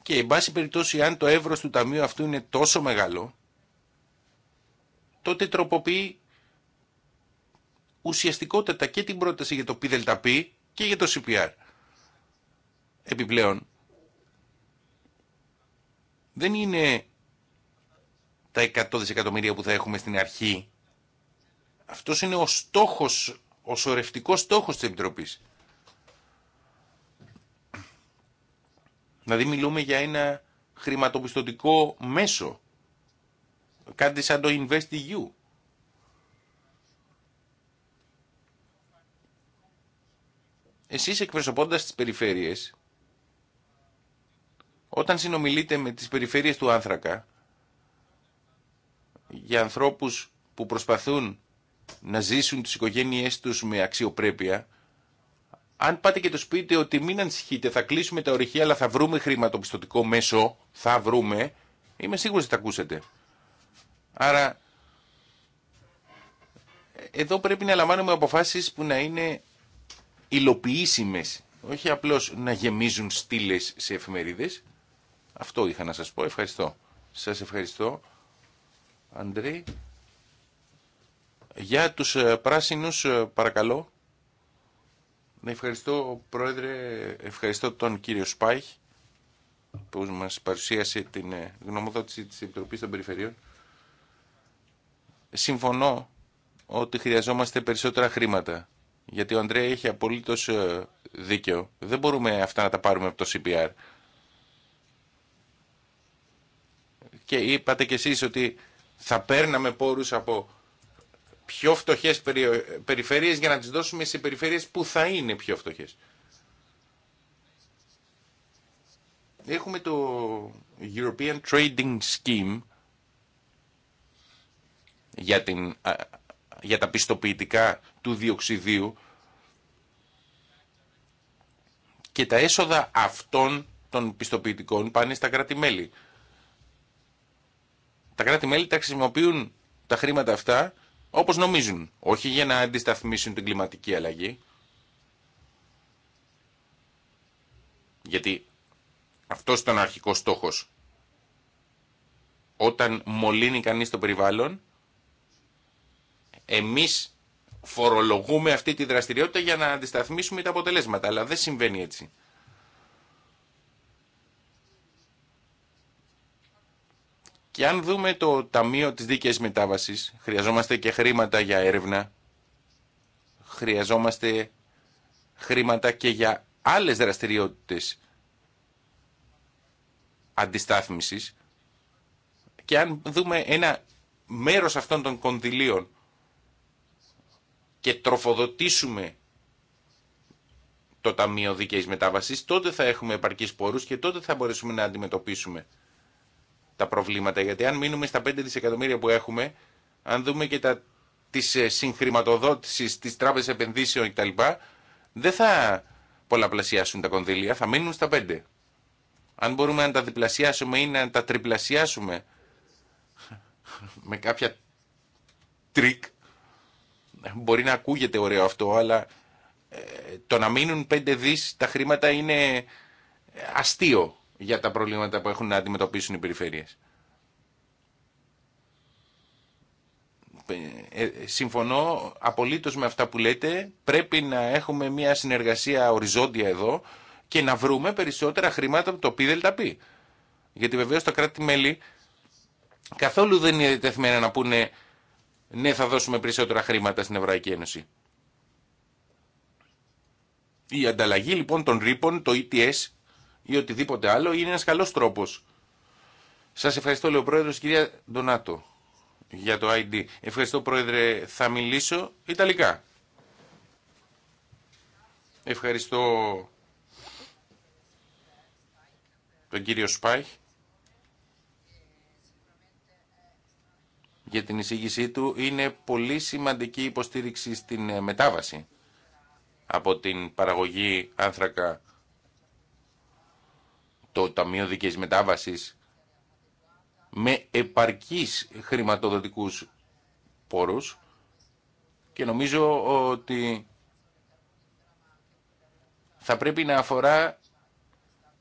[SPEAKER 3] Και εν πάση περιπτώσει αν το εύρος του ταμείου αυτού είναι τόσο μεγάλο τότε τροποποιεί Ουσιαστικότητα και την πρόταση για το ΠΔΠ και για το CPR. Επιπλέον, δεν είναι τα 100 δισεκατομμύρια που θα έχουμε στην αρχή. Αυτός είναι ο στόχος, ο σορευτικός στόχος της Επιτροπής. Δηλαδή μιλούμε για ένα χρηματοπιστωτικό μέσο. Κάτι σαν το InvestEU. εσείς εκπροσωπώντας τις περιφέρειες, όταν συνομιλείτε με τις περιφέρειες του Άνθρακα, για ανθρώπους που προσπαθούν να ζήσουν τις οικογένειές τους με αξιοπρέπεια, αν πάτε και το σπίτι ότι μην ανησυχείτε, θα κλείσουμε τα ορυχεία, αλλά θα βρούμε χρηματοπιστωτικό μέσο, θα βρούμε, είμαι σίγουρος ότι θα ακούσετε. Άρα, εδώ πρέπει να λαμβάνουμε αποφάσεις που να είναι υλοποιήσιμε, όχι απλώς να γεμίζουν στήλε σε εφημερίδες. Αυτό είχα να σας πω. Ευχαριστώ. Σας ευχαριστώ, Αντρέ. Για τους ε, πράσινους, ε, παρακαλώ. Ευχαριστώ, Πρόεδρε. Ευχαριστώ τον κύριο Σπάιχ που μας παρουσίασε την ε, γνωμοδότηση της Επιτροπής των Περιφερειών. Συμφωνώ ότι χρειαζόμαστε περισσότερα χρήματα γιατί ο Αντρέα έχει απολύτω ε, δίκαιο. Δεν μπορούμε αυτά να τα πάρουμε από το CPR. Και είπατε κι εσείς ότι θα παίρναμε πόρους από πιο φτωχές περιφερειές για να τις δώσουμε σε περιφερειές που θα είναι πιο φτωχές. Έχουμε το European Trading Scheme για, την, για τα πιστοποιητικά του διοξιδίου και τα έσοδα αυτών των πιστοποιητικών πάνε στα κράτη-μέλη. Τα κράτη-μέλη τα χρησιμοποιούν τα χρήματα αυτά όπως νομίζουν, όχι για να αντισταθμίσουν την κλιματική αλλαγή. Γιατί αυτός ήταν ο αρχικός στόχος. Όταν μολύνει κανείς το περιβάλλον, εμείς φορολογούμε αυτή τη δραστηριότητα για να αντισταθμίσουμε τα αποτελέσματα. Αλλά δεν συμβαίνει έτσι. Και αν δούμε το Ταμείο της Δίκαιης Μετάβασης, χρειαζόμαστε και χρήματα για έρευνα, χρειαζόμαστε χρήματα και για άλλες δραστηριότητες αντιστάθμισης. Και αν δούμε ένα μέρος αυτών των κονδυλίων και τροφοδοτήσουμε το Ταμείο Δίκαιης Μετάβασης, τότε θα έχουμε επαρκείς πόρους και τότε θα μπορέσουμε να αντιμετωπίσουμε τα προβλήματα. Γιατί αν μείνουμε στα 5 δισεκατομμύρια που έχουμε, αν δούμε και τα, τις ε, συγχρηματοδότησης της Τράπεζας Επενδύσεων κτλ, δεν θα πολλαπλασιάσουν τα κονδύλια, θα μείνουν στα 5. Αν μπορούμε να τα διπλασιάσουμε ή να τα τριπλασιάσουμε με κάποια τρίκ, μπορεί να ακούγεται ωραίο αυτό, αλλά ε, το να μείνουν πέντε δις τα χρήματα είναι αστείο για τα προβλήματα που έχουν να αντιμετωπίσουν οι περιφέρειες. Ε, ε, συμφωνώ απολύτως με αυτά που λέτε. Πρέπει να έχουμε μια συνεργασία οριζόντια εδώ και να βρούμε περισσότερα χρήματα από το πει. Γιατί βεβαίως τα κράτη-μέλη καθόλου δεν είναι διτεθμένα να πούνε ναι θα δώσουμε περισσότερα χρήματα στην Ευρωπαϊκή Ένωση. Η ανταλλαγή λοιπόν των ρήπων, το ETS ή οτιδήποτε άλλο είναι ένας καλός τρόπος. Σας ευχαριστώ λέει ο Πρόεδρος κυρία Ντονάτο για το ID. Ευχαριστώ Πρόεδρε θα μιλήσω Ιταλικά. Ευχαριστώ τον κύριο Σπάιχ για την εισήγησή του. Είναι πολύ σημαντική υποστήριξη στην ε, μετάβαση από την παραγωγή άνθρακα το Ταμείο Δικής Μετάβασης με επαρκείς χρηματοδοτικούς πόρους και νομίζω ότι θα πρέπει να αφορά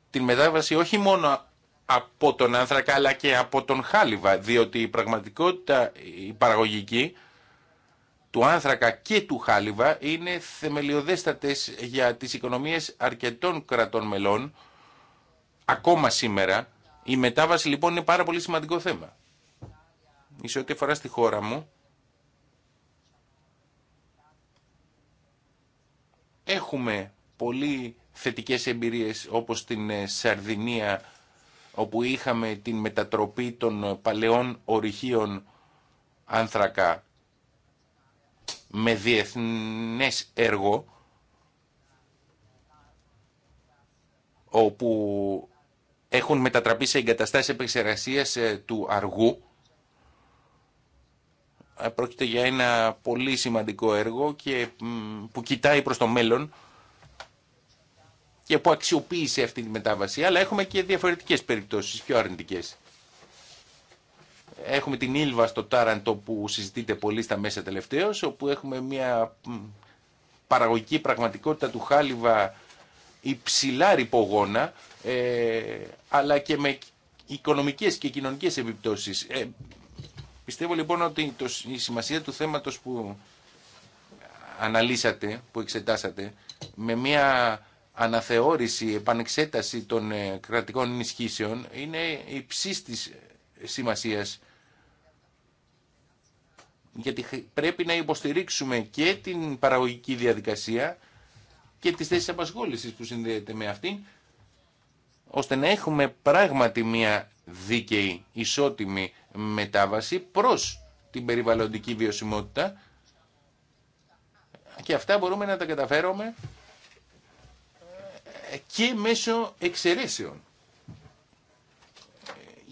[SPEAKER 3] την μετάβαση όχι μόνο από τον άνθρακα αλλά και από τον χάλιβα, διότι η πραγματικότητα η παραγωγική του άνθρακα και του χάλιβα είναι θεμελιωδέστατες για τις οικονομίες αρκετών κρατών μελών ακόμα σήμερα. Η μετάβαση λοιπόν είναι πάρα πολύ σημαντικό θέμα. Σε ό,τι αφορά στη χώρα μου, έχουμε πολύ θετικές εμπειρίες όπως στην Σαρδινία όπου είχαμε την μετατροπή των παλαιών ορυχείων άνθρακα με διεθνές έργο όπου έχουν μετατραπεί σε εγκαταστάσεις επεξεργασίας ε, του αργού ε, πρόκειται για ένα πολύ σημαντικό έργο και που κοιτάει προς το μέλλον και που αξιοποίησε αυτή τη μετάβαση, αλλά έχουμε και διαφορετικές περιπτώσεις, πιο αρνητικέ. Έχουμε την Ήλβα στο Τάραντο που συζητείται πολύ στα μέσα τελευταίως, όπου έχουμε μια παραγωγική πραγματικότητα του χάλιβα υψηλά ρηπογόνα, ε, αλλά και με οικονομικές και κοινωνικές επιπτώσεις. Ε, πιστεύω λοιπόν ότι το, η σημασία του θέματος που αναλύσατε, που εξετάσατε, με μια αναθεώρηση, επανεξέταση των ε, κρατικών ενισχύσεων είναι υψής της σημασίας γιατί πρέπει να υποστηρίξουμε και την παραγωγική διαδικασία και τις θέσεις απασχόλησης που συνδέεται με αυτήν ώστε να έχουμε πράγματι μια δίκαιη, ισότιμη μετάβαση προς την περιβαλλοντική βιωσιμότητα και αυτά μπορούμε να τα καταφέρουμε και μέσω εξαιρέσεων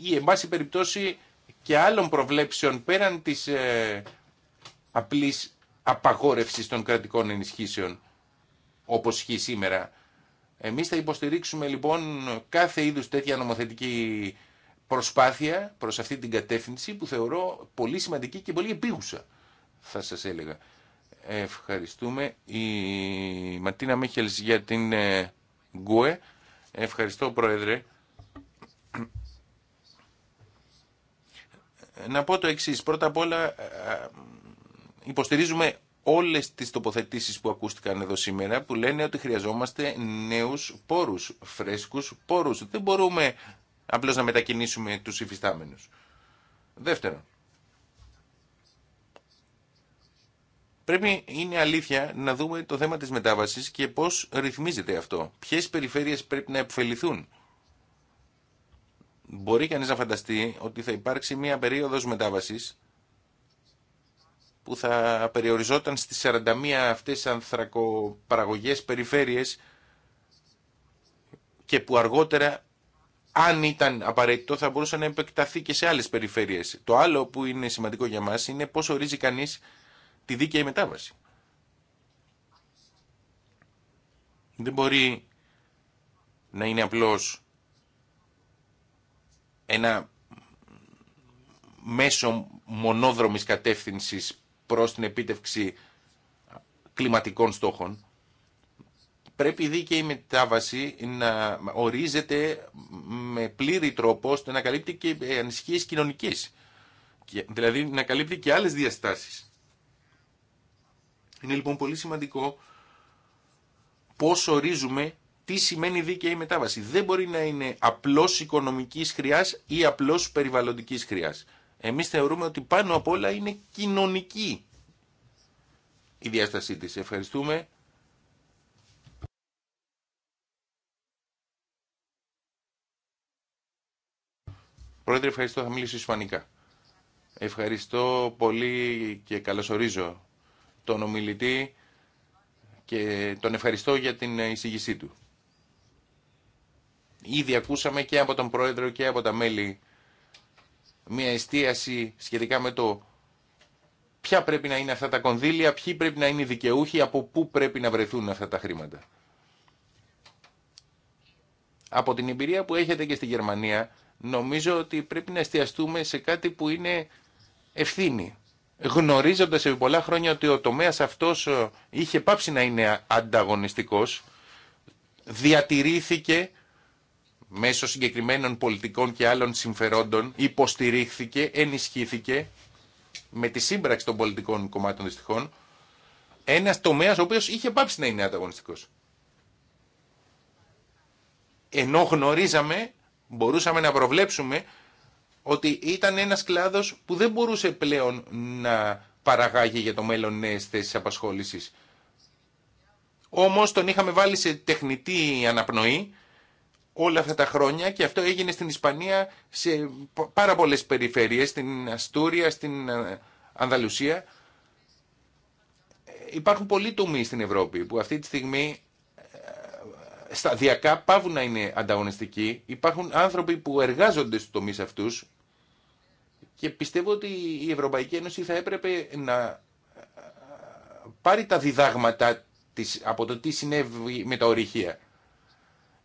[SPEAKER 3] ή εν πάση περιπτώσει και άλλων προβλέψεων πέραν της ε, απλής απαγόρευσης των κρατικών ενισχύσεων όπως ισχύει σήμερα. Εμείς θα υποστηρίξουμε λοιπόν κάθε είδους τέτοια νομοθετική προσπάθεια προς αυτή την κατεύθυνση που θεωρώ πολύ σημαντική και πολύ επίγουσα θα σας έλεγα. Ευχαριστούμε η Ματίνα Μίχελς για την ε, Γκουε. Ευχαριστώ Πρόεδρε. Να πω το εξής. Πρώτα απ' όλα ε, ε, υποστηρίζουμε όλες τις τοποθετήσεις που ακούστηκαν εδώ σήμερα που λένε ότι χρειαζόμαστε νέους πόρους, φρέσκους πόρους. Δεν μπορούμε απλώς να μετακινήσουμε τους υφιστάμενους. Δεύτερον, Πρέπει, είναι αλήθεια, να δούμε το θέμα της μετάβασης και πώς ρυθμίζεται αυτό. Ποιες περιφέρειες πρέπει να επωφεληθούν. Μπορεί κανείς να φανταστεί ότι θα υπάρξει μία περίοδος μετάβασης που θα περιοριζόταν στις 41 αυτές ανθρακοπαραγωγές περιφέρειες και που αργότερα, αν ήταν απαραίτητο, θα μπορούσε να επεκταθεί και σε άλλες περιφέρειες. Το άλλο που είναι σημαντικό για μας είναι πώς ορίζει κανείς τη δίκαιη μετάβαση. Δεν μπορεί να είναι απλώς ένα μέσο μονόδρομης κατεύθυνσης προς την επίτευξη κλιματικών στόχων. Πρέπει η δίκαιη μετάβαση να ορίζεται με πλήρη τρόπο ώστε να καλύπτει και ανησυχίες κοινωνικές. Δηλαδή να καλύπτει και άλλες διαστάσεις είναι λοιπόν πολύ σημαντικό πώς ορίζουμε τι σημαίνει δίκαιη μετάβαση. Δεν μπορεί να είναι απλώς οικονομικής χρειάς ή απλώς περιβαλλοντικής χρειάς. Εμείς θεωρούμε ότι πάνω απ' όλα είναι κοινωνική η διάστασή της. Ευχαριστούμε. Πρόεδρε, ευχαριστώ. Θα μιλήσω ισπανικά. Ευχαριστώ πολύ και καλωσορίζω τον ομιλητή και τον ευχαριστώ για την εισηγησή του. Ήδη ακούσαμε και από τον Πρόεδρο και από τα μέλη μια εστίαση σχετικά με το ποια πρέπει να είναι αυτά τα κονδύλια, ποιοι πρέπει να είναι οι δικαιούχοι, από πού πρέπει να βρεθούν αυτά τα χρήματα. Από την εμπειρία που έχετε και στη Γερμανία, νομίζω ότι πρέπει να εστιαστούμε σε κάτι που είναι ευθύνη γνωρίζοντας επί πολλά χρόνια ότι ο τομέας αυτός ε, είχε πάψει να είναι ανταγωνιστικός, διατηρήθηκε μέσω συγκεκριμένων πολιτικών και άλλων συμφερόντων, υποστηρίχθηκε, ενισχύθηκε με τη σύμπραξη των πολιτικών κομμάτων δυστυχών, ένας τομέας ο οποίος είχε πάψει να είναι ανταγωνιστικός. Ενώ γνωρίζαμε, μπορούσαμε να προβλέψουμε ότι ήταν ένας κλάδος που δεν μπορούσε πλέον να παραγάγει για το μέλλον νέες θέσεις απασχόλησης. Όμως τον είχαμε βάλει σε τεχνητή αναπνοή όλα αυτά τα χρόνια και αυτό έγινε στην Ισπανία σε πάρα πολλές περιφέρειες, στην Αστούρια, στην ε, Ανδαλουσία. Υπάρχουν πολλοί τομεί στην Ευρώπη που αυτή τη στιγμή ε, σταδιακά πάβουν να είναι ανταγωνιστικοί. Υπάρχουν άνθρωποι που εργάζονται στους τομείς αυτούς και πιστεύω ότι η Ευρωπαϊκή Ένωση θα έπρεπε να ε, πάρει τα διδάγματα της, από το τι συνέβη με τα ορυχεία.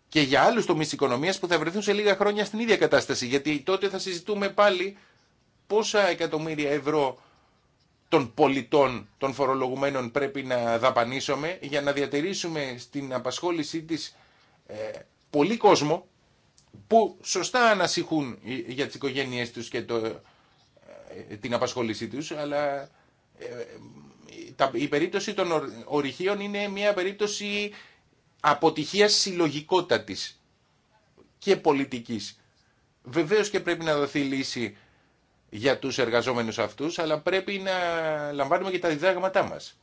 [SPEAKER 3] Και για άλλους τομείς οικονομίας που θα βρεθούν σε λίγα χρόνια στην ίδια κατάσταση. Γιατί τότε θα συζητούμε πάλι πόσα εκατομμύρια ευρώ των πολιτών, των φορολογουμένων πρέπει να δαπανίσουμε για να διατηρήσουμε στην απασχόλησή της ε, πολύ κόσμο που σωστά ανασυχούν για τις οικογένειές τους και το ε, την απασχόλησή τους, αλλά ε, η περίπτωση των ορυχείων είναι μια περίπτωση αποτυχίας συλλογικότατης και πολιτικής. Βεβαίως και πρέπει να δοθεί λύση για τους εργαζόμενους αυτούς, αλλά πρέπει να λαμβάνουμε και τα διδάγματά μας.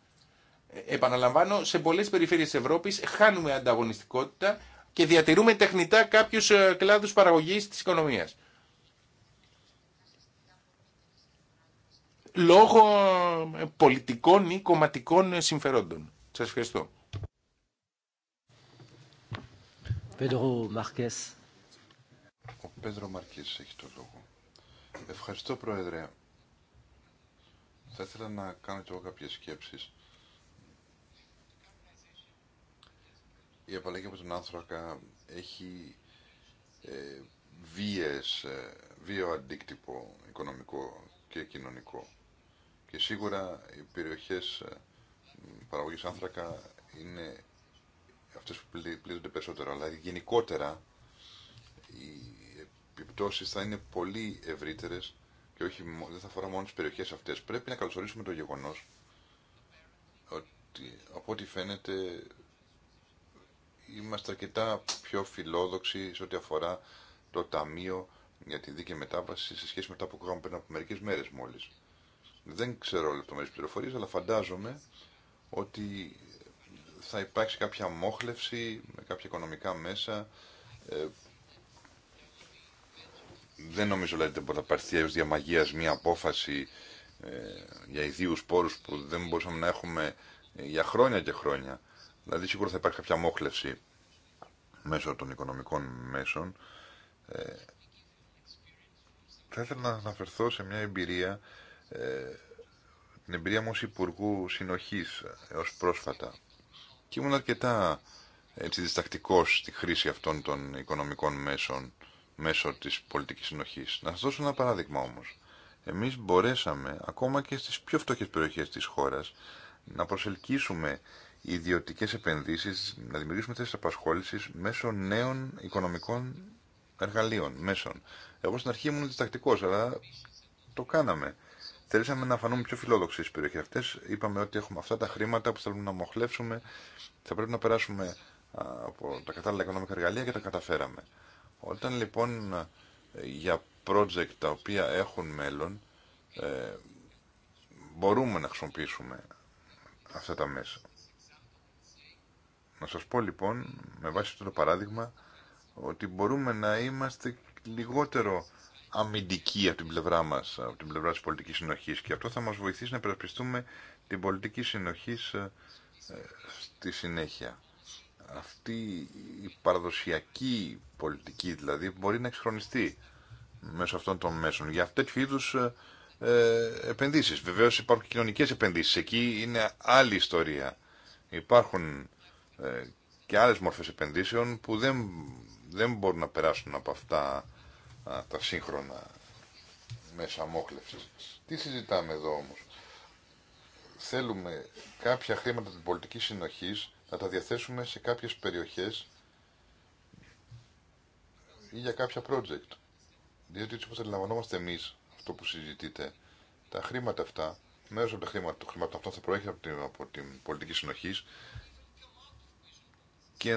[SPEAKER 3] Ε, επαναλαμβάνω, σε πολλές περιφέρειες της Ευρώπης χάνουμε ανταγωνιστικότητα και διατηρούμε τεχνητά κάποιους κλάδους παραγωγής της οικονομίας. λόγω ε, πολιτικών ή κομματικών ε, συμφερόντων. Σας ευχαριστώ.
[SPEAKER 1] Πέντρο Μαρκές.
[SPEAKER 2] Ο Πέντρο Μαρκές έχει το λόγο. Ευχαριστώ Πρόεδρε. Θα ήθελα να κάνω και εγώ κάποιες σκέψεις. Η απαλλαγή από μαρκες άνθρακα έχει ε, βίες, ε, βίο αντίκτυπο οικονομικό και κοινωνικό. Και σίγουρα οι περιοχές ε, παραγωγής άνθρακα είναι αυτές που πλήττονται περισσότερο. Αλλά γενικότερα οι επιπτώσεις θα είναι πολύ ευρύτερες και όχι, δεν θα αφορά μόνο τις περιοχές αυτές. Πρέπει να καλωσορίσουμε το γεγονός ότι από ό,τι φαίνεται είμαστε αρκετά πιο φιλόδοξοι σε ό,τι αφορά το Ταμείο για τη Δίκαιη Μετάβαση σε σχέση με τα που πριν από μερικές μέρες μόλις. Δεν ξέρω λεπτομέρειε πληροφορίε, αλλά φαντάζομαι ότι θα υπάρξει κάποια μόχλευση με κάποια οικονομικά μέσα. Ε, δεν νομίζω δηλαδή ότι θα πάρθει ω διαμαγεία μια απόφαση ε, για ιδίου πόρους που δεν μπορούσαμε να έχουμε ε, για χρόνια και χρόνια. Δηλαδή σίγουρα θα υπάρχει κάποια μόχλευση μέσω των οικονομικών μέσων. Ε, θα ήθελα να αναφερθώ σε μια εμπειρία ε, την εμπειρία μου ως Υπουργού Συνοχής έως ε, πρόσφατα και ήμουν αρκετά έτσι, διστακτικός στη χρήση αυτών των οικονομικών μέσων μέσω της πολιτικής συνοχής. Να σας δώσω ένα παράδειγμα όμως. Εμείς μπορέσαμε, ακόμα και στις πιο φτωχές περιοχές της χώρας, να προσελκύσουμε ιδιωτικέ επενδύσεις, να δημιουργήσουμε θέσεις απασχόλησης μέσω νέων οικονομικών εργαλείων, μέσων. Εγώ στην αρχή ήμουν διστακτικός, αλλά το κάναμε. Θέλησαμε να φανούμε πιο φιλόδοξοι στι περιοχέ αυτέ. Είπαμε ότι έχουμε αυτά τα χρήματα που θέλουμε να μοχλεύσουμε. Θα πρέπει να περάσουμε από τα κατάλληλα οικονομικά εργαλεία και τα καταφέραμε. Όταν λοιπόν για project τα οποία έχουν μέλλον ε, μπορούμε να χρησιμοποιήσουμε αυτά τα μέσα. Να σας πω λοιπόν, με βάση αυτό το παράδειγμα, ότι μπορούμε να είμαστε λιγότερο αμυντική από την πλευρά μας, από την πλευρά της πολιτικής συνοχής και αυτό θα μας βοηθήσει να υπερασπιστούμε την πολιτική συνοχής ε, στη συνέχεια. Αυτή η παραδοσιακή πολιτική δηλαδή μπορεί να εξχρονιστεί μέσω αυτών των μέσων για τέτοιου ε, ε, επενδύσεις. Βεβαίως υπάρχουν κοινωνικές επενδύσεις, εκεί είναι άλλη ιστορία. Υπάρχουν ε, και άλλες μορφές επενδύσεων που δεν, δεν μπορούν να περάσουν από αυτά τα σύγχρονα μέσα μόχλευσης. Τι συζητάμε εδώ όμως. Θέλουμε κάποια χρήματα της πολιτικής συνοχής να τα διαθέσουμε σε κάποιες περιοχές ή για κάποια project. Διότι έτσι όπως αντιλαμβανόμαστε εμείς αυτό που συζητείτε, τα χρήματα αυτά, μέρος από τα χρήματα, το θα προέρχεται από την, από την πολιτική συνοχής και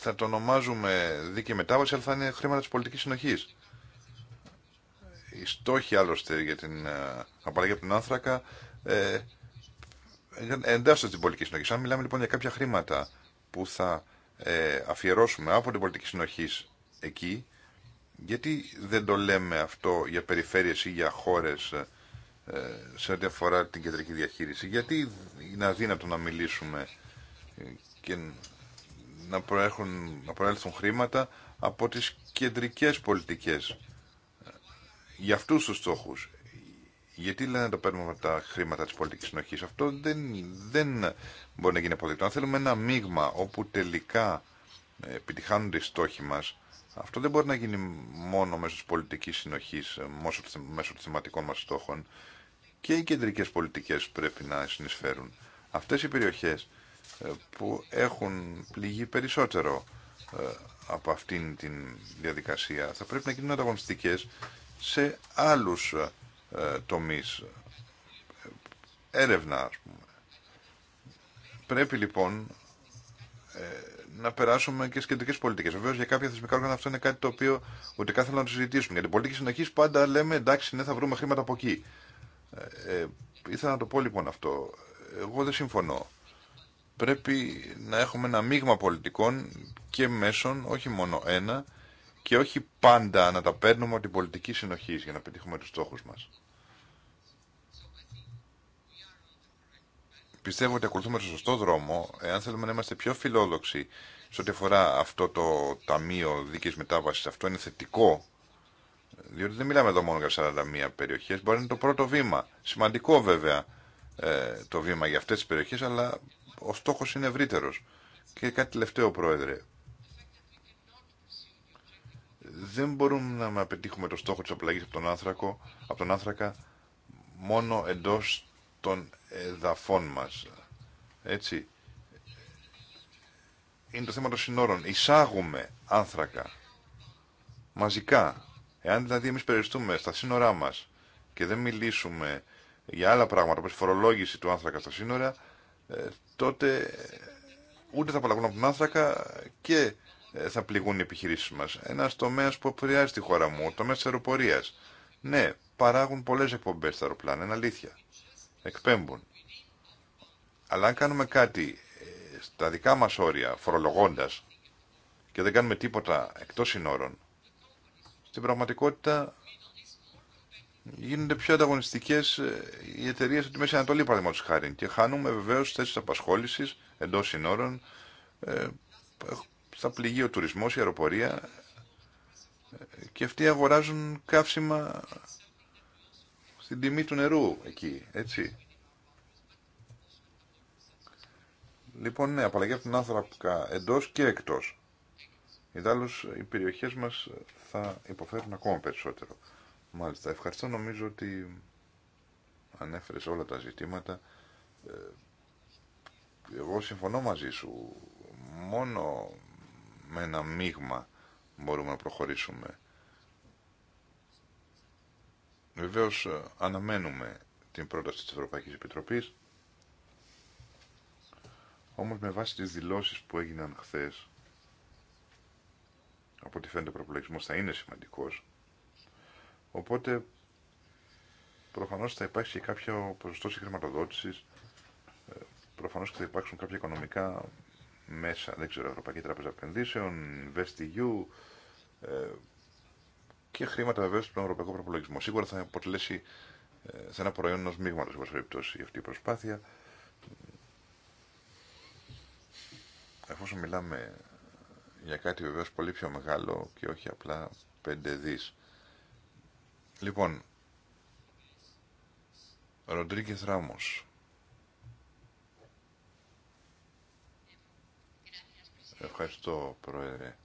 [SPEAKER 2] θα το ονομάζουμε δίκαιη μετάβαση, αλλά θα είναι χρήματα τη πολιτική συνοχή. Οι στόχοι άλλωστε για την ε, απαραγή από τον άνθρακα ε, εντάσσονται στην πολιτική συνοχή. Αν μιλάμε λοιπόν για κάποια χρήματα που θα ε, αφιερώσουμε από την πολιτική συνοχή εκεί, γιατί δεν το λέμε αυτό για περιφέρειες ή για χώρες ε, σε ό,τι αφορά την κεντρική διαχείριση. Γιατί είναι αδύνατο να μιλήσουμε και να, να προέλθουν χρήματα από τις κεντρικές πολιτικές. Για αυτούς τους στόχους. Γιατί λένε να το παίρνουμε τα χρήματα της πολιτικής συνοχής. Αυτό δεν, δεν μπορεί να γίνει αποδεικτό. Αν θέλουμε ένα μείγμα όπου τελικά ε, επιτυχάνονται οι στόχοι μας, αυτό δεν μπορεί να γίνει μόνο μέσω της πολιτικής συνοχής, ε, μέσω των θεματικών μας στόχων. Και οι κεντρικές πολιτικές πρέπει να συνεισφέρουν. Αυτές οι περιοχές ε, που έχουν πληγεί περισσότερο ε, από αυτήν την διαδικασία. Θα πρέπει να γίνουν ανταγωνιστικέ σε άλλους ε, τομείς. Έρευνα, ας πούμε. Πρέπει λοιπόν να περάσουμε και στις κεντρικέ πολιτικέ. Βεβαίω για κάποια θεσμικά όργανα αυτό είναι κάτι το οποίο ούτε κάθε να το συζητήσουμε. γιατί πολιτική συνοχή πάντα λέμε εντάξει, ναι, θα βρούμε χρήματα από εκεί. Ε, ήθελα να το πω λοιπόν αυτό. Εγώ δεν συμφωνώ πρέπει να έχουμε ένα μείγμα πολιτικών και μέσων, όχι μόνο ένα, και όχι πάντα να τα παίρνουμε από την πολιτική συνοχή για να πετύχουμε τους στόχους μας. Πιστεύω ότι ακολουθούμε το σωστό δρόμο, εάν θέλουμε να είμαστε πιο φιλόδοξοι σε ό,τι αφορά αυτό το Ταμείο Δίκης Μετάβασης, αυτό είναι θετικό, διότι δεν μιλάμε εδώ μόνο για 41 περιοχές, μπορεί να είναι το πρώτο βήμα. Σημαντικό βέβαια ε, το βήμα για αυτές τις περιοχές, αλλά ο στόχος είναι ευρύτερο. Και κάτι τελευταίο, Πρόεδρε. Δεν μπορούμε να πετύχουμε το στόχο της απλαγής από τον, άνθρακο, από τον άνθρακα μόνο εντός των εδαφών μας. Έτσι. Είναι το θέμα των συνόρων. Εισάγουμε άνθρακα μαζικά. Εάν δηλαδή εμείς περιοριστούμε στα σύνορά μας και δεν μιλήσουμε για άλλα πράγματα, όπως φορολόγηση του άνθρακα στα σύνορα, ε, τότε ούτε θα απαλλαγούν από τον και ε, θα πληγούν οι επιχειρήσει μα. Ένα τομέα που χρειάζεται στη χώρα μου, ο τομέα τη αεροπορία. Ναι, παράγουν πολλέ εκπομπέ στα αεροπλάνα, είναι αλήθεια. Εκπέμπουν. Αλλά αν κάνουμε κάτι ε, στα δικά μα όρια, φορολογώντα και δεν κάνουμε τίποτα εκτό συνόρων, στην πραγματικότητα γίνονται πιο ανταγωνιστικέ ε, οι εταιρείε από τη Μέση Ανατολή, παραδείγματο χάρη. Και χάνουμε βεβαίω θέσει απασχόληση εντό συνόρων. Ε, θα πληγεί ο τουρισμό, η αεροπορία. Ε, και αυτοί αγοράζουν καύσιμα στην τιμή του νερού εκεί, έτσι. Λοιπόν, ναι, απαλλαγή από την άνθρακα εντό και εκτό. Ιδάλω οι περιοχέ μα θα υποφέρουν ακόμα περισσότερο. Μάλιστα, ευχαριστώ. Νομίζω ότι ανέφερες όλα τα ζητήματα. Ε, εγώ συμφωνώ μαζί σου. Μόνο με ένα μείγμα μπορούμε να προχωρήσουμε. Βεβαίως ε, αναμένουμε την πρόταση της Ευρωπαϊκής Επιτροπής, όμως με βάση τις δηλώσεις που έγιναν χθες, από ό,τι φαίνεται ο θα είναι σημαντικός, Οπότε προφανώς θα υπάρξει και κάποιο ποσοστό χρηματοδότησης, ε, προφανώς και θα υπάρξουν κάποια οικονομικά μέσα, δεν ξέρω, Ευρωπαϊκή Τράπεζα Επενδύσεων, InvestEU ε, και χρήματα βεβαίω στον Ευρωπαϊκό Προπολογισμό. Σίγουρα θα αποτελέσει σε ένα προϊόν ενό μείγματο, εν αυτή η προσπάθεια. Εφόσον μιλάμε για κάτι βεβαίω πολύ πιο μεγάλο και όχι απλά 5 δις Λοιπόν, Ροντρίγκε Ράμος. Ευχαριστώ, Πρόεδρε.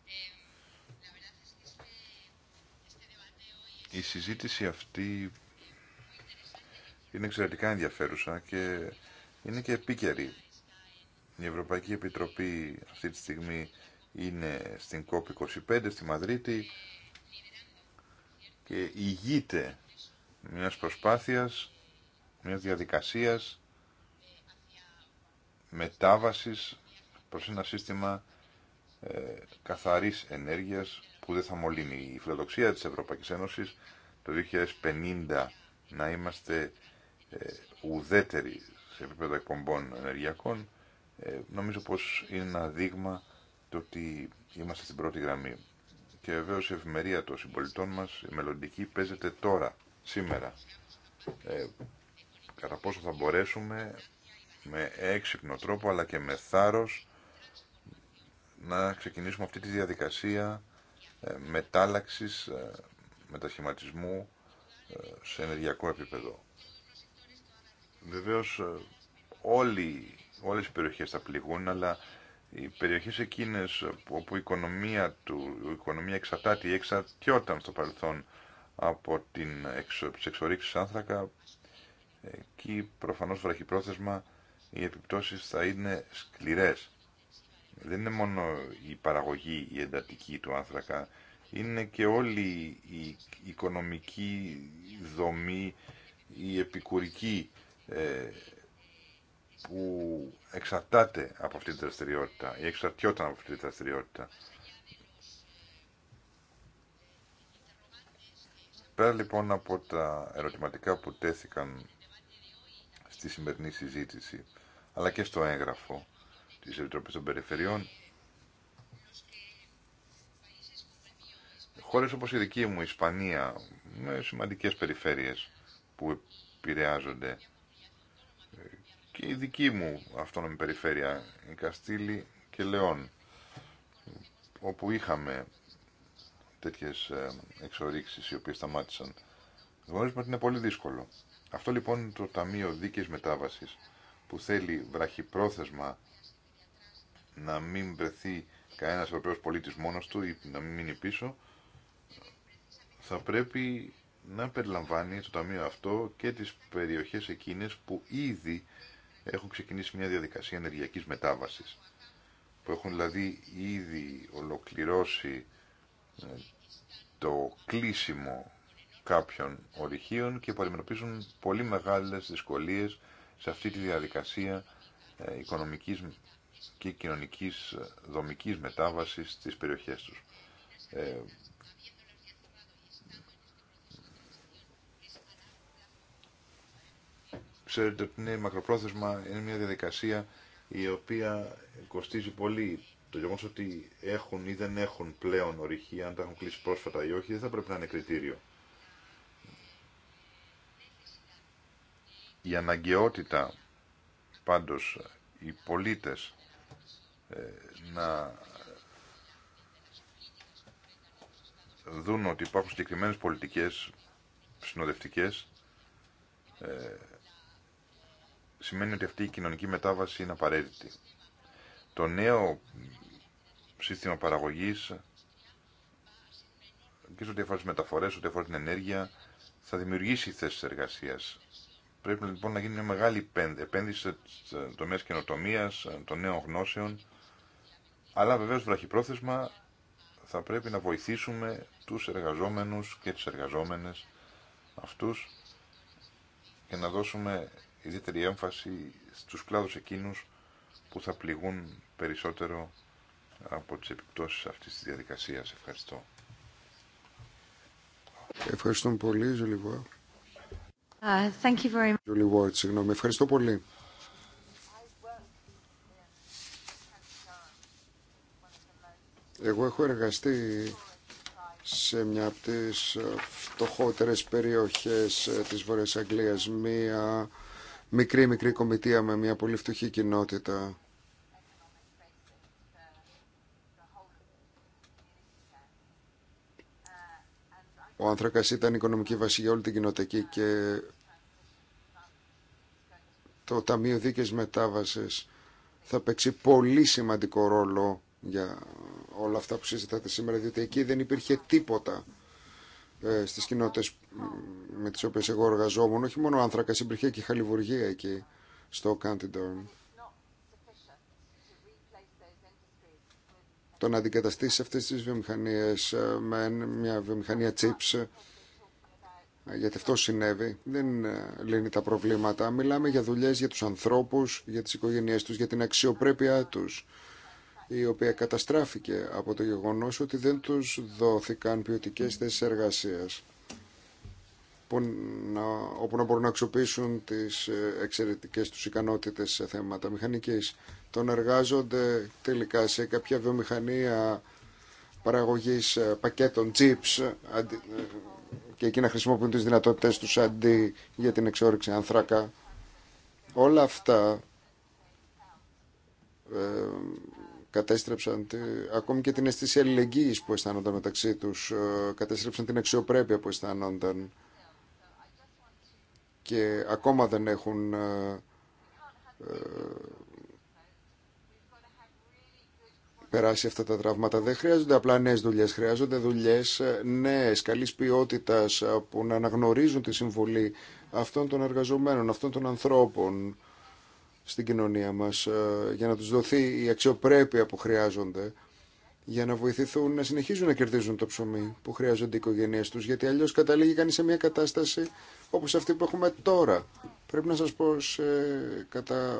[SPEAKER 2] Η συζήτηση αυτή είναι εξαιρετικά ενδιαφέρουσα και είναι και επίκαιρη. Η Ευρωπαϊκή Επιτροπή αυτή τη στιγμή είναι στην COP25 στη Μαδρίτη και ηγείται μιας προσπάθειας, μιας διαδικασίας μετάβασης προς ένα σύστημα ε, καθαρής ενέργειας που δεν θα μολύνει. Η φιλοδοξία της Ευρωπαϊκής Ένωσης το 2050 να είμαστε ε, ουδέτεροι σε επίπεδο εκπομπών ενεργειακών ε, νομίζω πως είναι ένα δείγμα το ότι είμαστε στην πρώτη γραμμή και βεβαίω η ευημερία των συμπολιτών μας, η μελλοντική, παίζεται τώρα, σήμερα. Ε, κατά πόσο θα μπορέσουμε με έξυπνο τρόπο αλλά και με θάρρος να ξεκινήσουμε αυτή τη διαδικασία ε, μετάλλαξης, ε, μετασχηματισμού ε, σε ενεργειακό επίπεδο. Βεβαίως ε, όλοι, όλες οι περιοχές θα πληγούν, αλλά οι περιοχές εκείνες όπου η οικονομία, του, η οικονομία εξαρτάται ή εξαρτιόταν στο παρελθόν από την εξορίξεις άνθρακα, εκεί προφανώς βραχυπρόθεσμα οι επιπτώσεις θα είναι σκληρές. Δεν είναι μόνο η παραγωγή, η εντατική του άνθρακα, είναι και όλη η οικονομική δομή, η επικουρική ε, που εξαρτάται από αυτή τη δραστηριότητα ή εξαρτιόταν από αυτή τη δραστηριότητα. Πέρα λοιπόν από τα ερωτηματικά που τέθηκαν στη σημερινή συζήτηση, αλλά και στο έγγραφο της Επιτροπής των Περιφερειών, χώρες όπως η δική μου, η Ισπανία, με σημαντικές περιφέρειες που επηρεάζονται και η δική μου αυτόνομη περιφέρεια, η Καστήλη και Λεόν, όπου είχαμε τέτοιες ε, εξορίξεις οι οποίες σταμάτησαν. Γνωρίζουμε ότι είναι πολύ δύσκολο. Αυτό λοιπόν είναι το Ταμείο Δίκαιης Μετάβασης που θέλει βραχυπρόθεσμα να μην βρεθεί κανένα ευρωπαίος πολίτης μόνος του ή να μην μείνει πίσω, θα πρέπει να περιλαμβάνει το ταμείο αυτό και τις περιοχές εκείνες που ήδη έχουν ξεκινήσει μια διαδικασία ενεργειακής μετάβασης που έχουν δηλαδή ήδη ολοκληρώσει ε, το κλείσιμο κάποιων ορυχείων και που πολύ μεγάλες δυσκολίες σε αυτή τη διαδικασία ε, οικονομικής και κοινωνικής ε, δομικής μετάβασης στις περιοχές τους. Ξέρετε ότι είναι μακροπρόθεσμα, είναι μια διαδικασία η οποία κοστίζει πολύ. Το γεγονό ότι έχουν ή δεν έχουν πλέον ορυχεία, αν τα έχουν κλείσει πρόσφατα ή όχι, δεν θα πρέπει να είναι κριτήριο. Η αναγκαιότητα πάντως οι πολίτες ε, να δουν ότι υπάρχουν συγκεκριμένες πολιτικές συνοδευτικές ε, σημαίνει ότι αυτή η κοινωνική μετάβαση είναι απαραίτητη. Το νέο σύστημα παραγωγής και σε ό,τι αφορά τι μεταφορέ, ό,τι αφορά την ενέργεια, θα δημιουργήσει θέσεις εργασίας. Πρέπει λοιπόν να γίνει μια μεγάλη επένδυση σε τομέα καινοτομία, των νέων γνώσεων. Αλλά βεβαίως, βραχυπρόθεσμα θα πρέπει να βοηθήσουμε του εργαζόμενου και τι εργαζόμενε αυτού και να δώσουμε ιδιαίτερη έμφαση στους κλάδους εκείνους που θα πληγούν περισσότερο από τις επιπτώσεις αυτής της διαδικασίας. Ευχαριστώ.
[SPEAKER 1] Ευχαριστώ πολύ, Ζολιβό.
[SPEAKER 2] Uh, thank you
[SPEAKER 1] very much. συγγνώμη. Ευχαριστώ πολύ. Εγώ έχω εργαστεί σε μια από τις φτωχότερες περιοχές ε, της Βορειάς Αγγλίας, μια μικρή-μικρή κομιτεία με μια πολύ φτωχή κοινότητα. Ο άνθρακας ήταν οικονομική βάση για όλη την κοινοτική και το Ταμείο Δίκαιης Μετάβασης θα παίξει πολύ σημαντικό ρόλο για όλα αυτά που συζητάτε σήμερα, διότι εκεί δεν υπήρχε τίποτα ε, στις κοινότητε με τις οποίες εγώ εργαζόμουν, όχι μόνο άνθρακα, υπήρχε και χαλιβουργία εκεί στο Κάντιντορν. Το να αντικαταστήσει αυτές τις βιομηχανίες ε, με μια βιομηχανία chips, ε, γιατί αυτό συνέβη, δεν λύνει τα προβλήματα. Μιλάμε για δουλειές για τους ανθρώπους, για τις οικογένειές τους, για την αξιοπρέπειά τους η οποία καταστράφηκε από το γεγονός ότι δεν τους δόθηκαν ποιοτικέ θέσει εργασίας όπου να μπορούν να αξιοποιήσουν τις ε, εξαιρετικές τους ικανότητες σε θέματα μηχανικής. Τον εργάζονται τελικά σε κάποια βιομηχανία παραγωγής ε, πακέτων chips ε, και εκεί να χρησιμοποιούν τις δυνατότητες τους αντί για την εξόρυξη ανθράκα. Όλα αυτά κατέστρεψαν ακόμη και την αισθήση αλληλεγγύη που αισθάνονταν μεταξύ τους, ε, κατέστρεψαν την αξιοπρέπεια που αισθάνονταν και ακόμα δεν έχουν ε, ε, περάσει αυτά τα τραύματα. Δεν χρειάζονται απλά νέες δουλειέ, χρειάζονται δουλειέ νέες, καλή ποιότητα που να αναγνωρίζουν τη συμβολή αυτών των εργαζομένων, αυτών των ανθρώπων στην κοινωνία μας ε, για να τους δοθεί η αξιοπρέπεια που χρειάζονται για να βοηθηθούν να συνεχίζουν να κερδίζουν το ψωμί που χρειάζονται οι οικογένειέ του. Γιατί αλλιώ καταλήγει κανεί σε μια κατάσταση όπω αυτή που έχουμε τώρα. Πρέπει να σα πω σε, κατά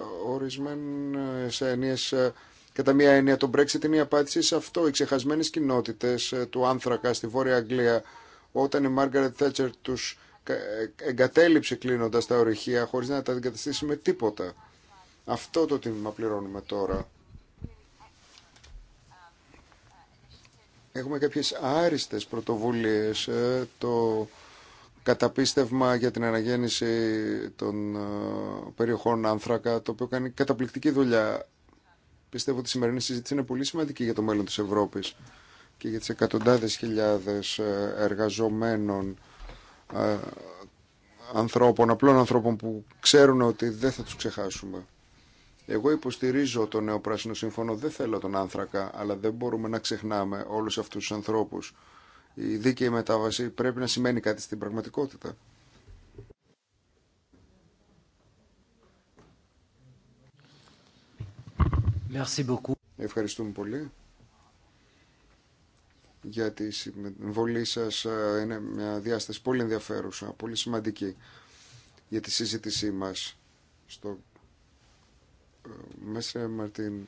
[SPEAKER 1] σε ενίες, ε, κατά μία έννοια, το Brexit είναι η απάντηση σε αυτό. Οι ξεχασμένε κοινότητε ε, του άνθρακα στη Βόρεια Αγγλία, όταν η Μάργαρετ Θέτσερ του εγκατέλειψε κλείνοντα τα ορυχεία χωρί να τα αντικαταστήσει με τίποτα. Αυτό το τίμημα πληρώνουμε τώρα. Έχουμε κάποιες άριστες πρωτοβουλίες, ε, το καταπίστευμα για την αναγέννηση των ε, περιοχών άνθρακα, το οποίο κάνει καταπληκτική δουλειά. Πιστεύω ότι η σημερινή συζήτηση είναι πολύ σημαντική για το μέλλον της Ευρώπης και για τις εκατοντάδες χιλιάδες ε, εργαζομένων ανθρώπων, απλών ανθρώπων που ξέρουν ότι δεν θα τους ξεχάσουμε. Εγώ υποστηρίζω το νέο πράσινο σύμφωνο, δεν θέλω τον άνθρακα, αλλά δεν μπορούμε να ξεχνάμε όλους αυτούς τους ανθρώπους. Η δίκαιη μετάβαση πρέπει να σημαίνει κάτι στην πραγματικότητα. Ευχαριστούμε πολύ για τη συμβολή σας. Είναι μια διάσταση πολύ ενδιαφέρουσα, πολύ σημαντική για τη συζήτησή μας στο μέσα Μαρτίν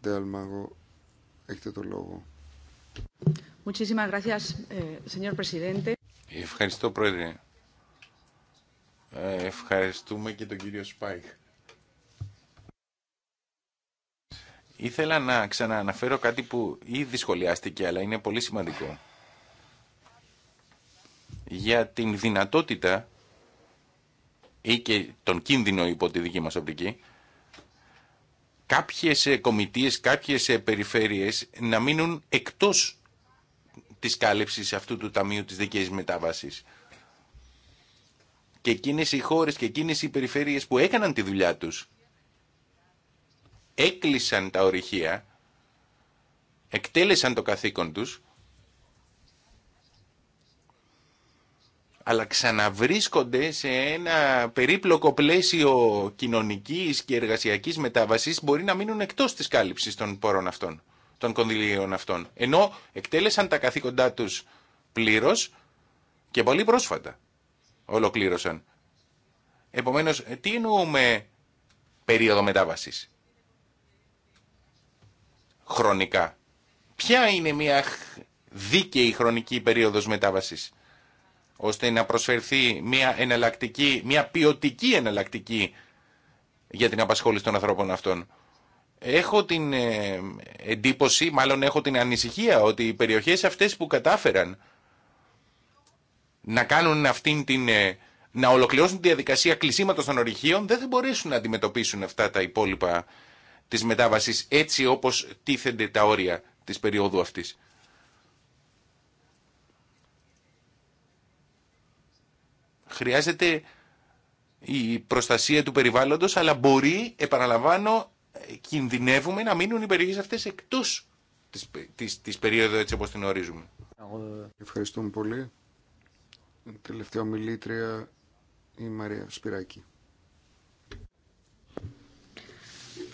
[SPEAKER 1] Ντεαλμάγο, έχετε το λόγο.
[SPEAKER 3] Eh,
[SPEAKER 1] Ευχαριστώ, Πρόεδρε. Ε,
[SPEAKER 3] ευχαριστούμε και τον κύριο Σπάιχ. Ήθελα να ξανααναφέρω κάτι που ήδη σχολιάστηκε, αλλά είναι πολύ σημαντικό. Για την δυνατότητα ή και τον κίνδυνο υπό τη δική μας οπτική, κάποιες ε, κομιτείες, κάποιες ε, περιφέρειες να μείνουν εκτός της κάλυψης αυτού του Ταμείου της Δικαίης Μετάβασης. Και εκείνες οι χώρες και εκείνες οι περιφέρειες που έκαναν τη δουλειά τους, έκλεισαν τα ορυχεία, εκτέλεσαν το καθήκον τους αλλά ξαναβρίσκονται σε ένα περίπλοκο πλαίσιο κοινωνικής και εργασιακής μετάβασης μπορεί να μείνουν εκτός της κάλυψης των πόρων αυτών, των κονδυλίων αυτών. Ενώ εκτέλεσαν τα καθήκοντά τους πλήρως και πολύ πρόσφατα ολοκλήρωσαν. Επομένως, τι εννοούμε περίοδο μετάβασης χρονικά. Ποια είναι μια δίκαιη χρονική περίοδος μετάβασης ώστε να προσφερθεί μια, εναλλακτική, μια ποιοτική εναλλακτική για την απασχόληση των ανθρώπων αυτών. Έχω την ε, εντύπωση, μάλλον έχω την ανησυχία ότι οι περιοχές αυτές που κατάφεραν να κάνουν αυτήν την ε, να ολοκληρώσουν τη διαδικασία κλεισίματος των ορυχείων δεν θα μπορέσουν να αντιμετωπίσουν αυτά τα υπόλοιπα της μετάβασης έτσι όπως τίθενται τα όρια της περίοδου αυτής. Χρειάζεται η προστασία του περιβάλλοντος, αλλά μπορεί, επαναλαμβάνω, κινδυνεύουμε να μείνουν οι περιοχές αυτές εκτός της, της, της περίοδου έτσι όπως την ορίζουμε.
[SPEAKER 1] Ευχαριστούμε πολύ. Τελευταία ομιλήτρια η Μαρία Σπυράκη.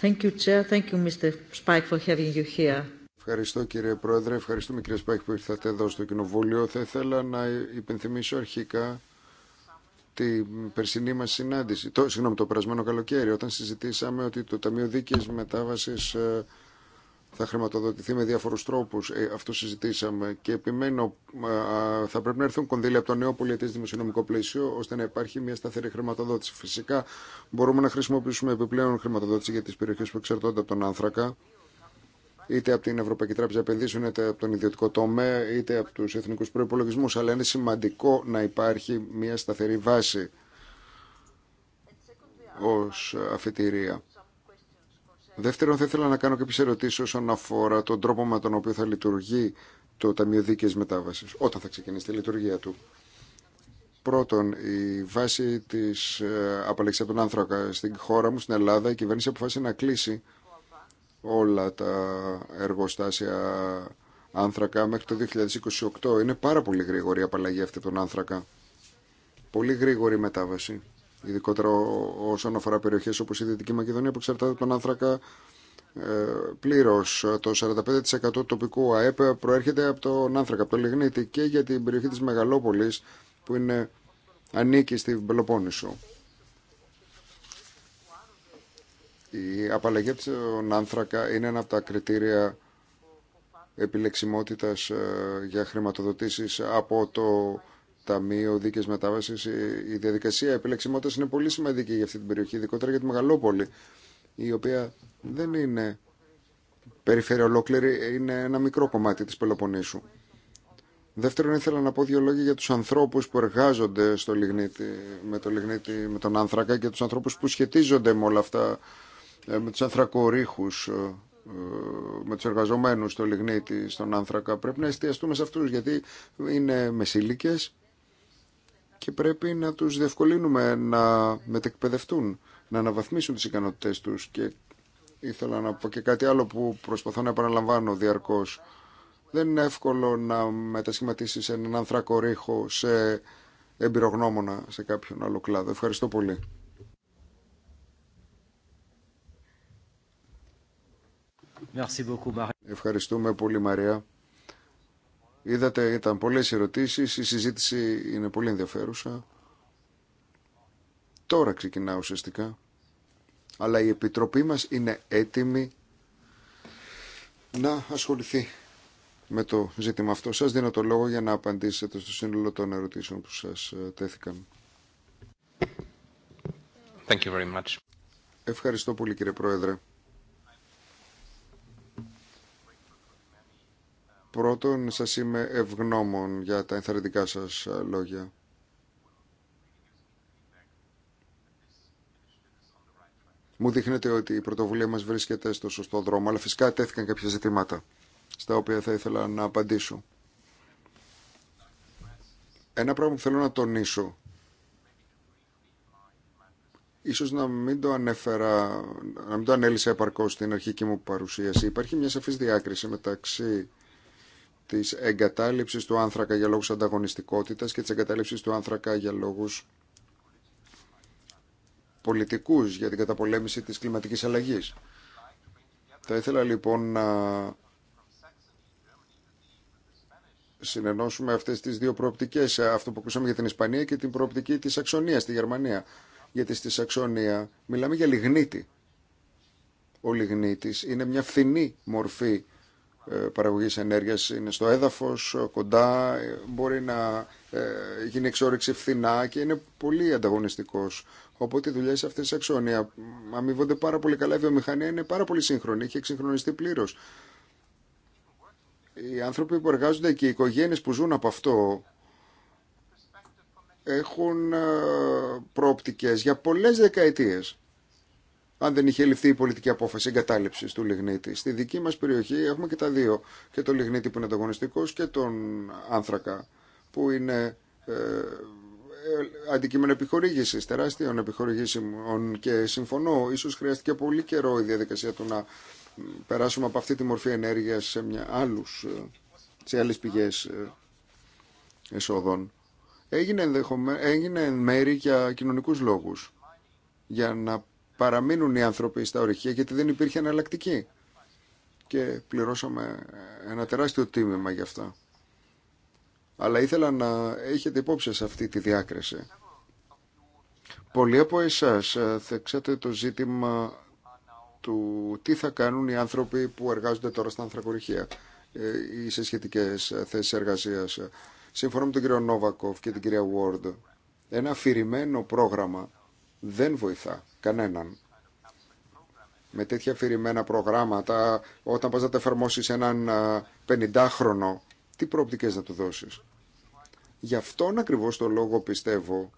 [SPEAKER 3] Thank you, Chair. Thank you, Mr. Spike, for having you here.
[SPEAKER 1] Ευχαριστώ κύριε Πρόεδρε, ευχαριστούμε κύριε Σπάκη που ήρθατε εδώ στο Κοινοβούλιο. Θα ήθελα να υπενθυμίσω αρχικά την περσινή μα συνάντηση, το, συγγνώμη, το περασμένο καλοκαίρι, όταν συζητήσαμε ότι το Ταμείο Δίκαιης μετάβαση ε, θα χρηματοδοτηθεί με διάφορου τρόπου. Ε, αυτό συζητήσαμε και επιμένω ε, θα πρέπει να έρθουν κονδύλια από το νέο πολιτή δημοσιονομικό πλαίσιο ώστε να υπάρχει μια σταθερή χρηματοδότηση. Φυσικά μπορούμε να χρησιμοποιήσουμε επιπλέον χρηματοδότηση για τι περιοχέ που εξαρτώνται από τον άνθρακα είτε από την Ευρωπαϊκή Τράπεζα Επενδύσεων, είτε από τον ιδιωτικό τομέα, είτε από του εθνικού προπολογισμού. Αλλά είναι σημαντικό να υπάρχει μια σταθερή βάση ω αφετηρία. Δεύτερον, θα ήθελα να κάνω κάποιε ερωτήσει όσον αφορά τον τρόπο με τον οποίο θα λειτουργεί το Ταμείο Δίκαιης μετάβαση όταν θα ξεκινήσει τη λειτουργία του. Πρώτον, η βάση τη ε, απαλλαγή από τον άνθρακα στην χώρα μου, στην Ελλάδα, η κυβέρνηση αποφάσισε να κλείσει όλα τα εργοστάσια άνθρακα μέχρι το 2028. Είναι πάρα πολύ γρήγορη η απαλλαγή αυτή των άνθρακα. Πολύ γρήγορη μετάβαση. Ειδικότερα όσον αφορά περιοχές όπως η Δυτική Μακεδονία που εξαρτάται από τον άνθρακα ε, πλήρως. Το 45% του τοπικού ΑΕΠ προέρχεται από τον άνθρακα, από το λιγνίτη και για την περιοχή της Μεγαλόπολης που είναι ανήκει στην Πελοπόννησο. Η απαλλαγή από τον άνθρακα είναι ένα από τα κριτήρια επιλεξιμότητας ε, για χρηματοδοτήσεις από το Ταμείο Δίκαιης Μετάβασης. Η διαδικασία επιλεξιμότητας είναι πολύ σημαντική για αυτή την περιοχή, ειδικότερα για τη Μεγαλόπολη, η οποία δεν είναι περιφέρεια ολόκληρη, είναι ένα μικρό κομμάτι της Πελοποννήσου. Δεύτερον, ήθελα να πω δύο λόγια για τους ανθρώπους που εργάζονται στο λιγνίτη, με, το λιγνίτη, με τον άνθρακα και τους ανθρώπους που σχετίζονται με όλα αυτά ε, με τους ανθρακορίχους, ε, ε, με τους εργαζομένους στο λιγνίτη, στον άνθρακα. Πρέπει να εστιαστούμε σε αυτούς γιατί είναι μεσήλικες και πρέπει να τους διευκολύνουμε να μετεκπαιδευτούν, να αναβαθμίσουν τις ικανότητές τους και ήθελα να πω και κάτι άλλο που προσπαθώ να επαναλαμβάνω διαρκώς. Δεν είναι εύκολο να μετασχηματίσεις έναν ανθρακορύχο σε εμπειρογνώμονα σε κάποιον άλλο κλάδο. Ευχαριστώ πολύ. Ευχαριστούμε πολύ Μαρία. Είδατε, ήταν πολλές ερωτήσεις, η συζήτηση είναι πολύ ενδιαφέρουσα. Τώρα ξεκινά ουσιαστικά. Αλλά η Επιτροπή μας είναι έτοιμη να ασχοληθεί με το ζήτημα αυτό. Σας δίνω το λόγο για να απαντήσετε στο σύνολο των ερωτήσεων που σας ε, τέθηκαν. Thank you very much. Ευχαριστώ πολύ κύριε Πρόεδρε. Πρώτον, σας είμαι ευγνώμων για τα ενθαρρυντικά σας λόγια. Μου δείχνετε ότι η πρωτοβουλία μας βρίσκεται στο σωστό δρόμο, αλλά φυσικά τέθηκαν κάποια ζητήματα, στα οποία θα ήθελα να απαντήσω. Ένα πράγμα που θέλω να τονίσω, ίσως να μην το ανέφερα, να μην το ανέλησα επαρκώς στην αρχική μου παρουσίαση, υπάρχει μια σαφής διάκριση μεταξύ της εγκατάλειψης του άνθρακα για λόγους ανταγωνιστικότητας και της εγκατάλειψης του άνθρακα για λόγους πολιτικούς για την καταπολέμηση της κλιματικής αλλαγής. Θα ήθελα λοιπόν να συνενώσουμε αυτές τις δύο προοπτικές, αυτό που ακούσαμε για την Ισπανία και την προοπτική της Αξονίας στη Γερμανία. Γιατί στη Σαξονία μιλάμε για λιγνίτη. Ο λιγνίτης είναι μια φθηνή μορφή ε, παραγωγής ενέργειας είναι στο έδαφος, ε, κοντά, ε, μπορεί να γίνει εξόρυξη φθηνά και είναι πολύ ανταγωνιστικός. Οπότε οι δουλειέ αυτέ αξόνια αμείβονται πάρα πολύ καλά. Η βιομηχανία είναι πάρα πολύ σύγχρονη, έχει εξυγχρονιστεί πλήρω. Οι άνθρωποι που εργάζονται και οι οικογένειε που ζουν από αυτό έχουν προοπτικές για πολλές δεκαετίες αν δεν είχε ληφθεί η πολιτική απόφαση εγκατάλειψη του λιγνίτη. Στη δική μα περιοχή έχουμε και τα δύο. Και το λιγνίτη που είναι ανταγωνιστικό και τον άνθρακα που είναι ε, ε αντικείμενο επιχορήγηση, τεράστιων επιχορηγήσεων και συμφωνώ. ίσως χρειάστηκε πολύ καιρό η διαδικασία του να περάσουμε από αυτή τη μορφή ενέργεια σε, ε, άλλε πηγέ ε, εσόδων. Έγινε, Έγινε μέρη για κοινωνικούς λόγους, για να παραμείνουν οι άνθρωποι στα ορυχεία γιατί δεν υπήρχε εναλλακτική. Και πληρώσαμε ένα τεράστιο τίμημα γι' αυτό. Αλλά ήθελα να έχετε υπόψη σε αυτή τη διάκριση. Πολλοί από εσάς ε, θεξάτε το ζήτημα του τι θα κάνουν οι άνθρωποι που εργάζονται τώρα στα ανθρακοριχεία ε, ή σε σχετικές ε, θέσεις εργασίας. Σύμφωνα με τον κύριο Νόβακοφ και την κυρία Ward, ένα αφηρημένο πρόγραμμα δεν βοηθά κανέναν. Με τέτοια αφηρημένα προγράμματα, όταν πας να τα εφαρμόσεις έναν 50χρονο, τι προοπτικές να του δώσεις. Γι' αυτόν ακριβώς το λόγο πιστεύω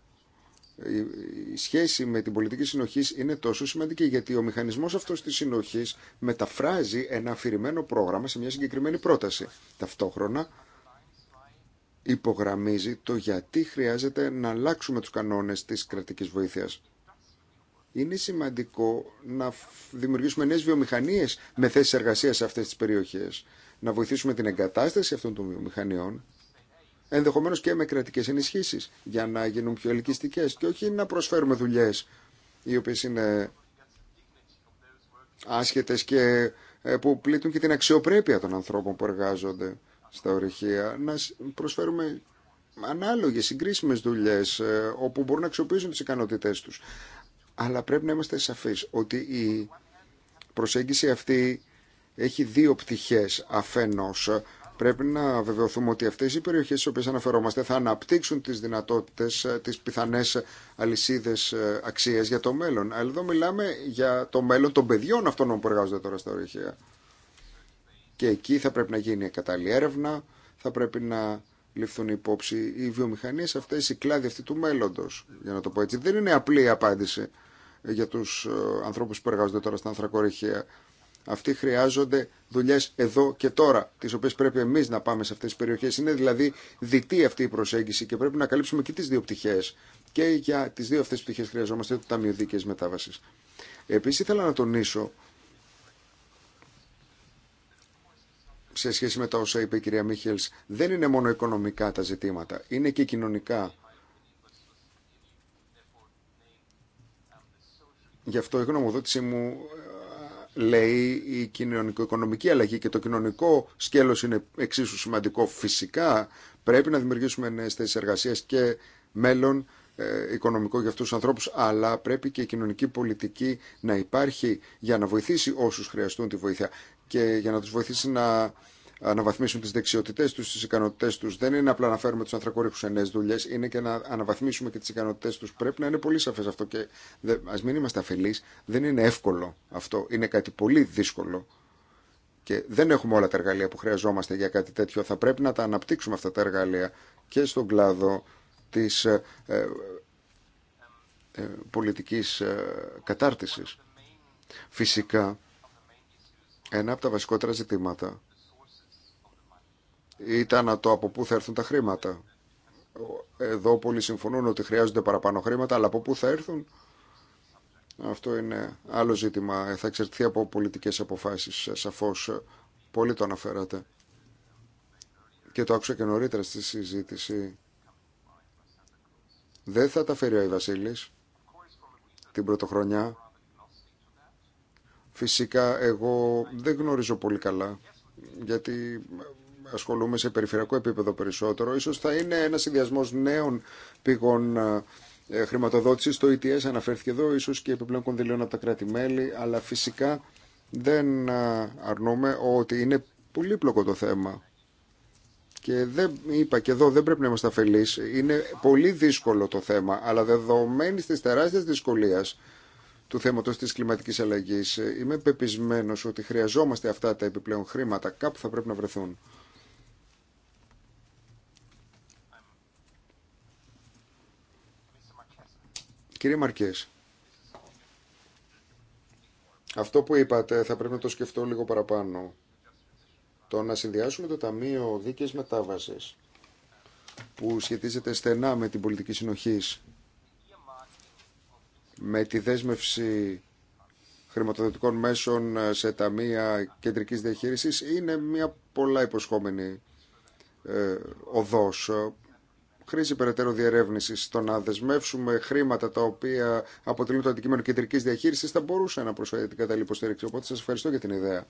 [SPEAKER 1] η σχέση με την πολιτική συνοχή είναι τόσο σημαντική γιατί ο μηχανισμό αυτό τη συνοχή μεταφράζει ένα αφηρημένο πρόγραμμα σε μια συγκεκριμένη πρόταση. Ταυτόχρονα υπογραμμίζει το γιατί χρειάζεται να αλλάξουμε τους κανόνες της κρατικής βοήθειας είναι σημαντικό να δημιουργήσουμε νέες βιομηχανίες με θέσεις εργασίας σε αυτές τις περιοχές, να βοηθήσουμε την εγκατάσταση αυτών των βιομηχανιών, ενδεχομένως και με κρατικές ενισχύσεις, για να γίνουν πιο ελκυστικές και όχι να προσφέρουμε δουλειές οι οποίες είναι άσχετες και ε, που πλήττουν και την αξιοπρέπεια των ανθρώπων που εργάζονται στα ορυχεία, να προσφέρουμε ανάλογες, συγκρίσιμες δουλειές ε, όπου μπορούν να αξιοποιήσουν τις ικανότητές τους. Αλλά πρέπει να είμαστε σαφείς ότι η προσέγγιση αυτή έχει δύο πτυχές αφενός. Πρέπει να βεβαιωθούμε ότι αυτές οι περιοχές στις οποίες αναφερόμαστε θα αναπτύξουν τις δυνατότητες, τις πιθανές αλυσίδες αξίες για το μέλλον. Αλλά εδώ μιλάμε για το μέλλον των παιδιών αυτών που εργάζονται τώρα στα ορυχεία. Και εκεί θα πρέπει να γίνει κατάλληλη έρευνα, θα πρέπει να ληφθούν υπόψη οι βιομηχανίε αυτές, οι κλάδοι αυτοί του μέλλοντος. Για να το πω έτσι. Δεν είναι απλή η απάντηση για τους ε, ανθρώπου που εργάζονται τώρα στην ανθρακορυχία. Αυτοί χρειάζονται δουλειέ εδώ και τώρα, τι οποίε πρέπει εμεί να πάμε σε αυτέ τι περιοχέ. Είναι δηλαδή διτή αυτή η προσέγγιση και πρέπει να καλύψουμε και τι δύο πτυχέ. Και για τι δύο αυτέ πτυχέ χρειαζόμαστε το Ταμείο Δίκαιη Μετάβαση. Επίση, ήθελα να τονίσω σε σχέση με τα όσα είπε η κυρία Μίχελ, δεν είναι μόνο οικονομικά τα ζητήματα, είναι και κοινωνικά Γι' αυτό η γνωμοδότησή μου ε, λέει η κοινωνικο-οικονομική αλλαγή και το κοινωνικό σκέλος είναι εξίσου σημαντικό. Φυσικά πρέπει να δημιουργήσουμε νέες θέσεις εργασίας και μέλλον ε, οικονομικό για αυτούς τους ανθρώπους, αλλά πρέπει και η κοινωνική πολιτική να υπάρχει για να βοηθήσει όσους χρειαστούν τη βοήθεια και για να τους βοηθήσει να αναβαθμίσουν τις δεξιότητές τους, τις ικανότητέ τους. Δεν είναι απλά να φέρουμε τους ανθρακόρυφου σε νέες δουλειές, είναι και να αναβαθμίσουμε και τις ικανότητέ του. Πρέπει να είναι πολύ σαφέ αυτό και α μην είμαστε αφελεί. δεν είναι εύκολο αυτό, είναι κάτι πολύ δύσκολο. Και δεν έχουμε όλα τα εργαλεία που χρειαζόμαστε για κάτι τέτοιο. Θα πρέπει να τα αναπτύξουμε αυτά τα εργαλεία και στον κλάδο τη ε, ε, ε, πολιτικής ε, Φυσικά, ένα από τα βασικότερα ζητήματα ήταν το από πού θα έρθουν τα χρήματα. Εδώ πολλοί συμφωνούν ότι χρειάζονται παραπάνω χρήματα, αλλά από πού θα έρθουν. Αυτό είναι άλλο ζήτημα. Θα εξαρτηθεί από πολιτικές αποφάσεις, σαφώς. Πολύ το αναφέρατε. Και το άκουσα και νωρίτερα στη συζήτηση. Δεν θα τα φέρει ο Βασίλης την πρωτοχρονιά. Φυσικά εγώ δεν γνωρίζω πολύ καλά, γιατί ασχολούμαι σε περιφερειακό επίπεδο περισσότερο. Ίσως θα είναι ένα συνδυασμό νέων πηγών ε, χρηματοδότηση Το ETS αναφέρθηκε εδώ, ίσως και επιπλέον κονδυλίων από τα κράτη-μέλη, αλλά φυσικά δεν ε, αρνούμε ότι είναι πολύπλοκο το θέμα. Και δεν, είπα και εδώ δεν πρέπει να είμαστε αφελεί. Είναι πολύ δύσκολο το θέμα, αλλά δεδομένη τη τεράστια δυσκολία του θέματος της κλιματικής αλλαγής, ε, είμαι πεπισμένος ότι χρειαζόμαστε αυτά τα επιπλέον χρήματα. Κάπου θα πρέπει να βρεθούν. Κύριε Μαρκές, αυτό που είπατε θα πρέπει να το σκεφτώ λίγο παραπάνω. Το να συνδυάσουμε το Ταμείο Δίκαιης Μετάβασης που σχετίζεται στενά με την πολιτική συνοχής με τη δέσμευση χρηματοδοτικών μέσων σε ταμεία κεντρικής διαχείρισης είναι μια πολλά υποσχόμενη ε, οδός χρήση περαιτέρω διερεύνηση. στο να δεσμεύσουμε χρήματα τα οποία αποτελούν το αντικείμενο κεντρική διαχείριση θα μπορούσε να προσφέρει την κατάλληλη υποστήριξη. Οπότε σα ευχαριστώ για την ιδέα.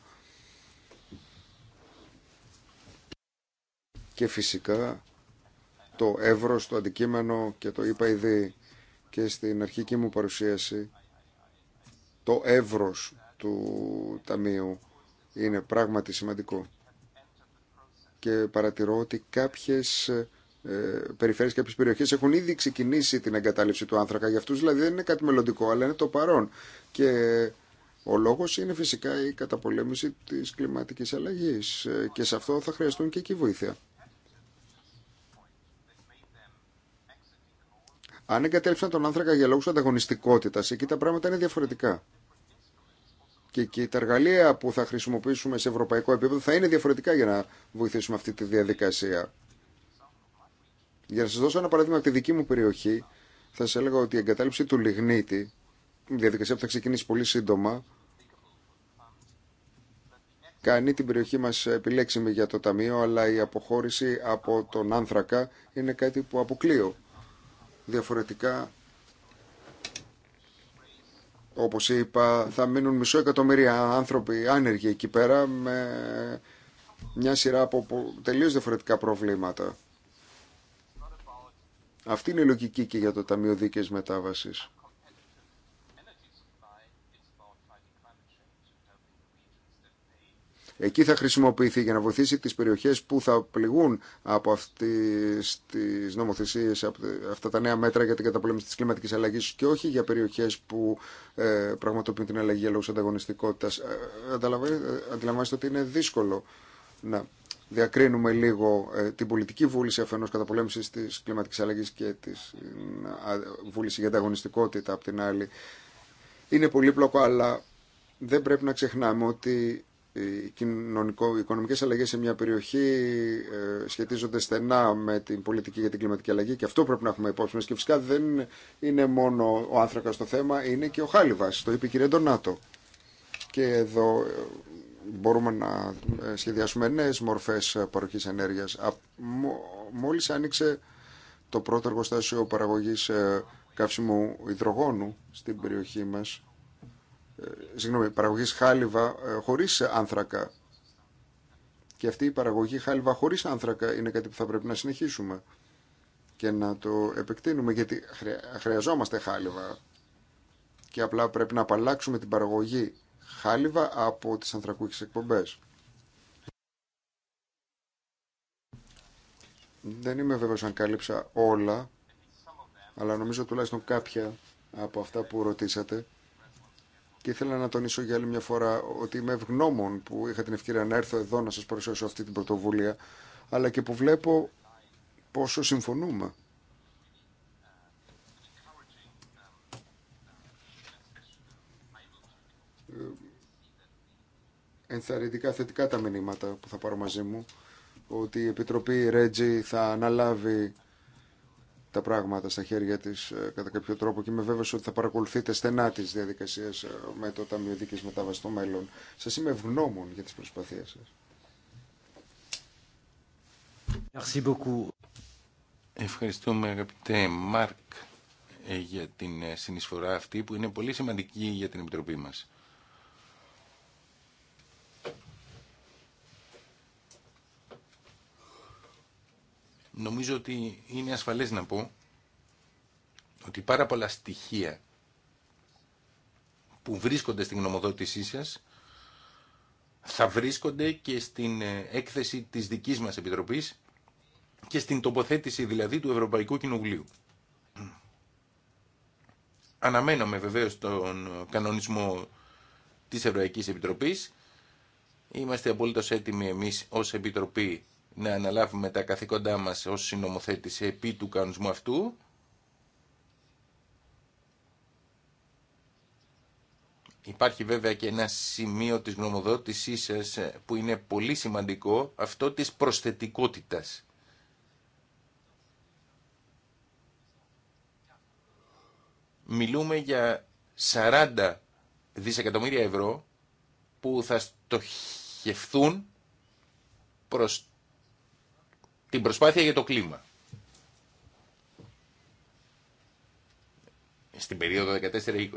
[SPEAKER 1] Και φυσικά το εύρο, το αντικείμενο και το είπα ήδη και στην αρχική μου παρουσίαση το εύρο του Ταμείου είναι πράγματι σημαντικό και παρατηρώ ότι κάποιες ε, περιφέρειες και τις περιοχές έχουν ήδη ξεκινήσει την εγκατάλειψη του άνθρακα. Για αυτούς δηλαδή δεν είναι κάτι μελλοντικό, αλλά είναι το παρόν. Και ο λόγος είναι φυσικά η καταπολέμηση της κλιματικής αλλαγής ε, και σε αυτό θα χρειαστούν και εκεί βοήθεια. Αν εγκατέλειψαν τον άνθρακα για λόγους ανταγωνιστικότητας, εκεί τα πράγματα είναι διαφορετικά. Και, και τα εργαλεία που θα χρησιμοποιήσουμε σε ευρωπαϊκό επίπεδο θα είναι διαφορετικά για να βοηθήσουμε αυτή τη διαδικασία. Για να σα δώσω ένα παράδειγμα από τη δική μου περιοχή, θα σα έλεγα ότι η εγκατάλειψη του λιγνίτη, διαδικασία που θα ξεκινήσει πολύ σύντομα, κάνει την περιοχή μας επιλέξιμη για το Ταμείο, αλλά η αποχώρηση από τον άνθρακα είναι κάτι που αποκλείω. Διαφορετικά, όπως είπα, θα μείνουν μισό εκατομμύρια άνθρωποι άνεργοι εκεί πέρα με μια σειρά από τελείως διαφορετικά προβλήματα. Αυτή είναι η λογική και για το Ταμείο Δίκαιης Μετάβασης. Εκεί θα χρησιμοποιηθεί για να βοηθήσει τις περιοχές που θα πληγούν από αυτές τις νομοθεσίες, από αυτά τα νέα μέτρα για την καταπολέμηση της κλιματικής αλλαγής και όχι για περιοχές που πραγματοποιούν την αλλαγή για λόγους ανταγωνιστικότητας. αντιλαμβάνεστε ότι είναι δύσκολο να διακρίνουμε λίγο ε, την πολιτική βούληση αφενός καταπολέμησης της κλιματικής αλλαγής και της ε, βούληση για ανταγωνιστικότητα από την άλλη. Είναι πολύπλοκο, αλλά δεν πρέπει να ξεχνάμε ότι οι κοινωνικο, οικονομικές αλλαγές σε μια περιοχή ε, σχετίζονται στενά με την πολιτική για την κλιματική αλλαγή και αυτό πρέπει να έχουμε υπόψη μας. Και φυσικά δεν είναι μόνο ο άνθρακας το θέμα, είναι και ο Χάλιβας, το είπε η κυρία Ντονάτο. Και εδώ μπορούμε να ε, σχεδιάσουμε νέες μορφές ε, παροχής ενέργειας. Μόλις άνοιξε το πρώτο εργοστάσιο παραγωγής ε, καύσιμου υδρογόνου στην περιοχή μας, συγγνώμη, παραγωγής χάλιβα χωρίς άνθρακα. Και αυτή η παραγωγή χάλιβα χωρίς άνθρακα είναι κάτι που θα πρέπει να συνεχίσουμε και να το επεκτείνουμε, γιατί χρειαζόμαστε χάλιβα και απλά πρέπει να απαλλάξουμε την παραγωγή χάλιβα από τις ανθρακούχες εκπομπές. Δεν είμαι βέβαιος αν κάλυψα όλα, αλλά νομίζω τουλάχιστον κάποια από αυτά που ρωτήσατε. Και ήθελα να τονίσω για άλλη μια φορά ότι είμαι ευγνώμων που είχα την ευκαιρία να έρθω εδώ να σας παρουσιάσω αυτή την πρωτοβουλία, αλλά και που βλέπω πόσο συμφωνούμε ενθαρρυντικά θετικά τα μηνύματα που θα πάρω μαζί μου ότι η Επιτροπή Ρέτζι θα αναλάβει τα πράγματα στα χέρια της ε, κατά κάποιο τρόπο και είμαι βέβαιος ότι θα παρακολουθείτε στενά τις διαδικασίες ε, με το Ταμείο δική Μετάβαση στο μέλλον. Σας είμαι ευγνώμων για τις προσπαθίες σας.
[SPEAKER 3] Ευχαριστούμε αγαπητέ Μάρκ ε, για την συνεισφορά αυτή που είναι πολύ σημαντική για την Επιτροπή μας. νομίζω ότι είναι ασφαλές να πω ότι πάρα πολλά στοιχεία που βρίσκονται στην γνωμοδότησή σας θα βρίσκονται και στην ε, έκθεση της δικής μας Επιτροπής και στην τοποθέτηση δηλαδή του Ευρωπαϊκού Κοινοβουλίου. με βεβαίως τον κανονισμό της Ευρωπαϊκής Επιτροπής. Είμαστε απολύτως έτοιμοι εμείς ως Επιτροπή να αναλάβουμε τα καθήκοντά μας ως συνομοθέτης επί του κανονισμού αυτού. Υπάρχει βέβαια και ένα σημείο της γνωμοδότησής σας ε, που είναι πολύ σημαντικό, αυτό της προσθετικότητας. Μιλούμε για 40 δισεκατομμύρια ευρώ που θα στοχευθούν προς την προσπάθεια για το κλίμα. Στην περίοδο 14-20.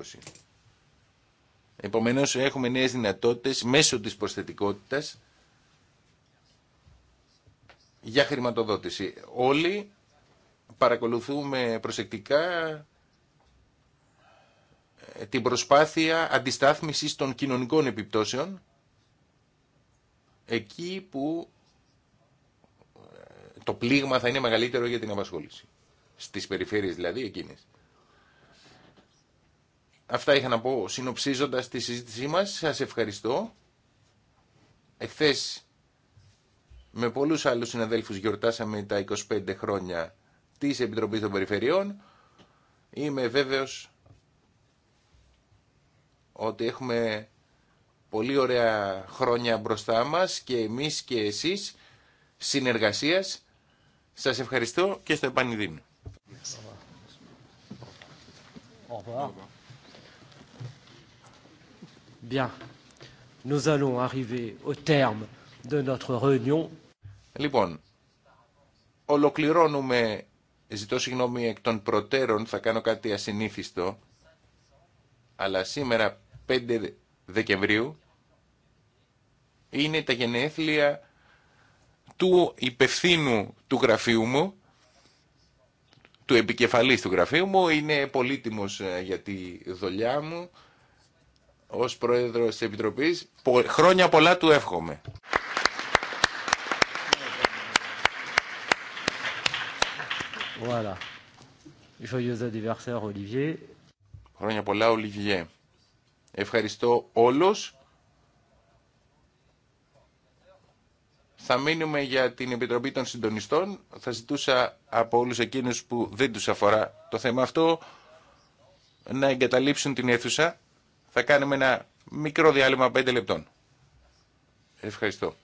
[SPEAKER 3] Επομένως έχουμε νέες δυνατότητες μέσω της προσθετικότητας για χρηματοδότηση. Όλοι παρακολουθούμε προσεκτικά ε, την προσπάθεια αντιστάθμισης των κοινωνικών επιπτώσεων εκεί που το πλήγμα θα είναι μεγαλύτερο για την απασχόληση. Στις περιφέρειες δηλαδή εκείνες. Αυτά είχα να πω συνοψίζοντας τη συζήτησή μας. Σας ευχαριστώ. Εχθές με πολλούς άλλους συναδέλφους γιορτάσαμε τα 25 χρόνια της Επιτροπής των Περιφερειών. Είμαι βέβαιος ότι έχουμε πολύ ωραία χρόνια μπροστά μας και εμείς και εσείς συνεργασίας σας ευχαριστώ και στο επανειδήν.
[SPEAKER 1] Bien. Nous allons arriver au terme de
[SPEAKER 3] Λοιπόν, ολοκληρώνουμε, ζητώ συγγνώμη εκ των προτέρων, θα κάνω κάτι ασυνήθιστο, αλλά σήμερα 5 Δεκεμβρίου είναι τα γενέθλια του υπευθύνου του γραφείου μου, του επικεφαλής του γραφείου μου, είναι πολύτιμος ε, για τη δουλειά μου ως πρόεδρος της Επιτροπής. Χρόνια πολλά του εύχομαι.
[SPEAKER 1] Voilà. Joyeux anniversaire, Olivier.
[SPEAKER 3] Χρόνια πολλά, Ολιβιέ. Ευχαριστώ όλους. Θα μείνουμε για την Επιτροπή των Συντονιστών. Θα ζητούσα από όλους εκείνους που δεν τους αφορά το θέμα αυτό να εγκαταλείψουν την αίθουσα. Θα κάνουμε ένα μικρό διάλειμμα 5 λεπτών. Ευχαριστώ.